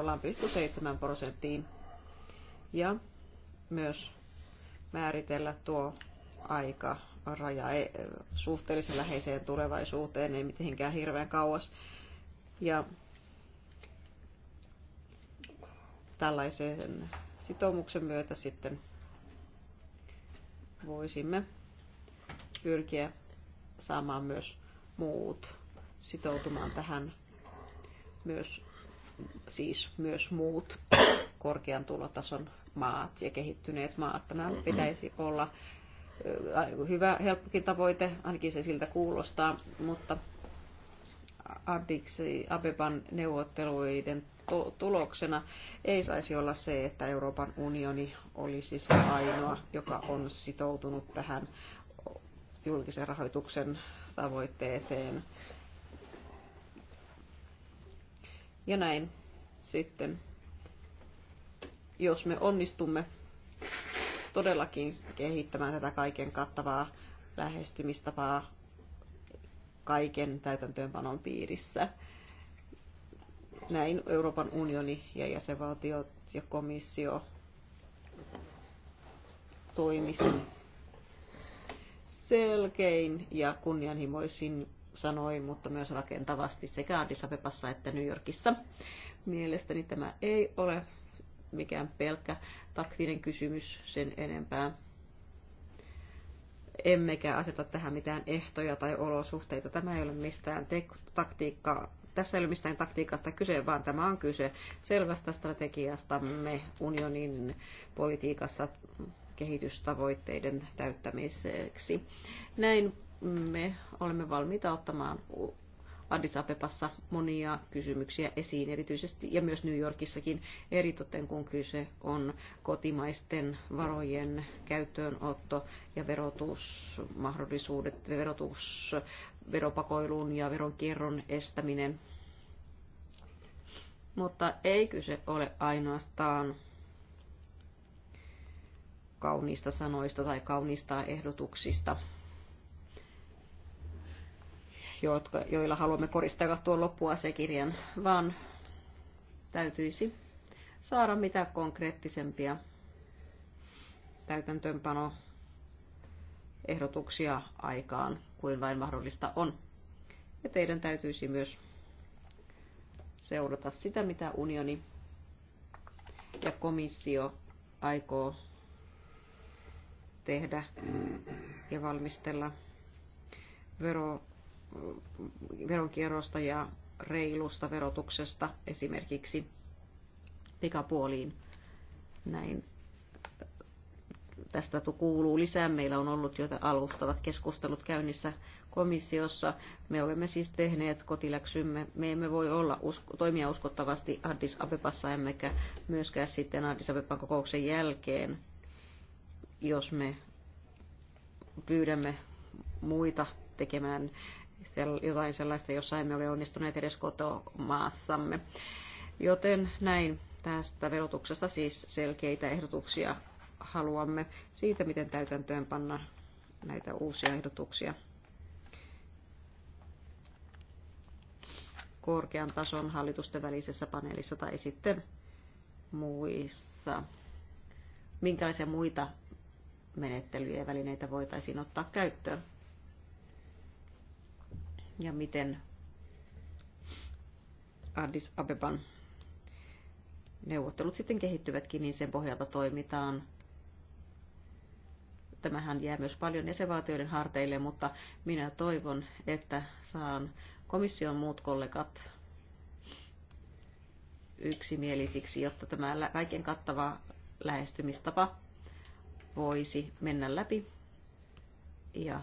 0,7 prosenttiin ja myös määritellä tuo aika raja eh, suhteellisen läheiseen tulevaisuuteen, ei mitenkään hirveän kauas. Ja tällaisen sitoumuksen myötä sitten voisimme pyrkiä saamaan myös muut sitoutumaan tähän myös, siis myös muut korkean tulotason maat ja kehittyneet maat. Tämä pitäisi olla hyvä, helppokin tavoite, ainakin se siltä kuulostaa, mutta Addiksi Abeban neuvotteluiden tuloksena ei saisi olla se, että Euroopan unioni olisi se ainoa, joka on sitoutunut tähän julkisen rahoituksen tavoitteeseen. Ja näin sitten, jos me onnistumme todellakin kehittämään tätä kaiken kattavaa lähestymistapaa kaiken täytäntöönpanon piirissä. Näin Euroopan unioni ja jäsenvaltiot ja komissio toimisi selkein ja kunnianhimoisin sanoin, mutta myös rakentavasti sekä Addis Abebassa että New Yorkissa. Mielestäni tämä ei ole mikään pelkkä taktinen kysymys sen enempää. Emmekä aseta tähän mitään ehtoja tai olosuhteita. Tämä ei ole mistään taktiikkaa. Tässä ei ole mistään taktiikasta kyse, vaan tämä on kyse selvästä strategiasta me unionin politiikassa kehitystavoitteiden täyttämiseksi. Näin me olemme valmiita ottamaan Addis Abebassa monia kysymyksiä esiin erityisesti ja myös New Yorkissakin eritoten kun kyse on kotimaisten varojen käyttöönotto ja verotusmahdollisuudet, verotus, veropakoilun ja veronkierron estäminen. Mutta ei kyse ole ainoastaan kauniista sanoista tai kauniista ehdotuksista, jotka, joilla haluamme koristella tuon loppuasekirjan, vaan täytyisi saada mitä konkreettisempia täytäntöönpano ehdotuksia aikaan kuin vain mahdollista on. Ja teidän täytyisi myös seurata sitä, mitä unioni ja komissio aikoo tehdä ja valmistella vero, veronkierrosta ja reilusta verotuksesta esimerkiksi pikapuoliin. Näin tästä kuuluu lisää. Meillä on ollut jo alustavat keskustelut käynnissä komissiossa. Me olemme siis tehneet kotiläksymme. Me emme voi olla usko, toimia uskottavasti Addis Abebassa, emmekä myöskään sitten Addis Abeban kokouksen jälkeen jos me pyydämme muita tekemään jotain sellaista, jossa emme ole onnistuneet edes kotomaassamme. Joten näin tästä verotuksesta siis selkeitä ehdotuksia haluamme siitä, miten täytäntöön panna näitä uusia ehdotuksia. korkean tason hallitusten välisessä paneelissa tai sitten muissa. Minkälaisia muita menettelyjä ja välineitä voitaisiin ottaa käyttöön. Ja miten Addis Abeban neuvottelut sitten kehittyvätkin, niin sen pohjalta toimitaan. Tämähän jää myös paljon jäsenvaltioiden harteille, mutta minä toivon, että saan komission muut kollegat yksimielisiksi, jotta tämä kaiken kattava lähestymistapa voisi mennä läpi ja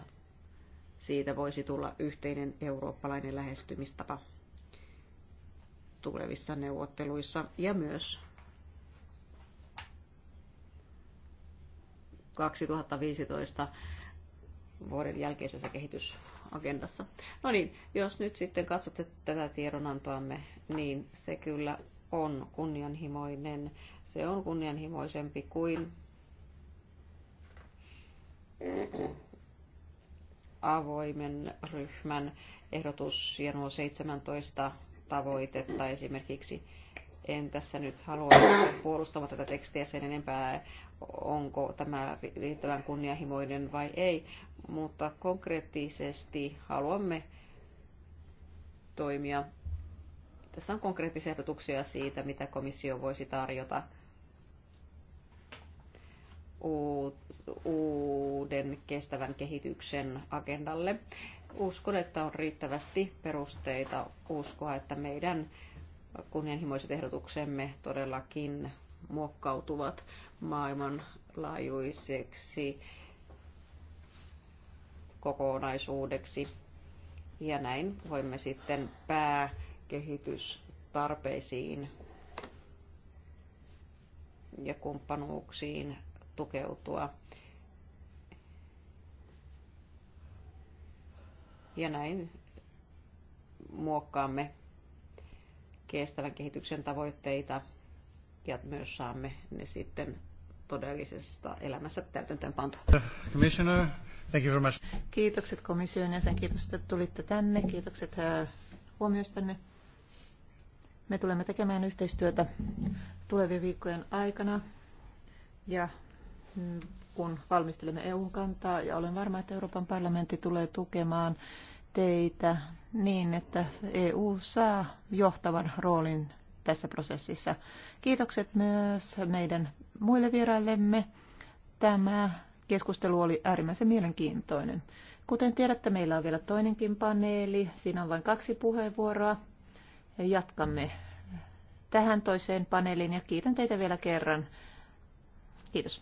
siitä voisi tulla yhteinen eurooppalainen lähestymistapa tulevissa neuvotteluissa ja myös 2015 vuoden jälkeisessä kehitysagendassa. No niin, jos nyt sitten katsotte tätä tiedonantoamme, niin se kyllä on kunnianhimoinen. Se on kunnianhimoisempi kuin avoimen ryhmän ehdotus ja nuo 17 tavoitetta esimerkiksi. En tässä nyt halua puolustamaan tätä tekstiä sen enempää, onko tämä riittävän kunnianhimoinen vai ei, mutta konkreettisesti haluamme toimia. Tässä on konkreettisia ehdotuksia siitä, mitä komissio voisi tarjota uuden kestävän kehityksen agendalle. Uskon, että on riittävästi perusteita uskoa, että meidän kunnianhimoiset ehdotuksemme todellakin muokkautuvat maailmanlaajuiseksi kokonaisuudeksi. Ja näin voimme sitten pääkehitystarpeisiin ja kumppanuuksiin tukeutua. Ja näin muokkaamme kestävän kehityksen tavoitteita ja myös saamme ne sitten todellisesta elämässä täytäntöön pantua. Commissioner, thank you very much. Kiitokset komission jäsen, kiitos, että tulitte tänne, kiitokset äh, huomioistanne. Me tulemme tekemään yhteistyötä tulevien viikkojen aikana ja kun valmistelemme EU-kantaa ja olen varma, että Euroopan parlamentti tulee tukemaan teitä niin, että EU saa johtavan roolin tässä prosessissa. Kiitokset myös meidän muille vieraillemme. Tämä keskustelu oli äärimmäisen mielenkiintoinen. Kuten tiedätte, meillä on vielä toinenkin paneeli. Siinä on vain kaksi puheenvuoroa. Jatkamme tähän toiseen paneeliin ja kiitän teitä vielä kerran. Kiitos.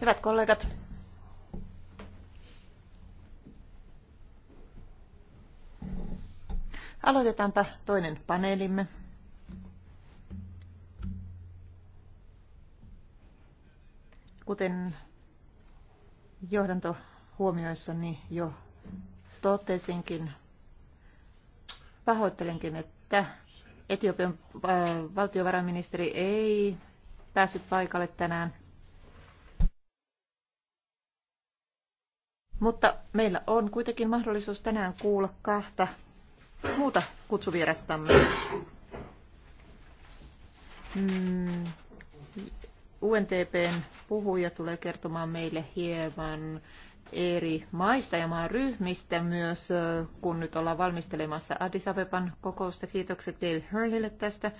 Hyvät kollegat. Aloitetaanpa toinen paneelimme. Kuten johdantohuomioissani jo totesinkin, pahoittelenkin, että Etiopian äh, valtiovarainministeri ei päässyt paikalle tänään. Mutta meillä on kuitenkin mahdollisuus tänään kuulla kahta muuta kutsuvierastamme. Mm, UNTPn puhuja tulee kertomaan meille hieman eri maista ja maan ryhmistä myös, kun nyt ollaan valmistelemassa Addis Abeban kokousta. Kiitokset Dale Hurleylle tästä.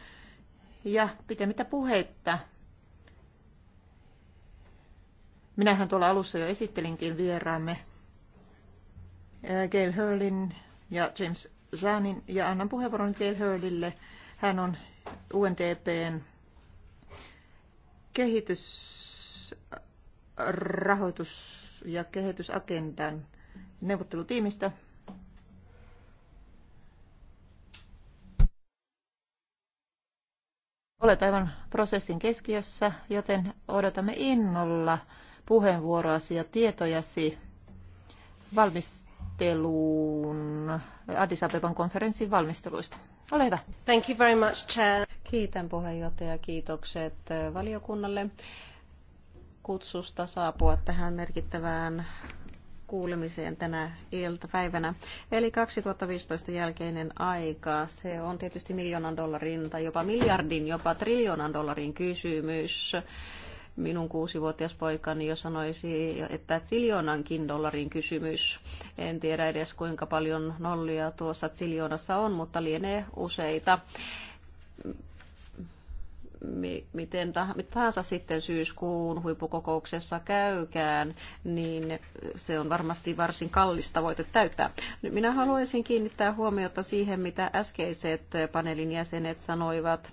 Ja pitemmittä puheitta Minähän tuolla alussa jo esittelinkin vieraamme äh, Gail Hurlin ja James Zanin ja annan puheenvuoron Gail Hurlille. Hän on UNDPn kehitysrahoitus- ja kehitysagendan neuvottelutiimistä. Olet aivan prosessin keskiössä, joten odotamme innolla puheenvuoroasi ja tietojasi valmisteluun, Addis Abeban konferenssin valmisteluista. Ole hyvä. Thank you very much, Chair. Kiitän puheenjohtaja, kiitokset valiokunnalle kutsusta saapua tähän merkittävään kuulemiseen tänä iltapäivänä. Eli 2015 jälkeinen aika, se on tietysti miljoonan dollarin tai jopa miljardin, jopa triljoonan dollarin kysymys minun kuusivuotias poikani jo sanoisi, että ziljonankin dollarin kysymys. En tiedä edes kuinka paljon nollia tuossa ziljonassa on, mutta lienee useita miten tahansa sitten syyskuun huippukokouksessa käykään, niin se on varmasti varsin kallis tavoite täyttää. Nyt minä haluaisin kiinnittää huomiota siihen, mitä äskeiset paneelin jäsenet sanoivat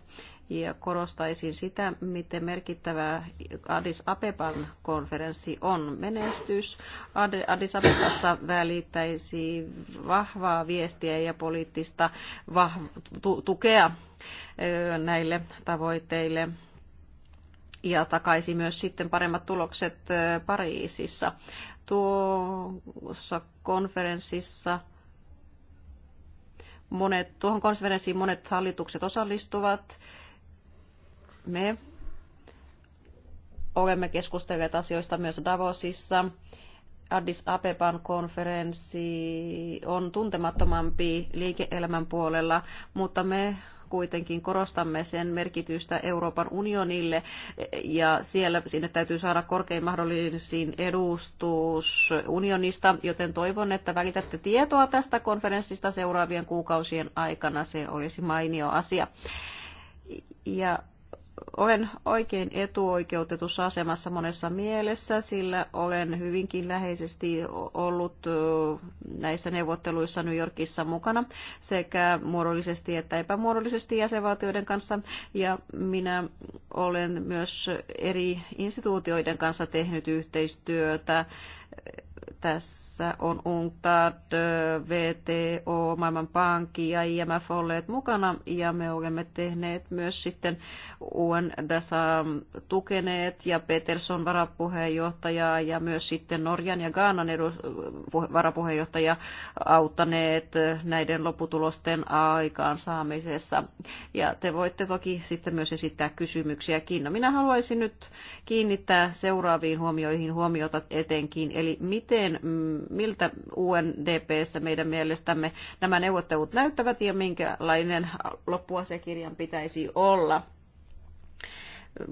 ja korostaisin sitä, miten merkittävä Addis Abeban konferenssi on menestys. Addis Abebassa välittäisi vahvaa viestiä ja poliittista tukea näille tavoitteille ja takaisi myös sitten paremmat tulokset Pariisissa. Tuossa konferenssissa monet, tuohon konferenssiin monet hallitukset osallistuvat me olemme keskustelleet asioista myös Davosissa. Addis Abeban konferenssi on tuntemattomampi liike-elämän puolella, mutta me kuitenkin korostamme sen merkitystä Euroopan unionille ja siellä sinne täytyy saada korkein mahdollisin edustus unionista, joten toivon, että välitätte tietoa tästä konferenssista seuraavien kuukausien aikana. Se olisi mainio asia. Ja olen oikein etuoikeutetussa asemassa monessa mielessä, sillä olen hyvinkin läheisesti ollut näissä neuvotteluissa New Yorkissa mukana sekä muodollisesti että epämuodollisesti jäsenvaltioiden kanssa. Ja minä olen myös eri instituutioiden kanssa tehnyt yhteistyötä tässä on UNCTAD, VTO, Maailmanpankki ja IMF olleet mukana ja me olemme tehneet myös sitten UNDASA tukeneet ja Peterson varapuheenjohtaja ja myös sitten Norjan ja Gaanan varapuheenjohtaja auttaneet näiden lopputulosten aikaansaamisessa. Ja te voitte toki sitten myös esittää kysymyksiäkin. No minä haluaisin nyt kiinnittää seuraaviin huomioihin huomiota etenkin, eli mitä miten, mm, miltä UNDPssä meidän mielestämme nämä neuvottelut näyttävät ja minkälainen loppuasiakirjan pitäisi olla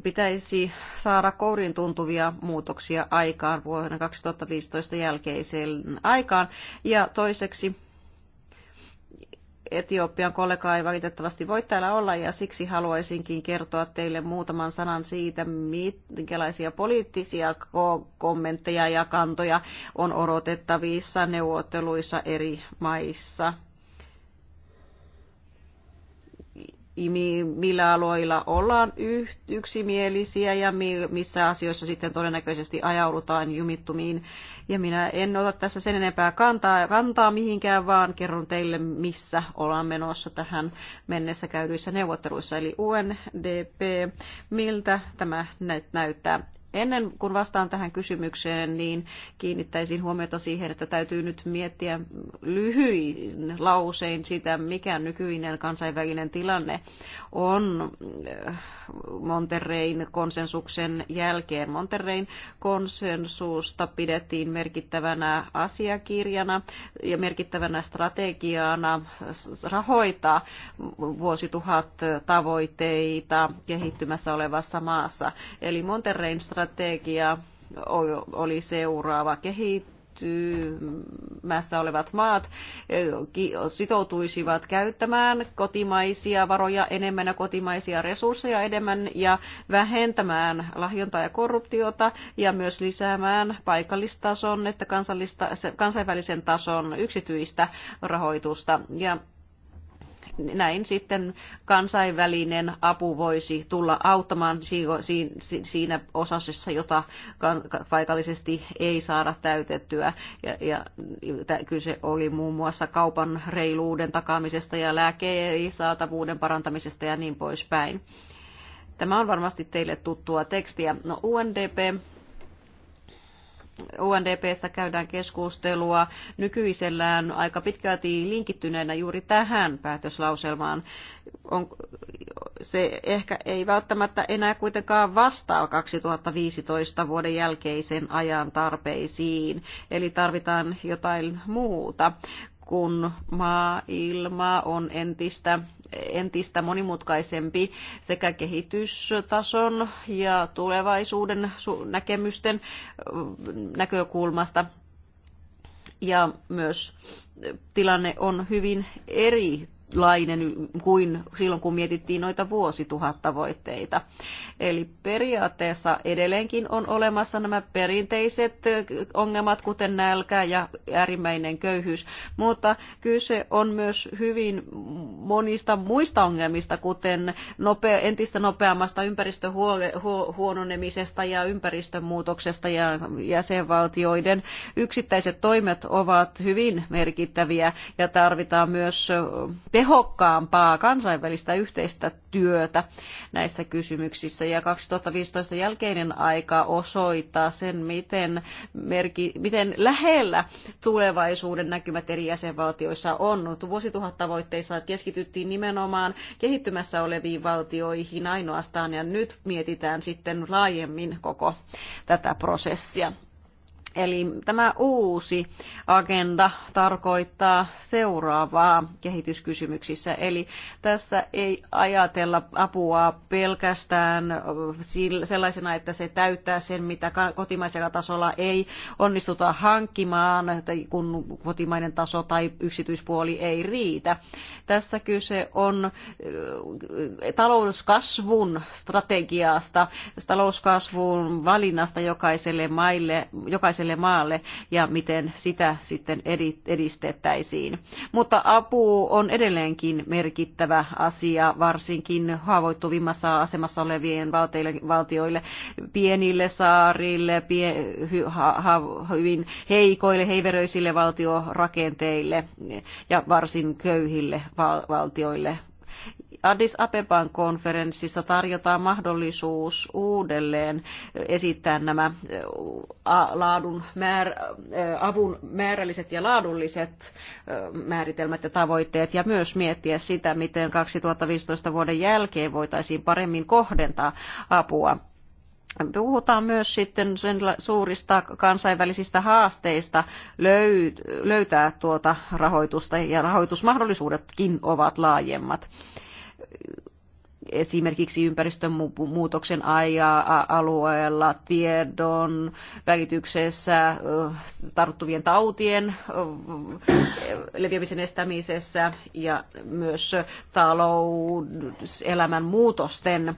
pitäisi saada kourin tuntuvia muutoksia aikaan vuoden 2015 jälkeiseen aikaan. Ja toiseksi Etiopian kollega ei valitettavasti voi täällä olla ja siksi haluaisinkin kertoa teille muutaman sanan siitä, minkälaisia poliittisia kommentteja ja kantoja on odotettavissa neuvotteluissa eri maissa. millä aloilla ollaan yksimielisiä ja missä asioissa sitten todennäköisesti ajaudutaan jumittumiin. Ja minä en ota tässä sen enempää kantaa, kantaa mihinkään, vaan kerron teille, missä ollaan menossa tähän mennessä käydyissä neuvotteluissa. Eli UNDP, miltä tämä näyttää? Ennen kuin vastaan tähän kysymykseen, niin kiinnittäisin huomiota siihen, että täytyy nyt miettiä lyhyin lausein sitä, mikä nykyinen kansainvälinen tilanne on Monterrein konsensuksen jälkeen. Monterrein konsensusta pidettiin merkittävänä asiakirjana ja merkittävänä strategiana rahoittaa vuosituhat tavoitteita kehittymässä olevassa maassa. Eli Monterrein strategia oli seuraava kehittää liittymässä olevat maat e, sitoutuisivat käyttämään kotimaisia varoja enemmän ja kotimaisia resursseja enemmän ja vähentämään lahjontaa ja korruptiota ja myös lisäämään paikallistason että kansallista, kansainvälisen tason yksityistä rahoitusta. Ja näin sitten kansainvälinen apu voisi tulla auttamaan siinä osassa, jota paikallisesti ei saada täytettyä. Ja, ja kyse oli muun muassa kaupan reiluuden takaamisesta ja lääkeen saatavuuden parantamisesta ja niin poispäin. Tämä on varmasti teille tuttua tekstiä. No UNDP UNDPssä käydään keskustelua nykyisellään aika pitkälti linkittyneenä juuri tähän päätöslauselmaan. On, se ehkä ei välttämättä enää kuitenkaan vastaa 2015 vuoden jälkeisen ajan tarpeisiin, eli tarvitaan jotain muuta kun maailma on entistä, entistä monimutkaisempi sekä kehitystason ja tulevaisuuden näkemysten näkökulmasta. Ja myös tilanne on hyvin eri erilainen kuin silloin, kun mietittiin noita vuosituhattavoitteita. Eli periaatteessa edelleenkin on olemassa nämä perinteiset ongelmat, kuten nälkä ja äärimmäinen köyhyys, mutta kyse on myös hyvin monista muista ongelmista, kuten nopea, entistä nopeammasta ympäristöhuononemisesta ja ympäristömuutoksesta ja jäsenvaltioiden yksittäiset toimet ovat hyvin merkittäviä ja tarvitaan myös tehokkaampaa kansainvälistä yhteistä työtä näissä kysymyksissä. Ja 2015 jälkeinen aika osoittaa sen, miten, merki, miten lähellä tulevaisuuden näkymät eri jäsenvaltioissa on. Vuosituhattavoitteissa keskityttiin nimenomaan kehittymässä oleviin valtioihin ainoastaan, ja nyt mietitään sitten laajemmin koko tätä prosessia. Eli tämä uusi agenda tarkoittaa seuraavaa kehityskysymyksissä. Eli tässä ei ajatella apua pelkästään sellaisena, että se täyttää sen, mitä kotimaisella tasolla ei onnistuta hankkimaan, kun kotimainen taso tai yksityispuoli ei riitä. Tässä kyse on äh, talouskasvun strategiasta, talouskasvun valinnasta jokaiselle maille, jokaiselle tälle maalle ja miten sitä sitten edistettäisiin. Mutta apu on edelleenkin merkittävä asia, varsinkin haavoittuvimmassa asemassa olevien valtioille, pienille saarille, hyvin heikoille, heiveröisille valtiorakenteille ja varsin köyhille valtioille Addis Abeban konferenssissa tarjotaan mahdollisuus uudelleen esittää nämä laadun määr, avun määrälliset ja laadulliset määritelmät ja tavoitteet ja myös miettiä sitä, miten 2015 vuoden jälkeen voitaisiin paremmin kohdentaa apua Puhutaan myös sitten sen suurista kansainvälisistä haasteista löytää tuota rahoitusta ja rahoitusmahdollisuudetkin ovat laajemmat esimerkiksi ympäristönmuutoksen alueella, tiedon välityksessä, tarttuvien tautien leviämisen estämisessä ja myös talouselämän muutosten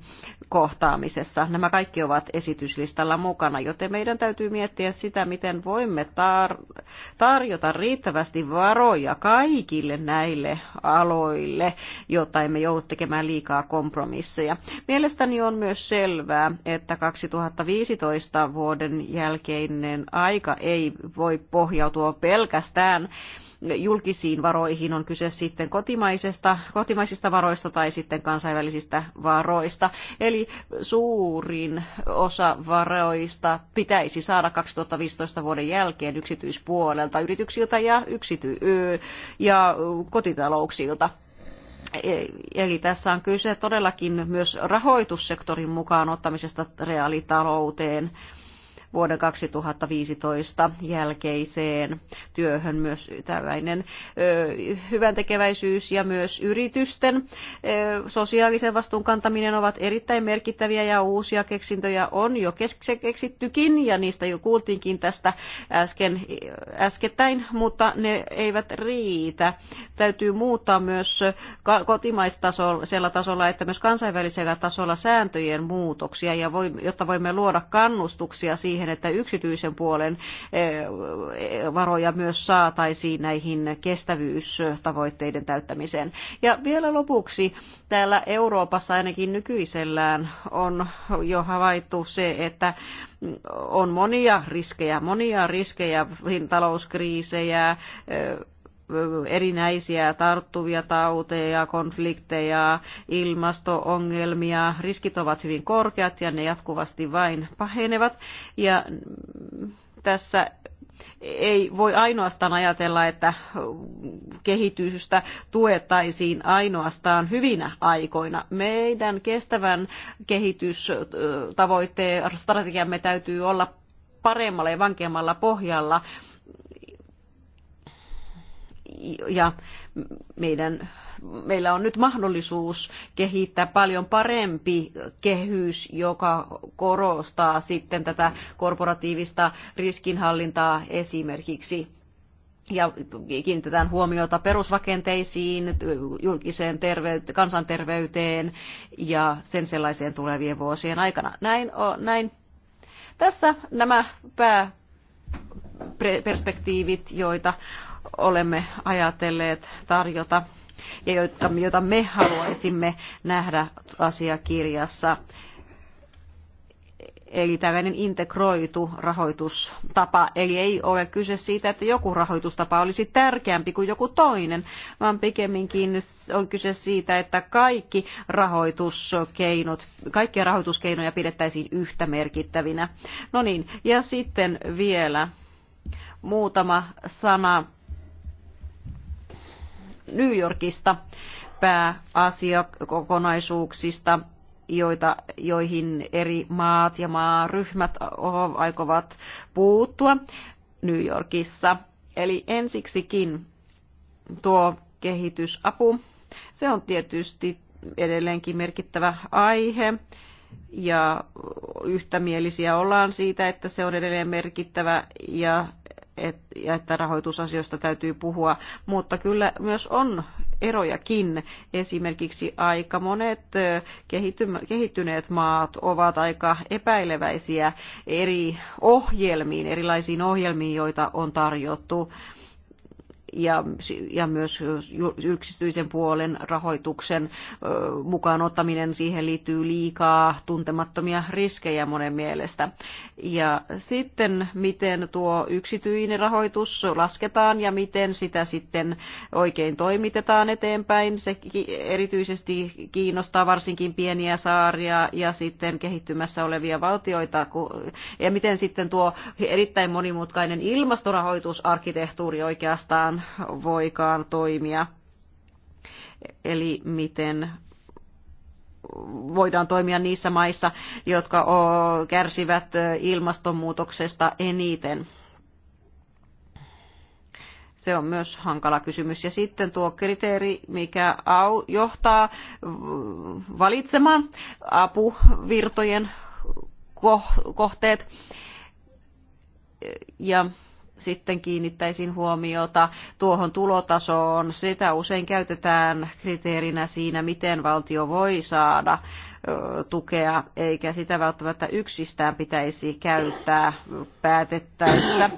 kohtaamisessa. Nämä kaikki ovat esityslistalla mukana, joten meidän täytyy miettiä sitä, miten voimme tar- tarjota riittävästi varoja kaikille näille aloille, jotta emme joudu tekemään liikaa kompromisseja. Mielestäni on myös selvää, että 2015 vuoden jälkeinen aika ei voi pohjautua pelkästään julkisiin varoihin, on kyse sitten kotimaisesta, kotimaisista varoista tai sitten kansainvälisistä varoista. Eli suurin osa varoista pitäisi saada 2015 vuoden jälkeen yksityispuolelta, yrityksiltä ja, yksity- ja kotitalouksilta. E, eli tässä on kyse todellakin myös rahoitussektorin mukaan ottamisesta reaalitalouteen vuoden 2015 jälkeiseen työhön myös tällainen hyvän tekeväisyys ja myös yritysten sosiaalisen vastuun kantaminen ovat erittäin merkittäviä ja uusia keksintöjä on jo keksittykin ja niistä jo kuultiinkin tästä äsken, äskettäin, mutta ne eivät riitä. Täytyy muuttaa myös kotimaistasolla tasolla, että myös kansainvälisellä tasolla sääntöjen muutoksia, ja jotta voimme luoda kannustuksia siihen, siihen, että yksityisen puolen eh, varoja myös saataisiin näihin kestävyystavoitteiden täyttämiseen. Ja vielä lopuksi täällä Euroopassa ainakin nykyisellään on jo havaittu se, että on monia riskejä, monia riskejä, talouskriisejä, eh, erinäisiä tarttuvia tauteja, konflikteja, ilmastoongelmia. Riskit ovat hyvin korkeat ja ne jatkuvasti vain pahenevat. Ja tässä ei voi ainoastaan ajatella, että kehitystä tuettaisiin ainoastaan hyvinä aikoina. Meidän kestävän kehitystavoitteen strategiamme täytyy olla paremmalla ja vankemmalla pohjalla ja meidän, meillä on nyt mahdollisuus kehittää paljon parempi kehys, joka korostaa sitten tätä korporatiivista riskinhallintaa esimerkiksi ja kiinnitetään huomiota perusrakenteisiin, julkiseen terveyteen, kansanterveyteen ja sen sellaiseen tulevien vuosien aikana. Näin, näin. Tässä nämä pääperspektiivit, joita olemme ajatelleet tarjota ja joita, joita me haluaisimme nähdä asiakirjassa. Eli tällainen integroitu rahoitustapa. Eli ei ole kyse siitä, että joku rahoitustapa olisi tärkeämpi kuin joku toinen, vaan pikemminkin on kyse siitä, että kaikki rahoituskeinot, kaikkia rahoituskeinoja pidettäisiin yhtä merkittävinä. No niin, ja sitten vielä muutama sana New Yorkista pääasiakokonaisuuksista, joita, joihin eri maat ja maaryhmät aikovat puuttua New Yorkissa. Eli ensiksikin tuo kehitysapu, se on tietysti edelleenkin merkittävä aihe ja yhtämielisiä ollaan siitä, että se on edelleen merkittävä ja ja että rahoitusasioista täytyy puhua, mutta kyllä myös on erojakin. Esimerkiksi aika monet kehittyneet maat ovat aika epäileväisiä eri ohjelmiin, erilaisiin ohjelmiin, joita on tarjottu ja, ja myös yksityisen puolen rahoituksen mukaan ottaminen, siihen liittyy liikaa tuntemattomia riskejä monen mielestä. Ja sitten miten tuo yksityinen rahoitus lasketaan ja miten sitä sitten oikein toimitetaan eteenpäin, se erityisesti kiinnostaa varsinkin pieniä saaria ja sitten kehittymässä olevia valtioita, ja miten sitten tuo erittäin monimutkainen ilmastorahoitusarkkitehtuuri oikeastaan voikaan toimia. Eli miten voidaan toimia niissä maissa, jotka kärsivät ilmastonmuutoksesta eniten. Se on myös hankala kysymys. Ja sitten tuo kriteeri, mikä au, johtaa valitsemaan apuvirtojen kohteet. Ja sitten kiinnittäisin huomiota tuohon tulotasoon. Sitä usein käytetään kriteerinä siinä, miten valtio voi saada tukea, eikä sitä välttämättä yksistään pitäisi käyttää päätettäessä,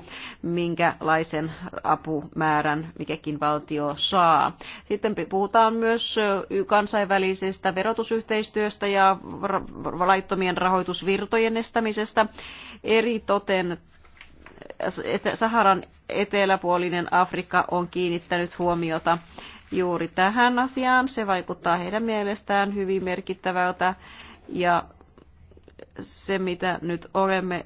minkälaisen apumäärän mikäkin valtio saa. Sitten puhutaan myös kansainvälisestä verotusyhteistyöstä ja laittomien rahoitusvirtojen estämisestä. Eri toten Saharan eteläpuolinen Afrikka on kiinnittänyt huomiota juuri tähän asiaan. Se vaikuttaa heidän mielestään hyvin merkittävältä ja se, mitä nyt olemme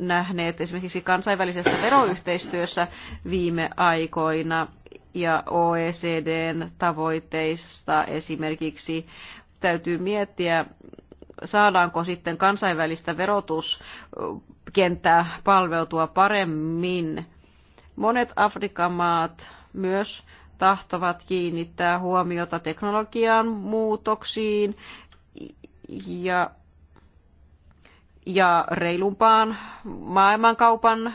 nähneet esimerkiksi kansainvälisessä veroyhteistyössä viime aikoina ja OECDn tavoitteista esimerkiksi täytyy miettiä saadaanko sitten kansainvälistä verotuskenttää palveltua paremmin. Monet Afrikan maat myös tahtovat kiinnittää huomiota teknologian muutoksiin ja, ja reilumpaan maailmankaupan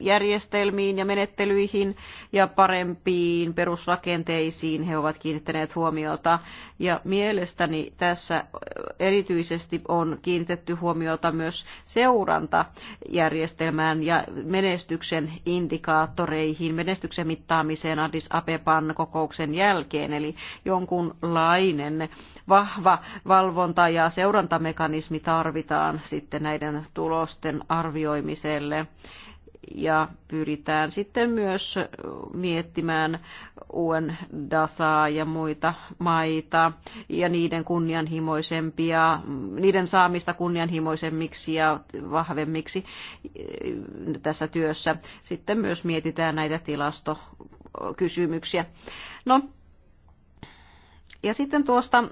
järjestelmiin ja menettelyihin ja parempiin perusrakenteisiin he ovat kiinnittäneet huomiota. Ja mielestäni tässä erityisesti on kiinnitetty huomiota myös seurantajärjestelmään ja menestyksen indikaattoreihin, menestyksen mittaamiseen Addis Abeban kokouksen jälkeen, eli jonkunlainen vahva valvonta ja seurantamekanismi tarvitaan sitten näiden tulosten arvioimiselle ja pyritään sitten myös miettimään uuden Dasaa ja muita maita ja niiden kunnianhimoisempia, niiden saamista kunnianhimoisemmiksi ja vahvemmiksi tässä työssä. Sitten myös mietitään näitä tilastokysymyksiä. No, ja sitten tuosta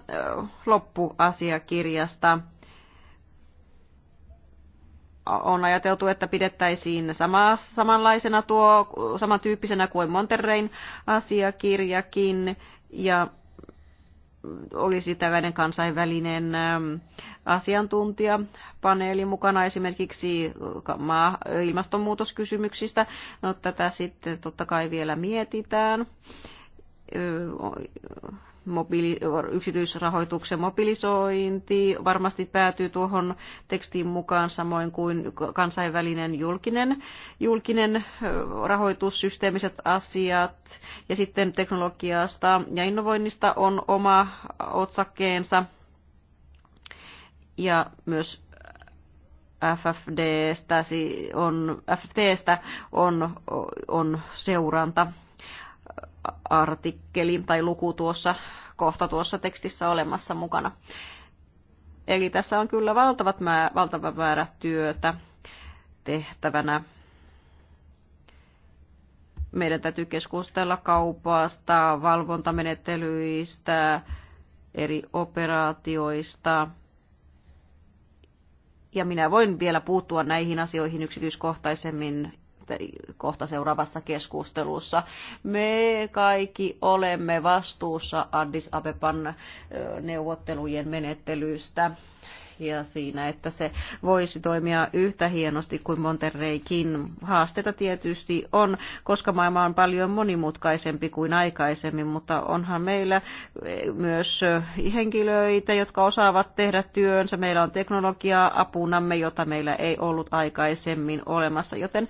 loppuasiakirjasta on ajateltu, että pidettäisiin sama, samanlaisena tuo, samantyyppisenä kuin Monterrein asiakirjakin, ja olisi tällainen kansainvälinen asiantuntijapaneeli mukana esimerkiksi äh, maa- ilmastonmuutoskysymyksistä. No, tätä sitten totta kai vielä mietitään mobiili- yksityisrahoituksen mobilisointi varmasti päätyy tuohon tekstiin mukaan, samoin kuin kansainvälinen julkinen, julkinen rahoitus, systeemiset asiat ja sitten teknologiasta ja innovoinnista on oma otsakkeensa ja myös FFDstä on, FFD:stä on, on seuranta artikkeli tai luku tuossa kohta tuossa tekstissä olemassa mukana. Eli tässä on kyllä valtavat määr, valtava määrä työtä tehtävänä. Meidän täytyy keskustella kaupasta, valvontamenettelyistä, eri operaatioista. Ja minä voin vielä puuttua näihin asioihin yksityiskohtaisemmin kohta seuraavassa keskustelussa. Me kaikki olemme vastuussa Addis Abeban neuvottelujen menettelystä ja siinä, että se voisi toimia yhtä hienosti kuin Monterreikin. Haasteita tietysti on, koska maailma on paljon monimutkaisempi kuin aikaisemmin, mutta onhan meillä eh, myös henkilöitä, jotka osaavat tehdä työnsä. Meillä on teknologiaa apunamme, jota meillä ei ollut aikaisemmin olemassa, joten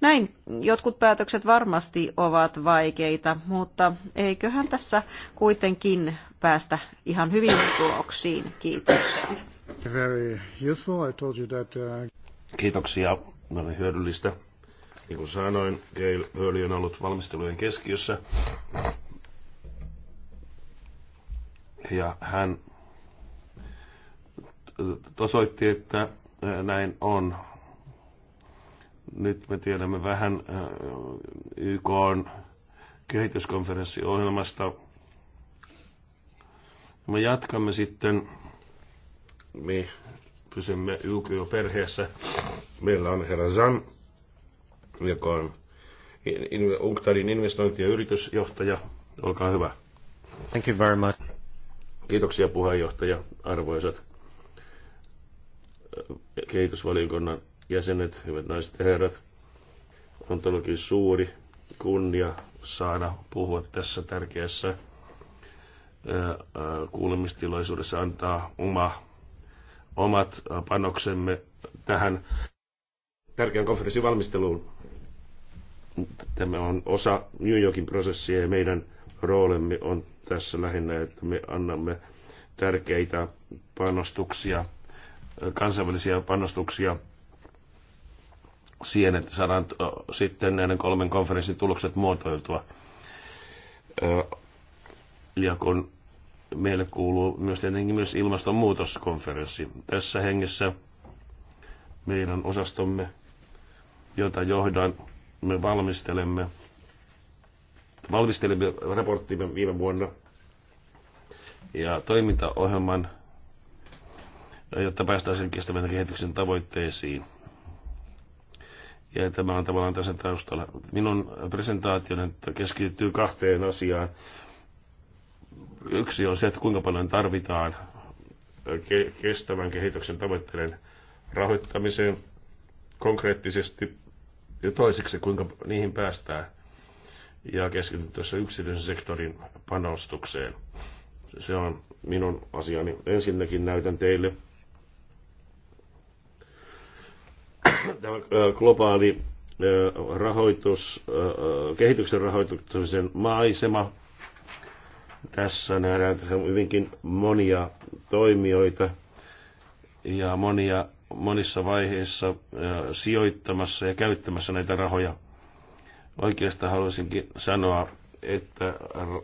näin jotkut päätökset varmasti ovat vaikeita, mutta eiköhän tässä kuitenkin päästä ihan hyvin tuloksiin. Kiitokset. Very useful. I told you that, uh... Kiitoksia. oli hyödyllistä. Niin kuin sanoin, Gail Early on ollut valmistelujen keskiössä. Ja hän osoitti, että näin on. Nyt me tiedämme vähän äh, YK on kehityskonferenssiohjelmasta. Me jatkamme sitten, me pysymme YK-perheessä. Meillä on herra Zan, joka on Unktarin investointi- ja yritysjohtaja. Olkaa hyvä. Thank you very much. Kiitoksia puheenjohtaja, arvoisat äh, kehitysvaliokunnan jäsenet, hyvät naiset ja herrat. On todellakin suuri kunnia saada puhua tässä tärkeässä kuulemistilaisuudessa, antaa oma, omat panoksemme tähän tärkeän konferenssin valmisteluun. Tämä on osa New Yorkin prosessia ja meidän roolemme on tässä lähinnä, että me annamme tärkeitä panostuksia, kansainvälisiä panostuksia siihen, että saadaan sitten näiden kolmen konferenssin tulokset muotoiltua. Ja kun meille kuuluu myös tietenkin myös ilmastonmuutoskonferenssi. Tässä hengessä meidän osastomme, jota johdan, me valmistelemme, valmistelemme raporttimme viime vuonna ja toimintaohjelman, jotta päästäisiin kestävän kehityksen tavoitteisiin – ja tämä on tavallaan tässä taustalla. Minun presentaationi keskittyy kahteen asiaan. Yksi on se, että kuinka paljon tarvitaan kestävän kehityksen tavoitteiden rahoittamiseen konkreettisesti ja toiseksi, kuinka niihin päästään. Ja keskityn tuossa yksityisen sektorin panostukseen. Se on minun asiani. Ensinnäkin näytän teille tämä äh, globaali äh, rahoitus, äh, kehityksen rahoituksen maisema. Tässä nähdään tässä on hyvinkin monia toimijoita ja monia, monissa vaiheissa sijoittamassa ja käyttämässä näitä rahoja. Oikeastaan haluaisinkin sanoa, että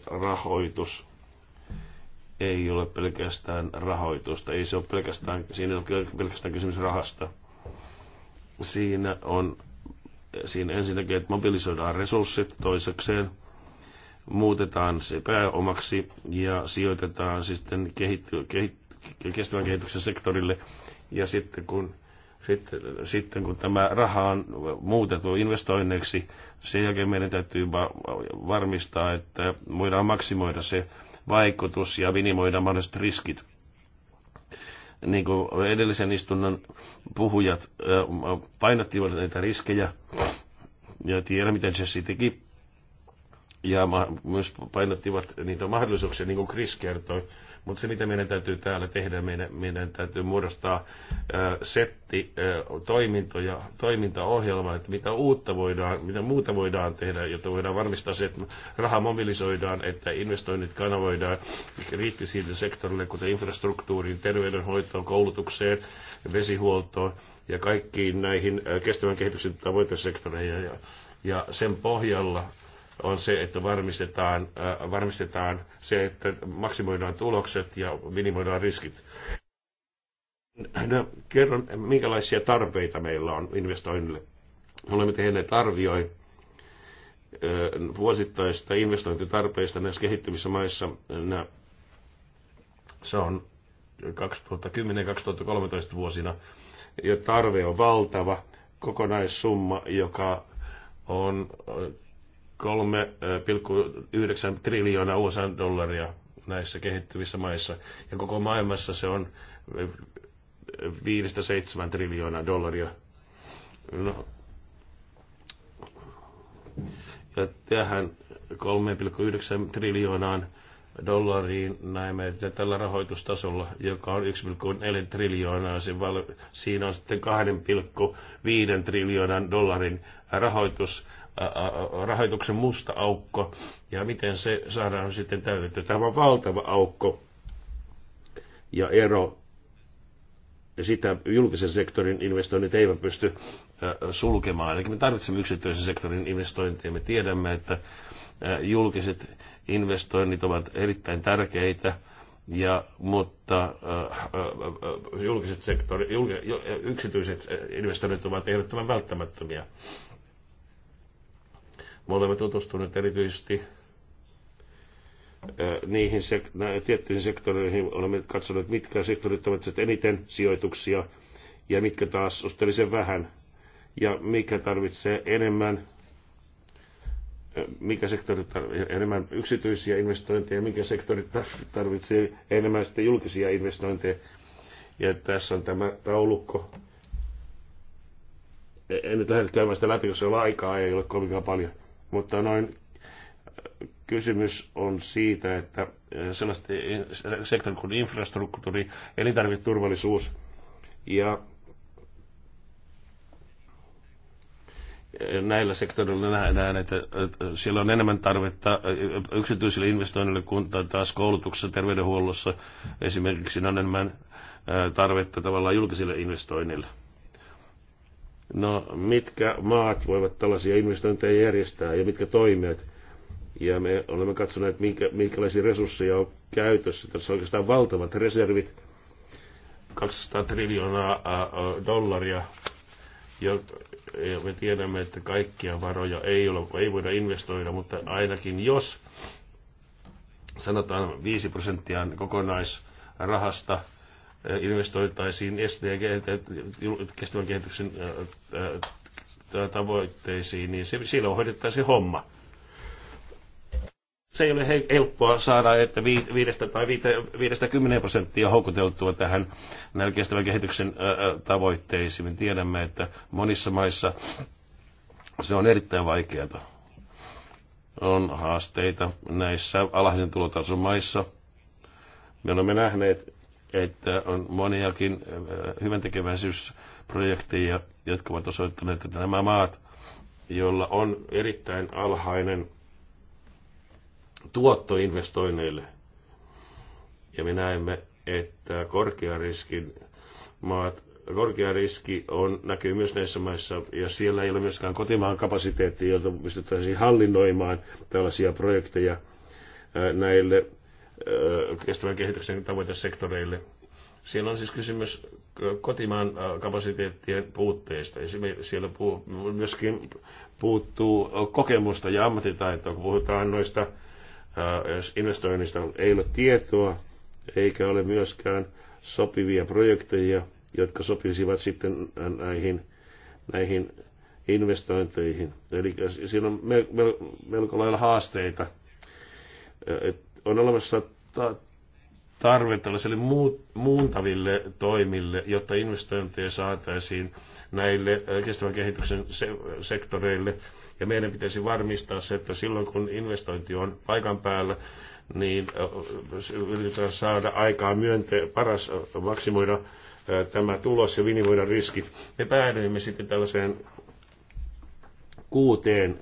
rahoitus ei ole pelkästään rahoitusta, ei se ole pelkästään, siinä ei ole pelkästään kysymys rahasta – Siinä on siinä ensinnäkin, että mobilisoidaan resurssit toisekseen, muutetaan se pääomaksi ja sijoitetaan sitten kehitty, kehit, kestävän kehityksen sektorille. Ja sitten kun, sitten, sitten kun tämä raha on muutettu investoinneiksi, sen jälkeen meidän täytyy varmistaa, että voidaan maksimoida se vaikutus ja minimoida mahdolliset riskit niin kuin edellisen istunnon puhujat painattivat näitä riskejä ja tiedä, miten se teki. Ja myös painottivat niitä mahdollisuuksia, niin kuin Chris kertoi. Mutta se, mitä meidän täytyy täällä tehdä, meidän, meidän täytyy muodostaa ö, setti ö, toimintoja, toimintaohjelma, että mitä uutta voidaan, mitä muuta voidaan tehdä, jotta voidaan varmistaa se, että raha mobilisoidaan, että investoinnit kanavoidaan kriittisille sektorille, kuten infrastruktuuriin, terveydenhoitoon, koulutukseen, vesihuoltoon ja kaikkiin näihin kestävän kehityksen tavoitesektoreihin. Ja, ja sen pohjalla on se, että varmistetaan, äh, varmistetaan se, että maksimoidaan tulokset ja minimoidaan riskit. No, kerron, minkälaisia tarpeita meillä on investoinnille. Olemme tehneet arvioi äh, vuosittaista investointitarpeista näissä kehittyvissä maissa. Se on 2010-2013 vuosina. Ja tarve on valtava kokonaissumma, joka on äh, 3,9 triljoonaa USA-dollaria näissä kehittyvissä maissa. Ja koko maailmassa se on 5-7 eh, triljoonaa dollaria. No. Ja tähän 3,9 triljoonaan dollariin näemme, että tällä rahoitustasolla, joka on 1,4 triljoonaa, siinä on sitten 2,5 triljoonan dollarin rahoitus rahoituksen musta aukko ja miten se saadaan sitten täytettyä. Tämä on valtava aukko ja ero. Sitä julkisen sektorin investoinnit eivät pysty sulkemaan. Eli me tarvitsemme yksityisen sektorin investointeja. Me tiedämme, että julkiset investoinnit ovat erittäin tärkeitä, ja, mutta julkiset sektori, julk, yksityiset investoinnit ovat ehdottoman välttämättömiä. Me olemme tutustuneet erityisesti niihin sek- tiettyihin sektoreihin, olemme katsoneet, mitkä sektorit ovat eniten sijoituksia ja mitkä taas suhteellisen vähän ja mikä tarvitsee enemmän mikä sektori tarvitsee enemmän yksityisiä investointeja, mikä sektori tarvitsee enemmän sitten julkisia investointeja. Ja tässä on tämä taulukko. E-, en nyt lähde käymään sitä läpi, jos se ole aikaa, ei ole kovinkaan paljon. Mutta noin kysymys on siitä, että e, sellaiset e, sektorit kuin infrastruktuuri, elintarviketurvallisuus ja e, näillä sektoreilla nähdään, että siellä on enemmän tarvetta yksityisille investoinnille kuin taas koulutuksessa, terveydenhuollossa esimerkiksi on enemmän tarvetta tavallaan julkisille investoinneille. No, mitkä maat voivat tällaisia investointeja järjestää ja mitkä toimijat? Ja me olemme katsoneet, minkä, minkälaisia resursseja on käytössä. Tässä on oikeastaan valtavat reservit, 200 triljoonaa dollaria. Ja, ja me tiedämme, että kaikkia varoja ei, ole, ei voida investoida, mutta ainakin jos sanotaan 5 prosenttia kokonaisrahasta – investoitaisiin SDG, kestävän kehityksen tavoitteisiin, niin se, silloin hoidettaisiin homma. Se ei ole helppoa saada, että viidestä tai viidestä kymmeneen prosenttia houkuteltua tähän kestävän kehityksen tavoitteisiin. Me tiedämme, että monissa maissa se on erittäin vaikeaa. On haasteita näissä alhaisen tulotason maissa. Me olemme nähneet että on moniakin äh, tekeväisyysprojekteja, jotka ovat osoittaneet, että nämä maat, joilla on erittäin alhainen tuotto investoinneille, ja me näemme, että korkeariskin maat, korkea riski on, näkyy myös näissä maissa, ja siellä ei ole myöskään kotimaan kapasiteettia, jolta pystyttäisiin hallinnoimaan tällaisia projekteja äh, näille kestävän kehityksen tavoitesektoreille. Siellä on siis kysymys kotimaan kapasiteettien puutteista. Esimerkiksi siellä myöskin puuttuu kokemusta ja ammattitaitoa, kun puhutaan noista investoinnista. Ei ole tietoa, eikä ole myöskään sopivia projekteja, jotka sopisivat sitten näihin, näihin investointeihin. Eli siinä on melko lailla haasteita on olemassa tarve tällaisille muuntaville toimille, jotta investointeja saataisiin näille äh, kestävän kehityksen sektoreille. Ja meidän pitäisi varmistaa se, että silloin kun investointi on paikan päällä, niin äh, yritetään saada aikaa myönte, paras äh, maksimoida tämä tulos ja minimoida riskit. Me päädyimme sitten tällaiseen kuuteen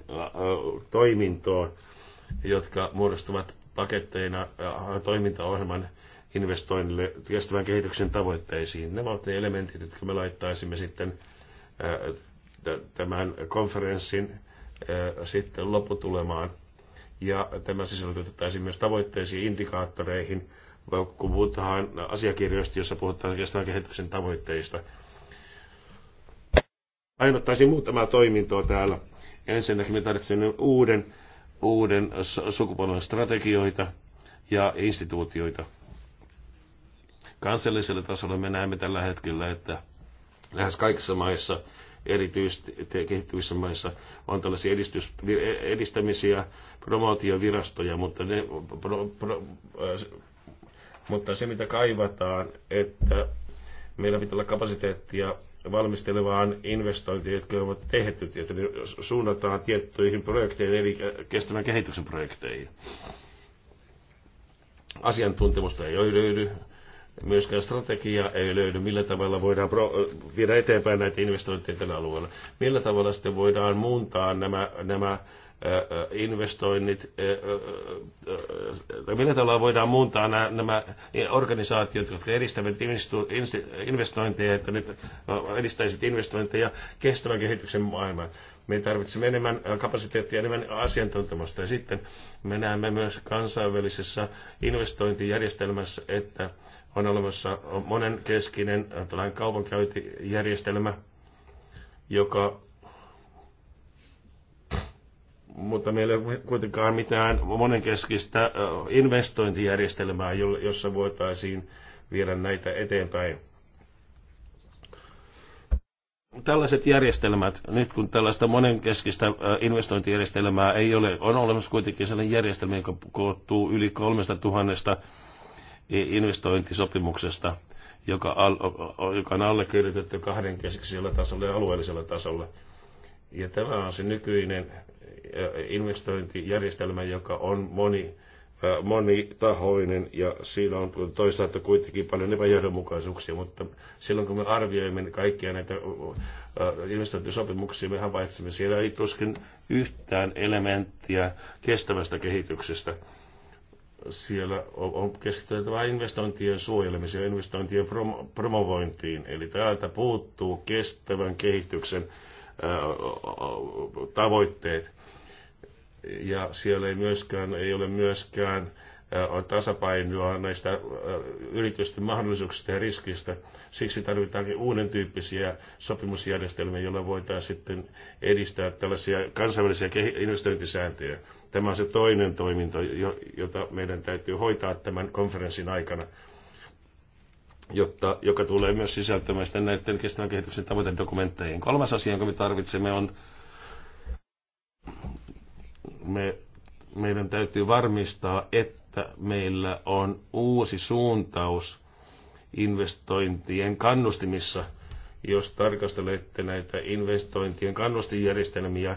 toimintoon, jotka muodostuvat paketteina äh, toimintaohjelman investoinnille kestävän kehityksen tavoitteisiin. Nämä ovat ne elementit, jotka me laittaisimme sitten äh, tämän konferenssin äh, sitten lopputulemaan. Ja tämä sisällytettäisiin myös tavoitteisiin, indikaattoreihin, kun puhutaan asiakirjoista, jossa puhutaan kestävän kehityksen tavoitteista. Painottaisin muutamaa toimintoa täällä. Ensinnäkin me tarvitsemme uuden uuden sukupolven strategioita ja instituutioita. Kansallisella tasolla me näemme tällä hetkellä, että lähes kaikissa maissa, erityisesti kehittyvissä maissa, on tällaisia edistys, edistämisiä, promootiovirastoja, mutta, ne, pro, pro, äh, mutta se mitä kaivataan, että meillä pitää olla kapasiteettia valmistelevaan investointiin, jotka ovat tehty, että ne suunnataan tiettyihin projekteihin, eli kestävän kehityksen projekteihin. Asiantuntemusta ei löydy, myöskään strategiaa ei löydy, millä tavalla voidaan pro, viedä eteenpäin näitä investointeja tällä alueella. Millä tavalla sitten voidaan muuntaa nämä, nämä investoinnit, eh, eh, eh, tai millä tavalla voidaan muuntaa nämä, nämä organisaatiot, jotka edistävät investointeja, että nyt edistäisivät investointeja kestävän kehityksen maailmaan. Me tarvitsemme enemmän kapasiteettia, enemmän asiantuntemusta. Ja sitten me näemme myös kansainvälisessä investointijärjestelmässä, että on olemassa monenkeskinen tällainen kaupankäyntijärjestelmä, joka mutta meillä ei ole kuitenkaan mitään monenkeskistä investointijärjestelmää, jossa voitaisiin viedä näitä eteenpäin. Tällaiset järjestelmät, nyt kun tällaista monenkeskistä investointijärjestelmää ei ole, on olemassa kuitenkin sellainen järjestelmä, joka koottuu yli 3000 investointisopimuksesta, joka, joka on allekirjoitettu kahdenkeskisellä tasolla ja alueellisella tasolla. Ja tämä on se nykyinen Eh, investointijärjestelmä, joka on moni, eh, monitahoinen ja siinä on toisaalta kuitenkin paljon epäjohdonmukaisuuksia, mutta silloin kun me arvioimme kaikkia näitä eh, investointisopimuksia, me havaitsemme siellä ei tuskin yhtään elementtiä kestävästä kehityksestä. Siellä on keskitytty vain investointien suojelemiseen, investointien promovointiin, eli täältä puuttuu kestävän kehityksen tavoitteet ja siellä ei myöskään, ei ole myöskään on tasapainoa näistä yritysten mahdollisuuksista ja riskistä. Siksi tarvitaankin uuden tyyppisiä sopimusjärjestelmiä, joilla voidaan sitten edistää tällaisia kansainvälisiä investointisääntöjä. Tämä on se toinen toiminto, jota meidän täytyy hoitaa tämän konferenssin aikana, jotta, joka tulee myös sisältämään näiden kestävän kehityksen tavoitedokumentteihin. Kolmas asia, jonka me tarvitsemme, on me, meidän täytyy varmistaa, että meillä on uusi suuntaus investointien kannustimissa, jos tarkastelette näitä investointien kannustinjärjestelmiä,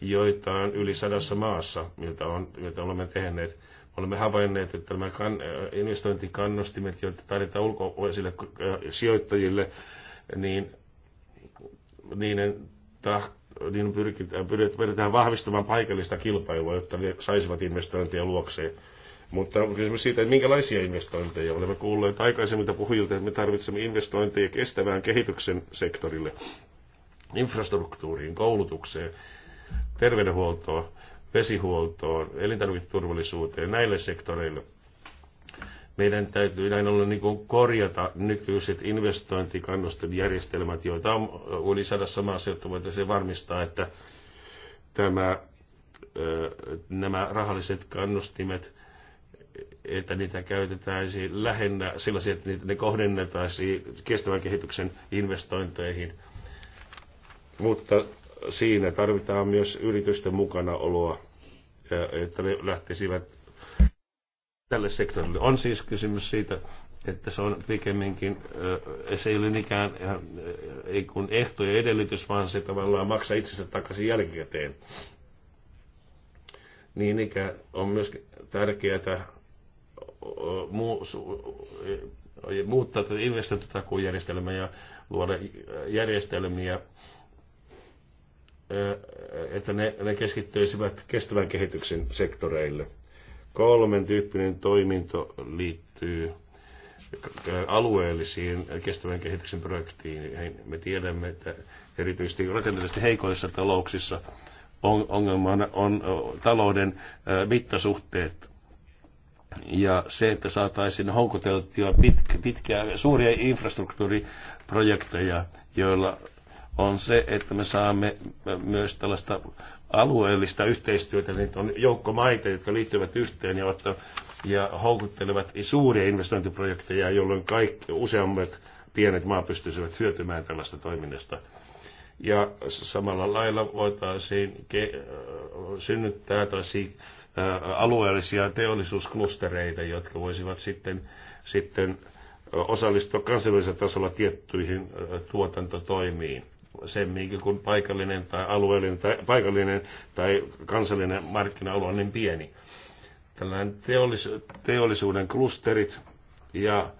joita on yli sadassa maassa, joita, on, joita olemme tehneet. Olemme havainneet, että nämä kan, investointikannustimet, joita tarjotaan ulkopuolisille äh, sijoittajille, niin niiden niin äh, pyritään vahvistamaan paikallista kilpailua, jotta ne saisivat investointeja luokseen. Mutta on kysymys siitä, että minkälaisia investointeja. Olemme kuulleet aikaisemmilta puhujilta, että me tarvitsemme investointeja kestävään kehityksen sektorille, infrastruktuuriin, koulutukseen, terveydenhuoltoon, vesihuoltoon, elintarviketurvallisuuteen, näille sektoreille. Meidän täytyy näin ollen niin korjata nykyiset investointikannustinjärjestelmät, joita on yli sadassa maassa, jotta voitaisiin varmistaa, että tämä, nämä rahalliset kannustimet, että niitä käytetäisiin lähinnä sellaisia, että ne kohdennetaisiin kestävän kehityksen investointeihin. Mutta siinä tarvitaan myös yritysten mukanaoloa, että ne lähtisivät tälle sektorille. On siis kysymys siitä, että se on pikemminkin, se ei ole ikään ei kun ehto ja edellytys, vaan se tavallaan maksaa itsensä takaisin jälkikäteen. Niin ikä on myös tärkeää muuttaa tätä investointitakuujärjestelmää ja luoda järjestelmiä, että ne, ne keskittyisivät kestävän kehityksen sektoreille – Kolmen tyyppinen toiminto liittyy äh, alueellisiin kestävän kehityksen projektiin. Me tiedämme, että erityisesti rakenteellisesti heikoissa talouksissa ongelmana on talouden mittasuhteet ja se, että saataisiin houkuteltua pitkä, pitkää, suuria infrastruktuuriprojekteja, joilla on se, että me saamme myös tällaista alueellista yhteistyötä, niin on joukko maita, jotka liittyvät yhteen ja, ottaa, ja houkuttelevat suuria investointiprojekteja, jolloin kaikki useammat pienet maat pystyisivät hyötymään tällaista toiminnasta. Ja samalla lailla voitaisiin ke- synnyttää tällaisia alueellisia teollisuusklustereita, jotka voisivat sitten, sitten osallistua kansainvälisellä tasolla tiettyihin tuotantotoimiin semminkin kun paikallinen tai alueellinen tai paikallinen tai kansallinen markkina-alue on niin pieni. Tällainen teollis- teollisuuden klusterit ja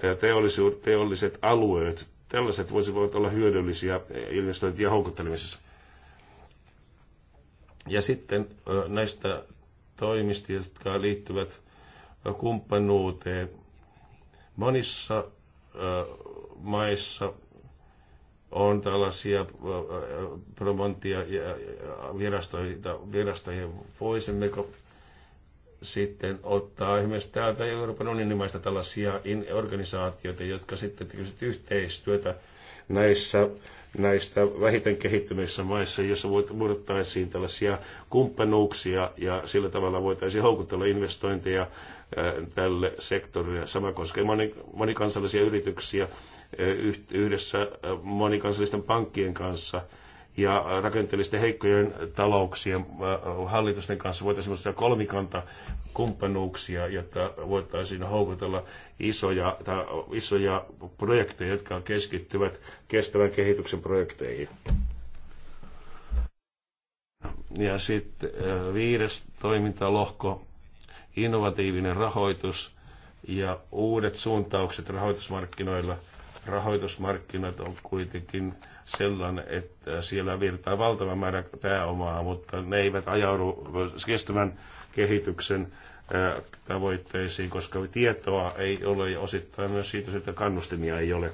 teollisu- teolliset alueet, tällaiset voisivat olla hyödyllisiä investointia houkuttelemisessa. Ja sitten näistä toimista, jotka liittyvät kumppanuuteen. Monissa maissa on tällaisia äh, äh, promonttia virastoja, virastoja Voisimmeko sitten ottaa esimerkiksi täältä Euroopan unionimaista tällaisia organisaatioita, jotka sitten tekevät yhteistyötä näissä, näistä vähiten kehittyneissä maissa, joissa muodottaisiin tällaisia kumppanuuksia ja sillä tavalla voitaisiin houkutella investointeja äh, tälle sektorille. Sama koskee monikansallisia yrityksiä, yhdessä monikansallisten pankkien kanssa ja rakenteellisten heikkojen talouksien äh, hallitusten kanssa voitaisiin muodostaa kolmikanta kumppanuuksia, jotta voitaisiin houkutella isoja, tai isoja projekteja, jotka keskittyvät kestävän kehityksen projekteihin. Ja sitten äh, viides toimintalohko, innovatiivinen rahoitus ja uudet suuntaukset rahoitusmarkkinoilla – rahoitusmarkkinat on kuitenkin sellainen, että siellä virtaa valtava määrä pääomaa, mutta ne eivät ajaudu kestävän kehityksen äh, tavoitteisiin, koska tietoa ei ole ja osittain myös siitä, että kannustimia ei ole,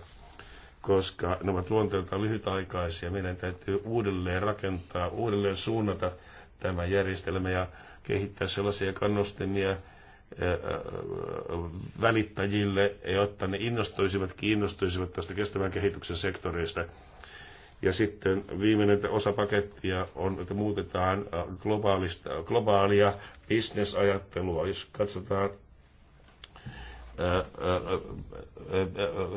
koska ne ovat luonteeltaan lyhytaikaisia. Meidän täytyy uudelleen rakentaa, uudelleen suunnata tämä järjestelmä ja kehittää sellaisia kannustimia, välittäjille, jotta ne innostuisivat, kiinnostuisivat tästä kestävän kehityksen sektoreista. Ja sitten viimeinen osa pakettia on, että muutetaan globaalista, globaalia bisnesajattelua. Jos katsotaan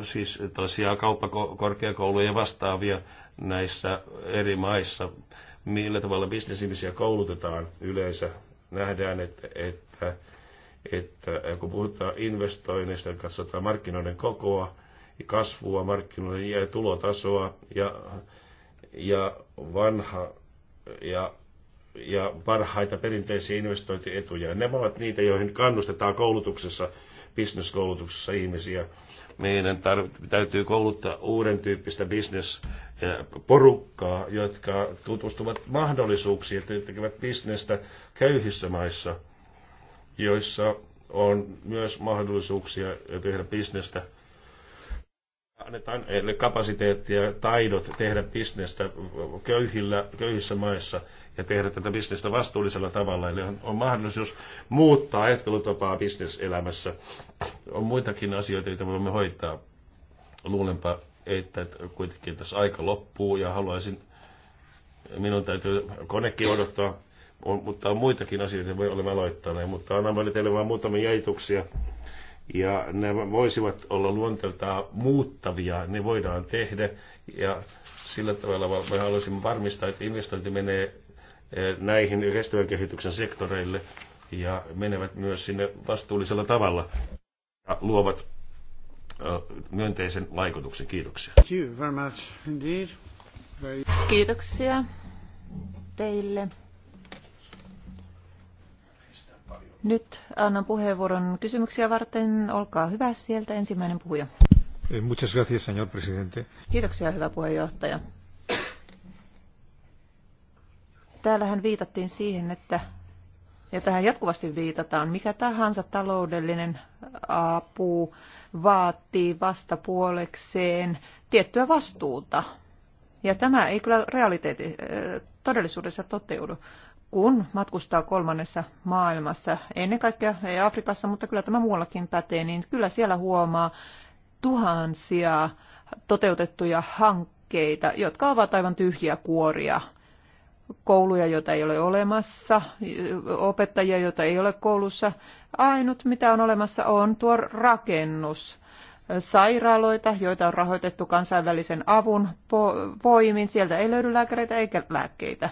siis tällaisia kauppakorkeakouluja vastaavia näissä eri maissa, millä tavalla bisnesimisiä koulutetaan yleensä. Nähdään, että, että että äh, kun puhutaan investoinneista, katsotaan markkinoiden kokoa, kasvua, markkinoiden ja tulotasoa ja, ja vanha ja ja parhaita perinteisiä investointietuja. ne ovat niitä, joihin kannustetaan koulutuksessa, bisneskoulutuksessa ihmisiä. Meidän tar- täytyy kouluttaa uuden tyyppistä bisnesporukkaa, äh, jotka tutustuvat mahdollisuuksiin, että tekevät bisnestä köyhissä maissa – joissa on myös mahdollisuuksia tehdä bisnestä. Annetaan heille kapasiteettia ja taidot tehdä bisnestä köyhillä, köyhissä maissa ja tehdä tätä bisnestä vastuullisella tavalla. Eli on, on mahdollisuus muuttaa ajattelutapaa bisneselämässä. On muitakin asioita, joita voimme hoitaa. Luulenpa, että kuitenkin tässä aika loppuu ja haluaisin, minun täytyy konekin odottaa on, mutta on muitakin asioita, joita olemme aloittaneet, mutta meille teille vain muutamia ajatuksia. Ja ne voisivat olla luonteeltaan muuttavia, ne voidaan tehdä. Ja sillä tavalla me haluaisimme varmistaa, että investointi menee eh, näihin kestävän kehityksen sektoreille ja menevät myös sinne vastuullisella tavalla ja luovat myönteisen vaikutuksen. Kiitoksia. Kiitoksia teille. Nyt annan puheenvuoron kysymyksiä varten. Olkaa hyvä sieltä ensimmäinen puhuja. Eh, muchas gracias, señor presidente. Kiitoksia, hyvä puheenjohtaja. Täällähän viitattiin siihen, että ja tähän jatkuvasti viitataan, mikä tahansa taloudellinen apu vaatii vastapuolekseen tiettyä vastuuta. Ja tämä ei kyllä realiteetti, eh, todellisuudessa toteudu kun matkustaa kolmannessa maailmassa, ennen kaikkea ei Afrikassa, mutta kyllä tämä muuallakin pätee, niin kyllä siellä huomaa tuhansia toteutettuja hankkeita, jotka ovat aivan tyhjiä kuoria. Kouluja, joita ei ole olemassa, opettajia, joita ei ole koulussa. Ainut, mitä on olemassa, on tuo rakennus sairaaloita, joita on rahoitettu kansainvälisen avun voimin. Sieltä ei löydy lääkäreitä eikä lääkkeitä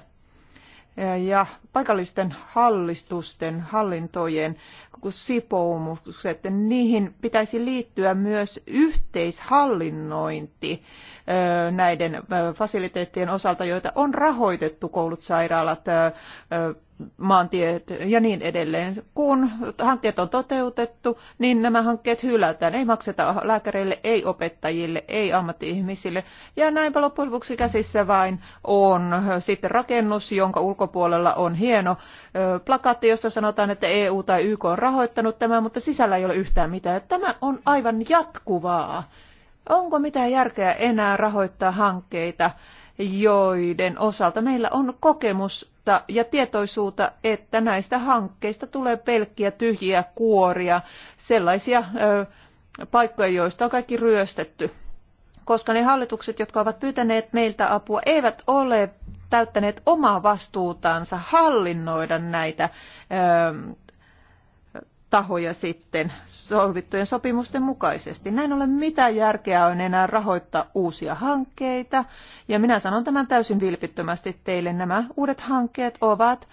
ja paikallisten hallistusten, hallintojen, sipoumukset, niihin pitäisi liittyä myös yhteishallinnointi näiden fasiliteettien osalta, joita on rahoitettu koulut, sairaalat, maantiet ja niin edelleen. Kun hankkeet on toteutettu, niin nämä hankkeet hylätään. Ei makseta lääkäreille, ei opettajille, ei ammattiihmisille. Ja näinpä loppujen lopuksi käsissä vain on sitten rakennus, jonka ulkopuolella on hieno plakaatti, jossa sanotaan, että EU tai YK on rahoittanut tämän, mutta sisällä ei ole yhtään mitään. Tämä on aivan jatkuvaa. Onko mitään järkeä enää rahoittaa hankkeita, joiden osalta meillä on kokemusta ja tietoisuutta, että näistä hankkeista tulee pelkkiä tyhjiä kuoria, sellaisia ö, paikkoja, joista on kaikki ryöstetty. Koska ne hallitukset, jotka ovat pyytäneet meiltä apua, eivät ole täyttäneet omaa vastuutaansa hallinnoida näitä ö, tahoja sitten solvittujen sopimusten mukaisesti. Näin ollen mitä järkeä on enää rahoittaa uusia hankkeita. Ja minä sanon tämän täysin vilpittömästi teille. Nämä uudet hankkeet ovat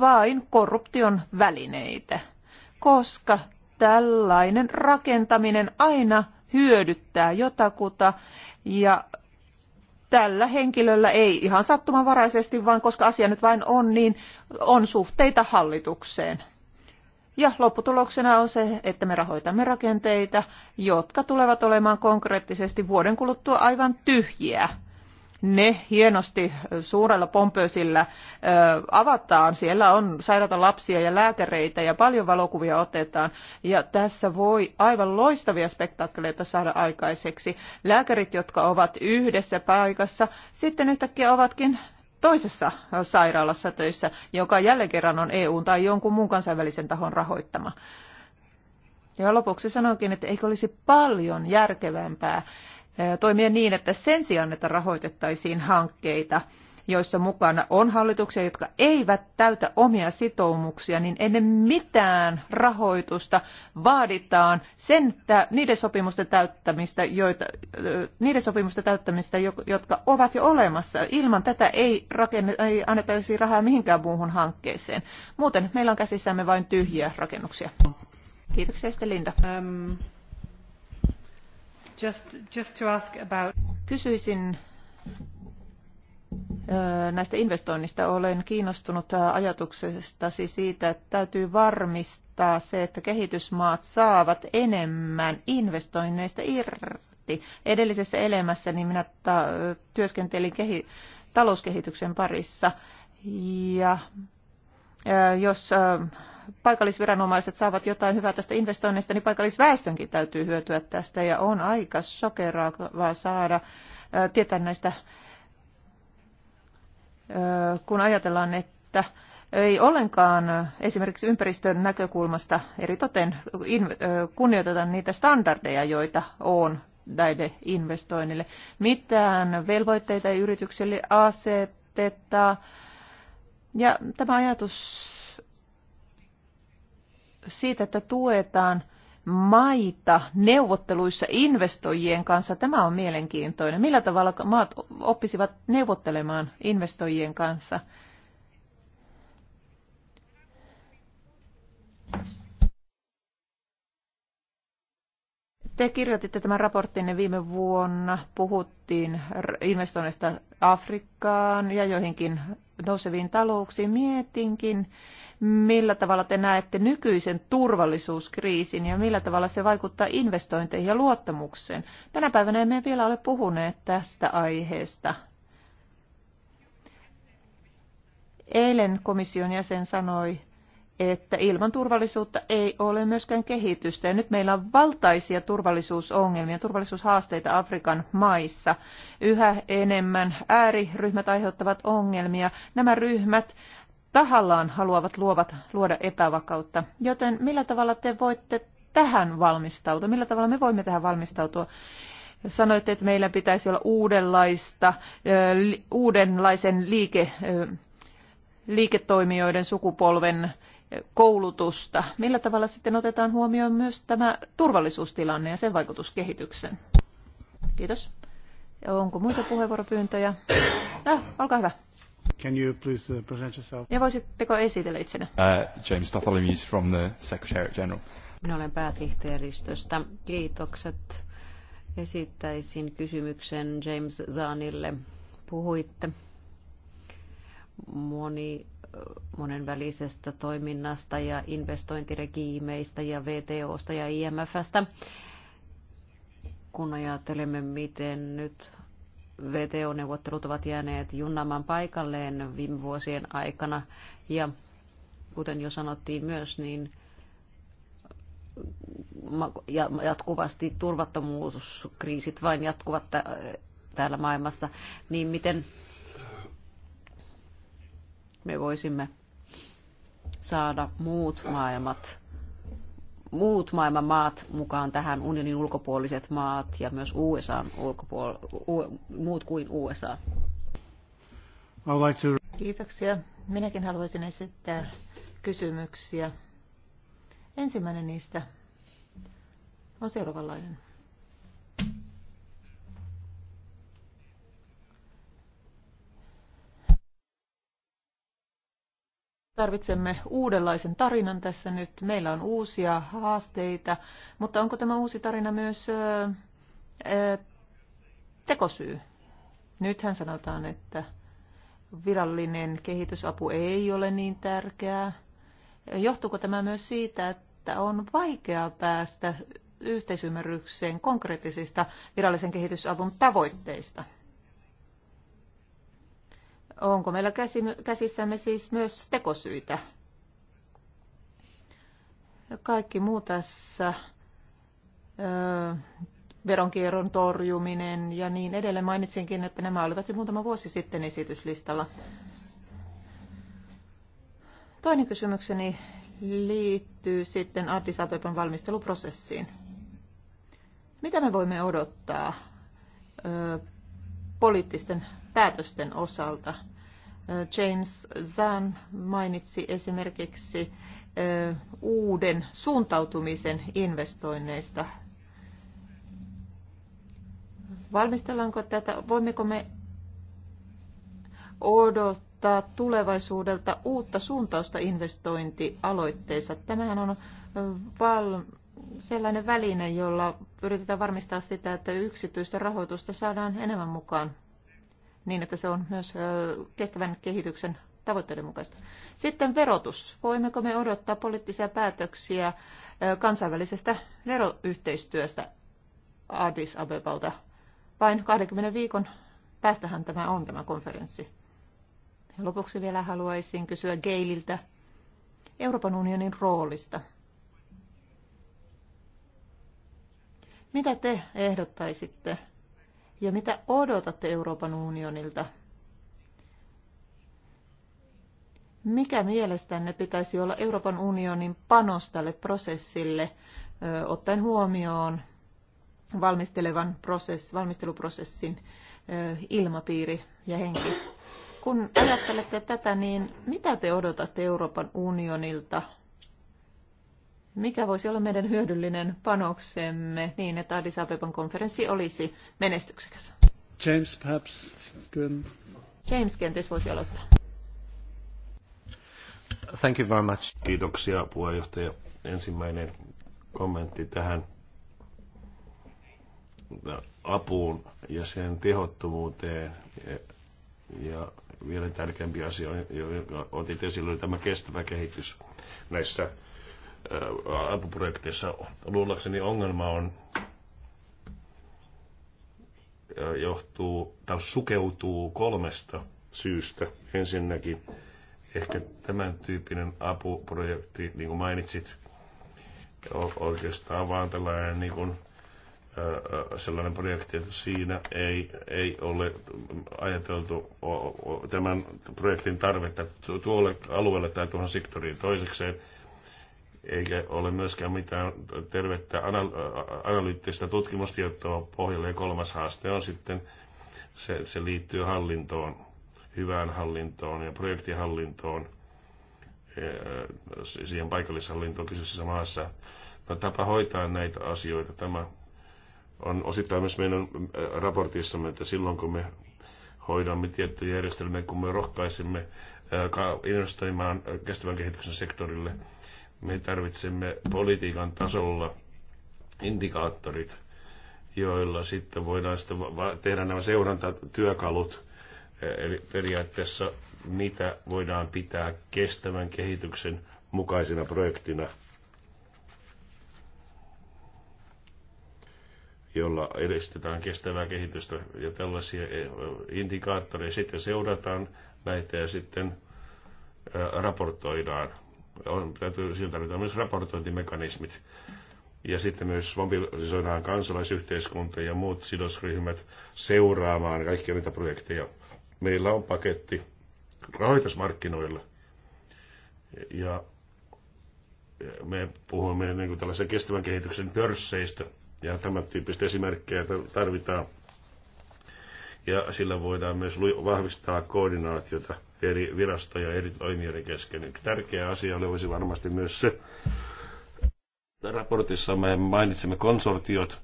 vain korruption välineitä, koska tällainen rakentaminen aina hyödyttää jotakuta ja tällä henkilöllä ei ihan sattumanvaraisesti, vaan koska asia nyt vain on, niin on suhteita hallitukseen. Ja lopputuloksena on se, että me rahoitamme rakenteita, jotka tulevat olemaan konkreettisesti vuoden kuluttua aivan tyhjiä. Ne hienosti suurella pompeosilla avataan. Siellä on sairaata lapsia ja lääkäreitä ja paljon valokuvia otetaan. Ja tässä voi aivan loistavia spektaakkeleita saada aikaiseksi. Lääkärit, jotka ovat yhdessä paikassa, sitten yhtäkkiä ovatkin toisessa äh, sairaalassa töissä, joka jälleen kerran on EU tai jonkun muun kansainvälisen tahon rahoittama. Ja lopuksi sanoinkin, että eikö olisi paljon järkevämpää äh, toimia niin, että sen sijaan, että rahoitettaisiin hankkeita, joissa mukana on hallituksia, jotka eivät täytä omia sitoumuksia, niin ennen mitään rahoitusta vaaditaan sen, niiden, sopimusten täyttämistä, joita, niiden sopimusten täyttämistä, jotka ovat jo olemassa. Ilman tätä ei, rakenne, ei annettaisi rahaa mihinkään muuhun hankkeeseen. Muuten meillä on käsissämme vain tyhjiä rakennuksia. Kiitoksia sitten Linda. Um, just, just to ask about... Kysyisin näistä investoinnista. Olen kiinnostunut ajatuksestasi siitä, että täytyy varmistaa se, että kehitysmaat saavat enemmän investoinneista irti. Edellisessä niin minä ta- työskentelin kehi- talouskehityksen parissa ja jos paikallisviranomaiset saavat jotain hyvää tästä investoinnista, niin paikallisväestönkin täytyy hyötyä tästä ja on aika sokeraa saada tietää näistä kun ajatellaan, että ei ollenkaan esimerkiksi ympäristön näkökulmasta eritoten kunnioiteta niitä standardeja, joita on näille investoinnille. Mitään velvoitteita ei yritykselle aseteta. Ja tämä ajatus siitä, että tuetaan – maita neuvotteluissa investoijien kanssa. Tämä on mielenkiintoinen. Millä tavalla maat oppisivat neuvottelemaan investoijien kanssa? Te kirjoititte tämän raportin viime vuonna. Puhuttiin investoinnista Afrikkaan ja joihinkin nouseviin talouksiin. Mietinkin, millä tavalla te näette nykyisen turvallisuuskriisin ja millä tavalla se vaikuttaa investointeihin ja luottamukseen. Tänä päivänä emme vielä ole puhuneet tästä aiheesta. Eilen komission jäsen sanoi, että ilman turvallisuutta ei ole myöskään kehitystä. Ja nyt meillä on valtaisia turvallisuusongelmia, turvallisuushaasteita Afrikan maissa. Yhä enemmän ääriryhmät aiheuttavat ongelmia. Nämä ryhmät tahallaan haluavat luovat, luoda epävakautta. Joten millä tavalla te voitte tähän valmistautua? Millä tavalla me voimme tähän valmistautua? Sanoitte, että meillä pitäisi olla uudenlaista, uudenlaisen liike, liiketoimijoiden sukupolven koulutusta. Millä tavalla sitten otetaan huomioon myös tämä turvallisuustilanne ja sen vaikutus kehitykseen? Kiitos. Onko muita puheenvuoropyyntöjä? Ah, olkaa hyvä. Can you please uh, present yourself? Ja voisitteko esitellä itsenä? Uh, James Bartholomew from the Secretary General. Minä olen pääsihteeristöstä. Kiitokset. Esittäisin kysymyksen James Zaanille. Puhuitte moni, monenvälisestä toiminnasta ja investointiregiimeistä ja VTOsta ja IMFstä. Kun ajattelemme, miten nyt VTO-neuvottelut ovat jääneet junnaamaan paikalleen viime vuosien aikana. Ja kuten jo sanottiin myös, niin jatkuvasti turvattomuuskriisit vain jatkuvat täällä maailmassa, niin miten me voisimme saada muut maailmat muut maailman maat mukaan tähän unionin ulkopuoliset maat ja myös USA ulkopuol- u- muut kuin USA. Kiitoksia. Minäkin haluaisin esittää kysymyksiä. Ensimmäinen niistä on seuraavanlainen. Tarvitsemme uudenlaisen tarinan tässä nyt. Meillä on uusia haasteita, mutta onko tämä uusi tarina myös ö, ö, tekosyy? Nythän sanotaan, että virallinen kehitysapu ei ole niin tärkeää. Johtuuko tämä myös siitä, että on vaikea päästä yhteisymmärrykseen konkreettisista virallisen kehitysavun tavoitteista? Onko meillä käsissämme siis myös tekosyitä? Kaikki muu tässä, veronkierron torjuminen ja niin edelleen, mainitsinkin, että nämä olivat jo muutama vuosi sitten esityslistalla. Toinen kysymykseni liittyy sitten Addis Abeban valmisteluprosessiin. Mitä me voimme odottaa poliittisten päätösten osalta. Äh, James Zan mainitsi esimerkiksi äh, uuden suuntautumisen investoinneista. Valmistellaanko tätä, voimmeko me odottaa tulevaisuudelta uutta suuntausta investointialoitteissa? Tämähän on äh, val, sellainen väline, jolla yritetään varmistaa sitä, että yksityistä rahoitusta saadaan enemmän mukaan niin, että se on myös kestävän kehityksen tavoitteiden mukaista. Sitten verotus. Voimmeko me odottaa poliittisia päätöksiä kansainvälisestä veroyhteistyöstä Addis Abebalta? Vain 20 viikon päästähän tämä on tämä konferenssi. Ja lopuksi vielä haluaisin kysyä Geililtä Euroopan unionin roolista. Mitä te ehdottaisitte ja mitä odotatte Euroopan unionilta? Mikä mielestänne pitäisi olla Euroopan unionin panos tälle prosessille, ottaen huomioon valmistelevan prosess, valmisteluprosessin ilmapiiri ja henki? Kun ajattelette tätä, niin mitä te odotatte Euroopan unionilta mikä voisi olla meidän hyödyllinen panoksemme niin, että Addis Abeban konferenssi olisi menestyksekäs? James, perhaps, can... James kenties voisi aloittaa. Thank you very much. Kiitoksia puheenjohtaja. Ensimmäinen kommentti tähän apuun ja sen tehottomuuteen ja, vielä tärkeämpi asia, joka otit esille, oli tämä kestävä kehitys näissä Äh, alkuprojekteissa. Luullakseni ongelma on, äh, johtuu tai sukeutuu kolmesta syystä. Ensinnäkin ehkä tämän tyyppinen apuprojekti, niin kuin mainitsit, on oikeastaan vaan tällainen niin kuin, äh, sellainen projekti, että siinä ei, ei ole ajateltu tämän projektin tarvetta tuolle alueelle tai tuohon sektoriin. Toisekseen eikä ole myöskään mitään tervettä äh, analyyttistä tutkimustietoa pohjalle. Ja kolmas haaste on sitten, se, se liittyy hallintoon, hyvään hallintoon ja projektihallintoon, äh, siihen paikallishallintoon kyseisessä maassa. No, tapa hoitaa näitä asioita, tämä on osittain myös meidän äh, raportissamme, että silloin kun me hoidamme tiettyjä järjestelmiä, kun me rohkaisimme investoimaan kestävän kehityksen sektorille, mm me tarvitsemme politiikan tasolla indikaattorit, joilla sitten voidaan sitten tehdä nämä seurantatyökalut, eh, eli periaatteessa mitä voidaan pitää kestävän kehityksen mukaisena projektina, jolla edistetään kestävää kehitystä ja tällaisia eh, indikaattoreja sitten seurataan näitä ja sitten eh, raportoidaan on, täytyy, siinä tarvitaan myös raportointimekanismit. Ja sitten myös mobilisoidaan kansalaisyhteiskunta ja muut sidosryhmät seuraamaan kaikkia niitä projekteja. Meillä on paketti rahoitusmarkkinoilla. Ja me puhumme niin kuin tällaisen kestävän kehityksen pörsseistä ja tämän tyyppistä esimerkkejä tarvitaan. Ja sillä voidaan myös vahvistaa koordinaatiota eri virastoja eri toimijoiden kesken. Yksi tärkeä asia olisi varmasti myös se, raportissa me mainitsemme konsortiot,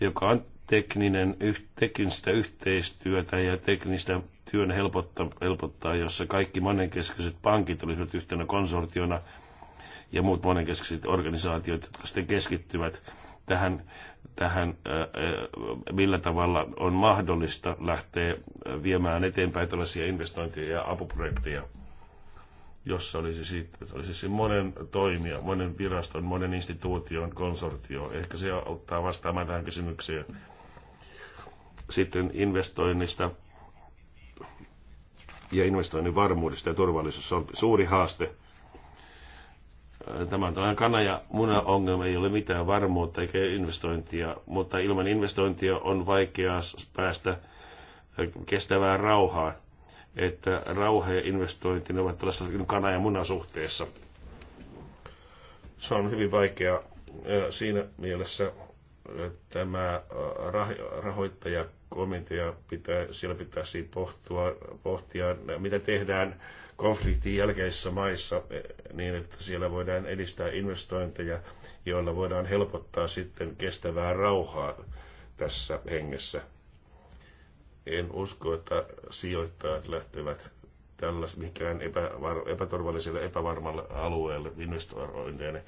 joka on tekninen, teknistä yhteistyötä ja teknistä työn helpottaa, helpottaa jossa kaikki monenkeskiset pankit olisivat yhtenä konsortiona ja muut monenkeskiset organisaatiot, jotka sitten keskittyvät tähän tähän, millä tavalla on mahdollista lähteä viemään eteenpäin tällaisia investointeja ja apuprojekteja, jossa olisi, sitten, olisi siis monen toimija, monen viraston, monen instituution konsortio. Ehkä se auttaa vastaamaan tähän kysymykseen. Sitten investoinnista ja investoinnin varmuudesta ja turvallisuus on suuri haaste Tämä on tällainen kana- ja muna-ongelma, ei ole mitään varmuutta eikä investointia, mutta ilman investointia on vaikeaa päästä äh, kestävään rauhaan. Että rauha ja investointi ne ovat tällaisessa niin kana- ja munasuhteessa. Se on hyvin vaikeaa siinä mielessä äh, tämä äh, rahoittajakomitea, pitää, siellä pitää siinä pohtua, pohtia, mitä tehdään konfliktin jälkeisissä maissa eh, niin, että siellä voidaan edistää investointeja, joilla voidaan helpottaa sitten kestävää rauhaa tässä hengessä. En usko, että sijoittajat lähtevät tällaisen mikään epävar- epäturvalliselle, epävarmalle alueelle investointeille.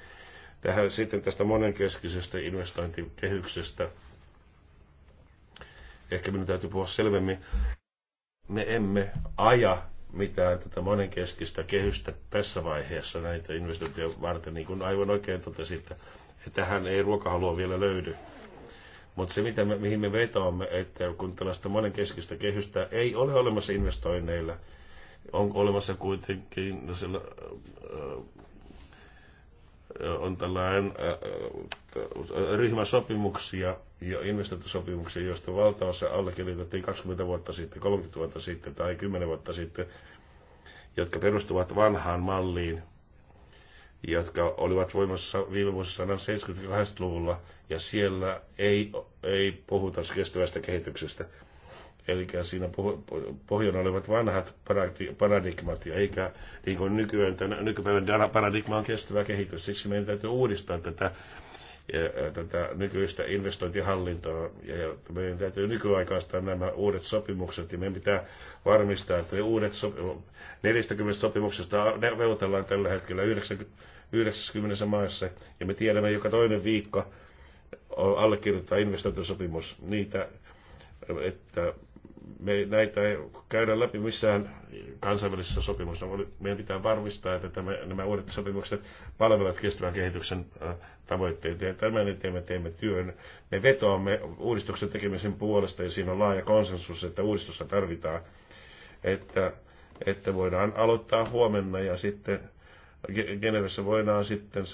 Tähän sitten tästä monenkeskisestä investointikehyksestä. Ehkä minun täytyy puhua selvemmin. Me emme aja mitään tätä monenkeskistä kehystä tässä vaiheessa näitä investointeja varten, niin kuin aivan oikein totesitte, että tähän ei ruokahalua vielä löydy. Mutta se, mitä me, mihin me vetoamme, että kun tällaista monenkeskistä kehystä ei ole olemassa investoinneilla, on olemassa kuitenkin no, sillä, äh, on tällainen ryhmäsopimuksia ja investointisopimuksia, joista valtaosa allekirjoitettiin 20 vuotta sitten, 30 vuotta sitten tai 10 vuotta sitten, jotka perustuvat vanhaan malliin, jotka olivat voimassa viime vuosisadan 70-80-luvulla, ja siellä ei, ei puhuta kestävästä kehityksestä Eli siinä pohjana olivat vanhat paradigmat, ja eikä niin kuin nykyään, tämän, nykypäivän paradigma on kestävä kehitys. Siksi meidän täytyy uudistaa tätä, ja, tätä nykyistä investointihallintoa, ja meidän täytyy nykyaikaistaa nämä uudet sopimukset, ja meidän pitää varmistaa, että ne uudet sop- 40 sopimuksesta neuvotellaan tällä hetkellä 90 maassa, ja me tiedämme joka toinen viikko allekirjoittaa investointisopimus niitä että me näitä ei käydä läpi missään kansainvälisessä sopimuksessa. Meidän pitää varmistaa, että tämä, nämä uudet sopimukset palvelevat kestävän kehityksen tavoitteita. Ja tämän eteen me teemme työn. Me vetoamme uudistuksen tekemisen puolesta ja siinä on laaja konsensus, että uudistusta tarvitaan, että, että voidaan aloittaa huomenna ja sitten Genevessä voidaan sitten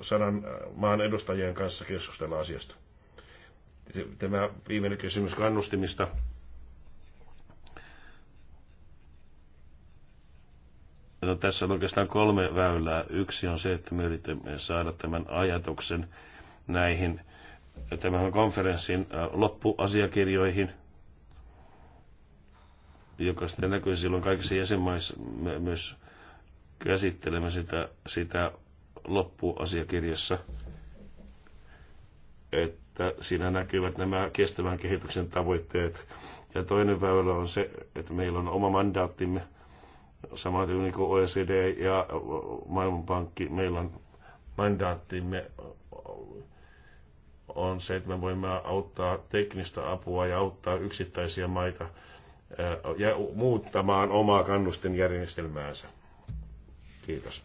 sadan maan edustajien kanssa keskustella asiasta. Tämä viimeinen kysymys kannustimista No, tässä on oikeastaan kolme väylää. Yksi on se, että me yritämme saada tämän ajatuksen näihin tämän konferenssin äh, loppuasiakirjoihin, joka sitten näkyy silloin kaikissa jäsenmaissa me myös käsittelemme sitä, sitä loppuasiakirjassa, että siinä näkyvät nämä kestävän kehityksen tavoitteet. Ja toinen väylä on se, että meillä on oma mandaattimme, Samoin niin kuin OECD ja Maailmanpankki, meillä on mandaattimme on se, että me voimme auttaa teknistä apua ja auttaa yksittäisiä maita ja muuttamaan omaa kannustinjärjestelmäänsä. Kiitos.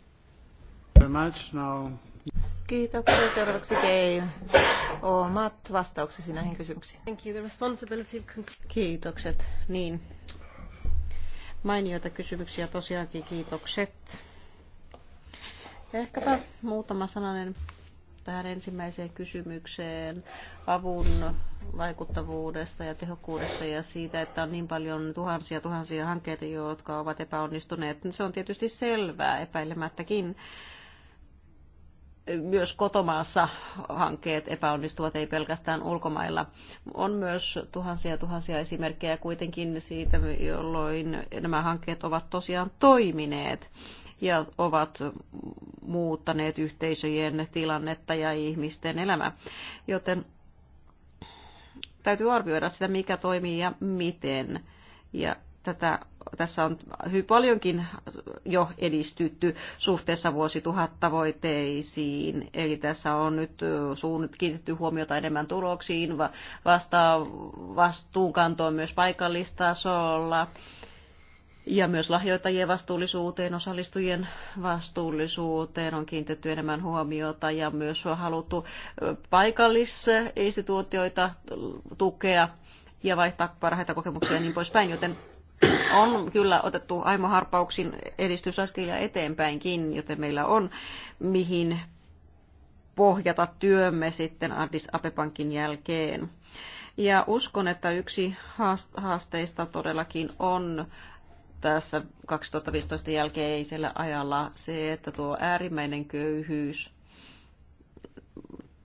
Kiitoksia. Seuraavaksi Gail. Omat vastauksesi näihin kysymyksiin. Kiitokset. Niin, mainioita kysymyksiä tosiaankin, kiitokset. Ehkäpä muutama sananen tähän ensimmäiseen kysymykseen avun vaikuttavuudesta ja tehokkuudesta ja siitä, että on niin paljon tuhansia tuhansia hankkeita, jotka ovat epäonnistuneet. Se on tietysti selvää epäilemättäkin myös kotomaassa hankkeet epäonnistuvat, ei pelkästään ulkomailla. On myös tuhansia tuhansia esimerkkejä kuitenkin siitä, jolloin nämä hankkeet ovat tosiaan toimineet ja ovat muuttaneet yhteisöjen tilannetta ja ihmisten elämää. Joten täytyy arvioida sitä, mikä toimii ja miten. Ja Tätä, tässä on hyvin paljonkin jo edistytty suhteessa vuosituhattavoitteisiin, eli tässä on nyt suunnit kiinnitetty huomiota enemmän tuloksiin, vasta vastuunkantoon myös paikallistasolla ja myös lahjoittajien vastuullisuuteen, osallistujien vastuullisuuteen on kiinnitetty enemmän huomiota ja myös on haluttu paikallisinstituutioita tukea ja vaihtaa parhaita kokemuksia ja niin poispäin, joten on kyllä otettu Harpauksin edistysaskelia eteenpäinkin, joten meillä on mihin pohjata työmme sitten Addis Abebankin jälkeen. Ja uskon, että yksi haasteista todellakin on tässä 2015 jälkeisellä ajalla se, että tuo äärimmäinen köyhyys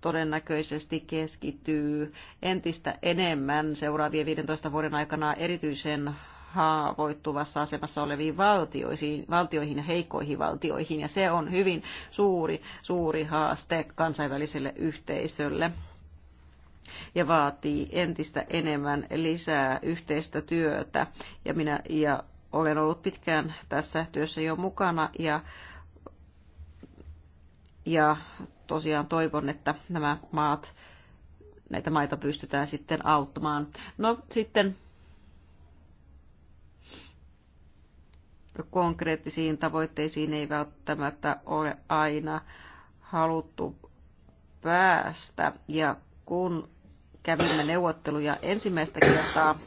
todennäköisesti keskittyy entistä enemmän seuraavien 15 vuoden aikana erityisen haavoittuvassa asemassa oleviin valtioihin, valtioihin ja heikkoihin valtioihin, ja se on hyvin suuri, suuri haaste kansainväliselle yhteisölle ja vaatii entistä enemmän lisää yhteistä työtä. Ja minä ja olen ollut pitkään tässä työssä jo mukana ja, ja tosiaan toivon, että nämä maat, näitä maita pystytään sitten auttamaan. No sitten konkreettisiin tavoitteisiin ei välttämättä ole aina haluttu päästä. Ja kun kävimme neuvotteluja ensimmäistä kertaa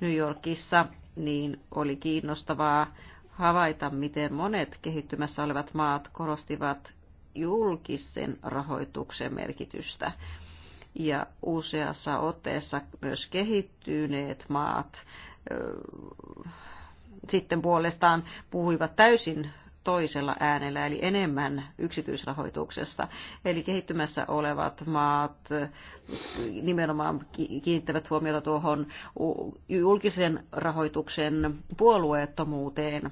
New Yorkissa, niin oli kiinnostavaa havaita, miten monet kehittymässä olevat maat korostivat julkisen rahoituksen merkitystä. Ja useassa otteessa myös kehittyneet maat sitten puolestaan puhuivat täysin toisella äänellä, eli enemmän yksityisrahoituksesta. Eli kehittymässä olevat maat nimenomaan kiinnittävät huomiota tuohon julkisen rahoituksen puolueettomuuteen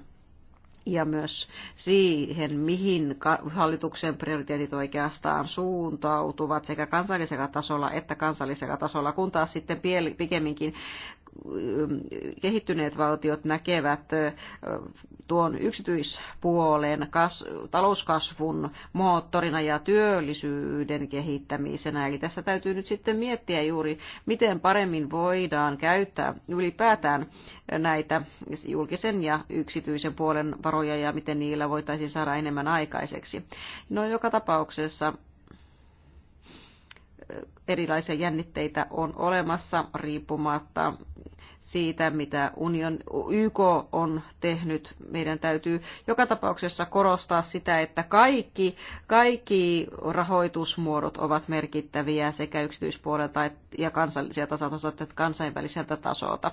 ja myös siihen, mihin hallituksen prioriteetit oikeastaan suuntautuvat sekä kansallisella tasolla että kansallisella tasolla, kun taas sitten pikemminkin kehittyneet valtiot näkevät tuon yksityispuolen kas, talouskasvun moottorina ja työllisyyden kehittämisenä. Eli tässä täytyy nyt sitten miettiä juuri, miten paremmin voidaan käyttää ylipäätään näitä julkisen ja yksityisen puolen varoja ja miten niillä voitaisiin saada enemmän aikaiseksi. No joka tapauksessa erilaisia jännitteitä on olemassa riippumatta siitä, mitä union, YK on tehnyt. Meidän täytyy joka tapauksessa korostaa sitä, että kaikki, kaikki rahoitusmuodot ovat merkittäviä sekä yksityispuolelta ja kansalliselta tasolta että kansainväliseltä tasolta.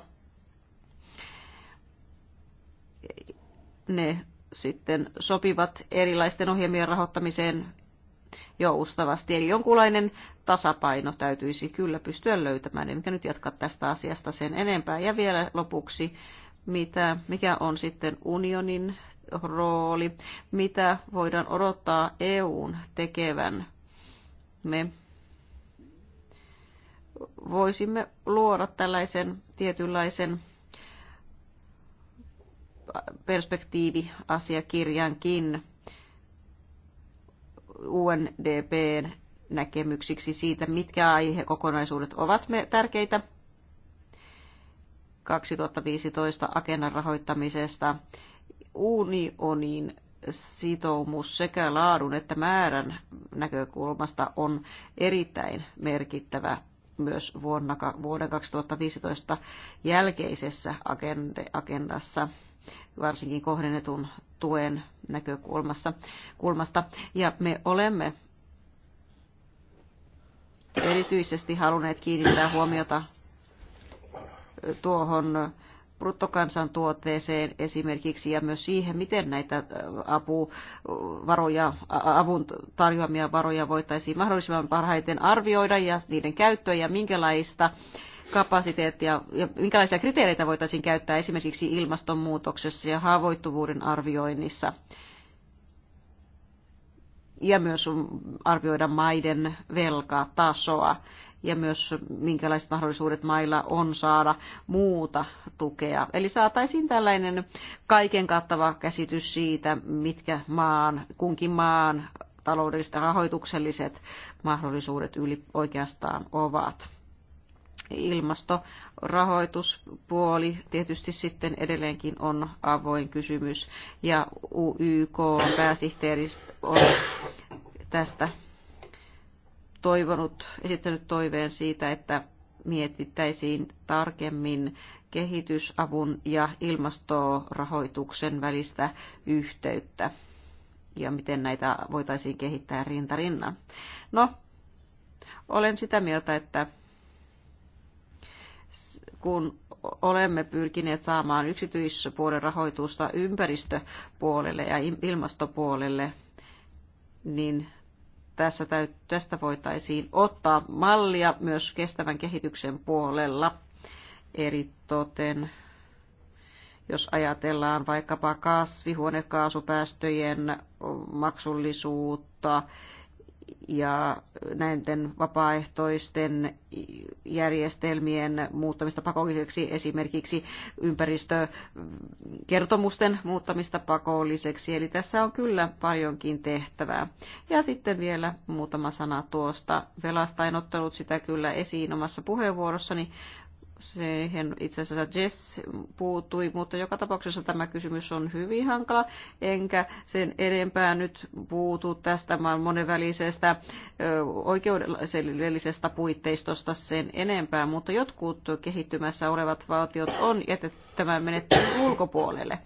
Ne sitten sopivat erilaisten ohjelmien rahoittamiseen joustavasti. Eli jonkunlainen tasapaino täytyisi kyllä pystyä löytämään, enkä nyt jatka tästä asiasta sen enempää. Ja vielä lopuksi, mitä, mikä on sitten unionin rooli, mitä voidaan odottaa EUn tekevän. Me voisimme luoda tällaisen tietynlaisen perspektiiviasiakirjankin UNDPn näkemyksiksi siitä, mitkä aihekokonaisuudet ovat me tärkeitä 2015 Agendan rahoittamisesta. Unionin sitoumus sekä laadun että määrän näkökulmasta on erittäin merkittävä myös vuonna, vuoden 2015 jälkeisessä agendassa varsinkin kohdennetun tuen näkökulmassa. Kulmasta. Ja me olemme erityisesti halunneet kiinnittää huomiota tuohon bruttokansantuotteeseen esimerkiksi ja myös siihen, miten näitä apuvaroja, avun tarjoamia varoja voitaisiin mahdollisimman parhaiten arvioida ja niiden käyttöä ja minkälaista kapasiteettia ja minkälaisia kriteereitä voitaisiin käyttää esimerkiksi ilmastonmuutoksessa ja haavoittuvuuden arvioinnissa ja myös arvioida maiden velkatasoa ja myös minkälaiset mahdollisuudet mailla on saada muuta tukea. Eli saataisiin tällainen kaiken kattava käsitys siitä, mitkä maan, kunkin maan taloudelliset ja rahoitukselliset mahdollisuudet yli oikeastaan ovat. Ilmastorahoituspuoli tietysti sitten edelleenkin on avoin kysymys ja YK pääsihteeristä on tästä toivonut, esittänyt toiveen siitä, että mietittäisiin tarkemmin kehitysavun ja ilmastorahoituksen välistä yhteyttä ja miten näitä voitaisiin kehittää rintarinnan. No, olen sitä mieltä, että kun olemme pyrkineet saamaan yksityispuolen rahoitusta ympäristöpuolelle ja ilmastopuolelle, niin tässä tästä voitaisiin ottaa mallia myös kestävän kehityksen puolella. Eri toten, jos ajatellaan vaikkapa kasvihuonekaasupäästöjen maksullisuutta, ja näiden vapaaehtoisten järjestelmien muuttamista pakolliseksi, esimerkiksi ympäristökertomusten muuttamista pakolliseksi. Eli tässä on kyllä paljonkin tehtävää. Ja sitten vielä muutama sana tuosta velasta. En ottanut sitä kyllä esiin omassa puheenvuorossani, siihen itse asiassa Jess puuttui, mutta joka tapauksessa tämä kysymys on hyvin hankala, enkä sen enempää nyt puutu tästä monenvälisestä oikeudellisesta puitteistosta sen enempää, mutta jotkut kehittymässä olevat valtiot on jätetty tämän menettelyn ulkopuolelle.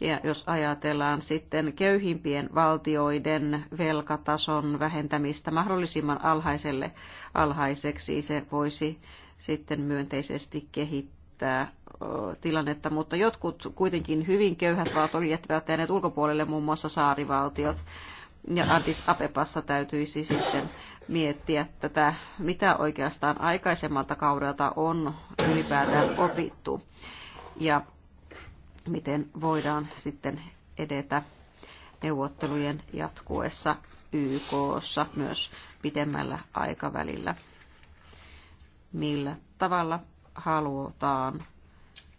Ja jos ajatellaan sitten köyhimpien valtioiden velkatason vähentämistä mahdollisimman alhaiselle alhaiseksi, se voisi sitten myönteisesti kehittää tilannetta, mutta jotkut kuitenkin hyvin köyhät valtiot jättävät jääneet ulkopuolelle, muun muassa saarivaltiot. Ja Addis Abebassa täytyisi sitten miettiä tätä, mitä oikeastaan aikaisemmalta kaudelta on ylipäätään opittu. Ja miten voidaan sitten edetä neuvottelujen jatkuessa YKssa myös pitemmällä aikavälillä. Millä tavalla halutaan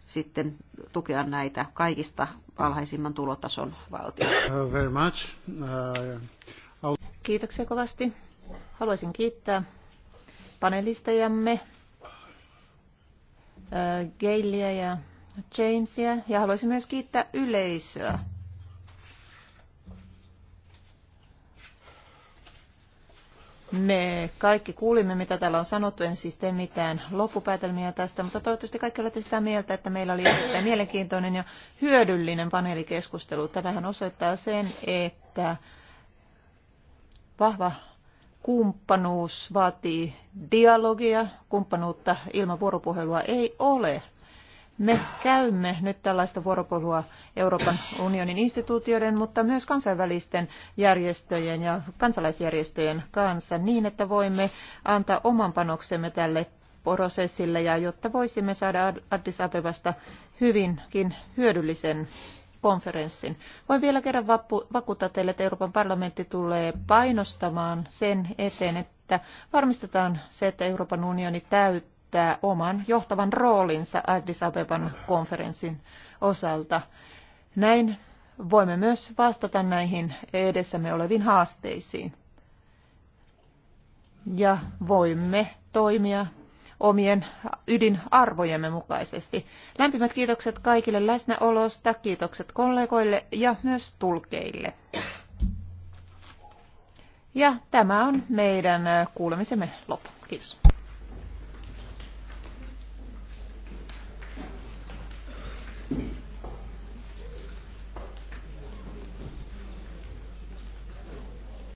sitten tukea näitä kaikista alhaisimman tulotason valtioita. Very much. Uh, Kiitoksia kovasti. Haluaisin kiittää panelistajamme, uh, ja Jamesia ja haluaisin myös kiittää yleisöä. Me kaikki kuulimme, mitä täällä on sanottu. En siis tee mitään loppupäätelmiä tästä, mutta toivottavasti kaikki olette sitä mieltä, että meillä oli erittäin mielenkiintoinen ja hyödyllinen paneelikeskustelu. Tämähän osoittaa sen, että vahva kumppanuus vaatii dialogia. Kumppanuutta ilman vuoropuhelua ei ole. Me käymme nyt tällaista vuoropuhelua Euroopan unionin instituutioiden, mutta myös kansainvälisten järjestöjen ja kansalaisjärjestöjen kanssa niin, että voimme antaa oman panoksemme tälle prosessille ja jotta voisimme saada Addis Abebasta hyvinkin hyödyllisen konferenssin. Voin vielä kerran vakuuttaa teille, että Euroopan parlamentti tulee painostamaan sen eteen, että varmistetaan se, että Euroopan unioni täyttää näyttää oman johtavan roolinsa Addis Abeban konferenssin osalta. Näin voimme myös vastata näihin edessämme oleviin haasteisiin. Ja voimme toimia omien ydinarvojemme mukaisesti. Lämpimät kiitokset kaikille läsnäolosta, kiitokset kollegoille ja myös tulkeille. Ja tämä on meidän kuulemisemme loppu. Kiitos.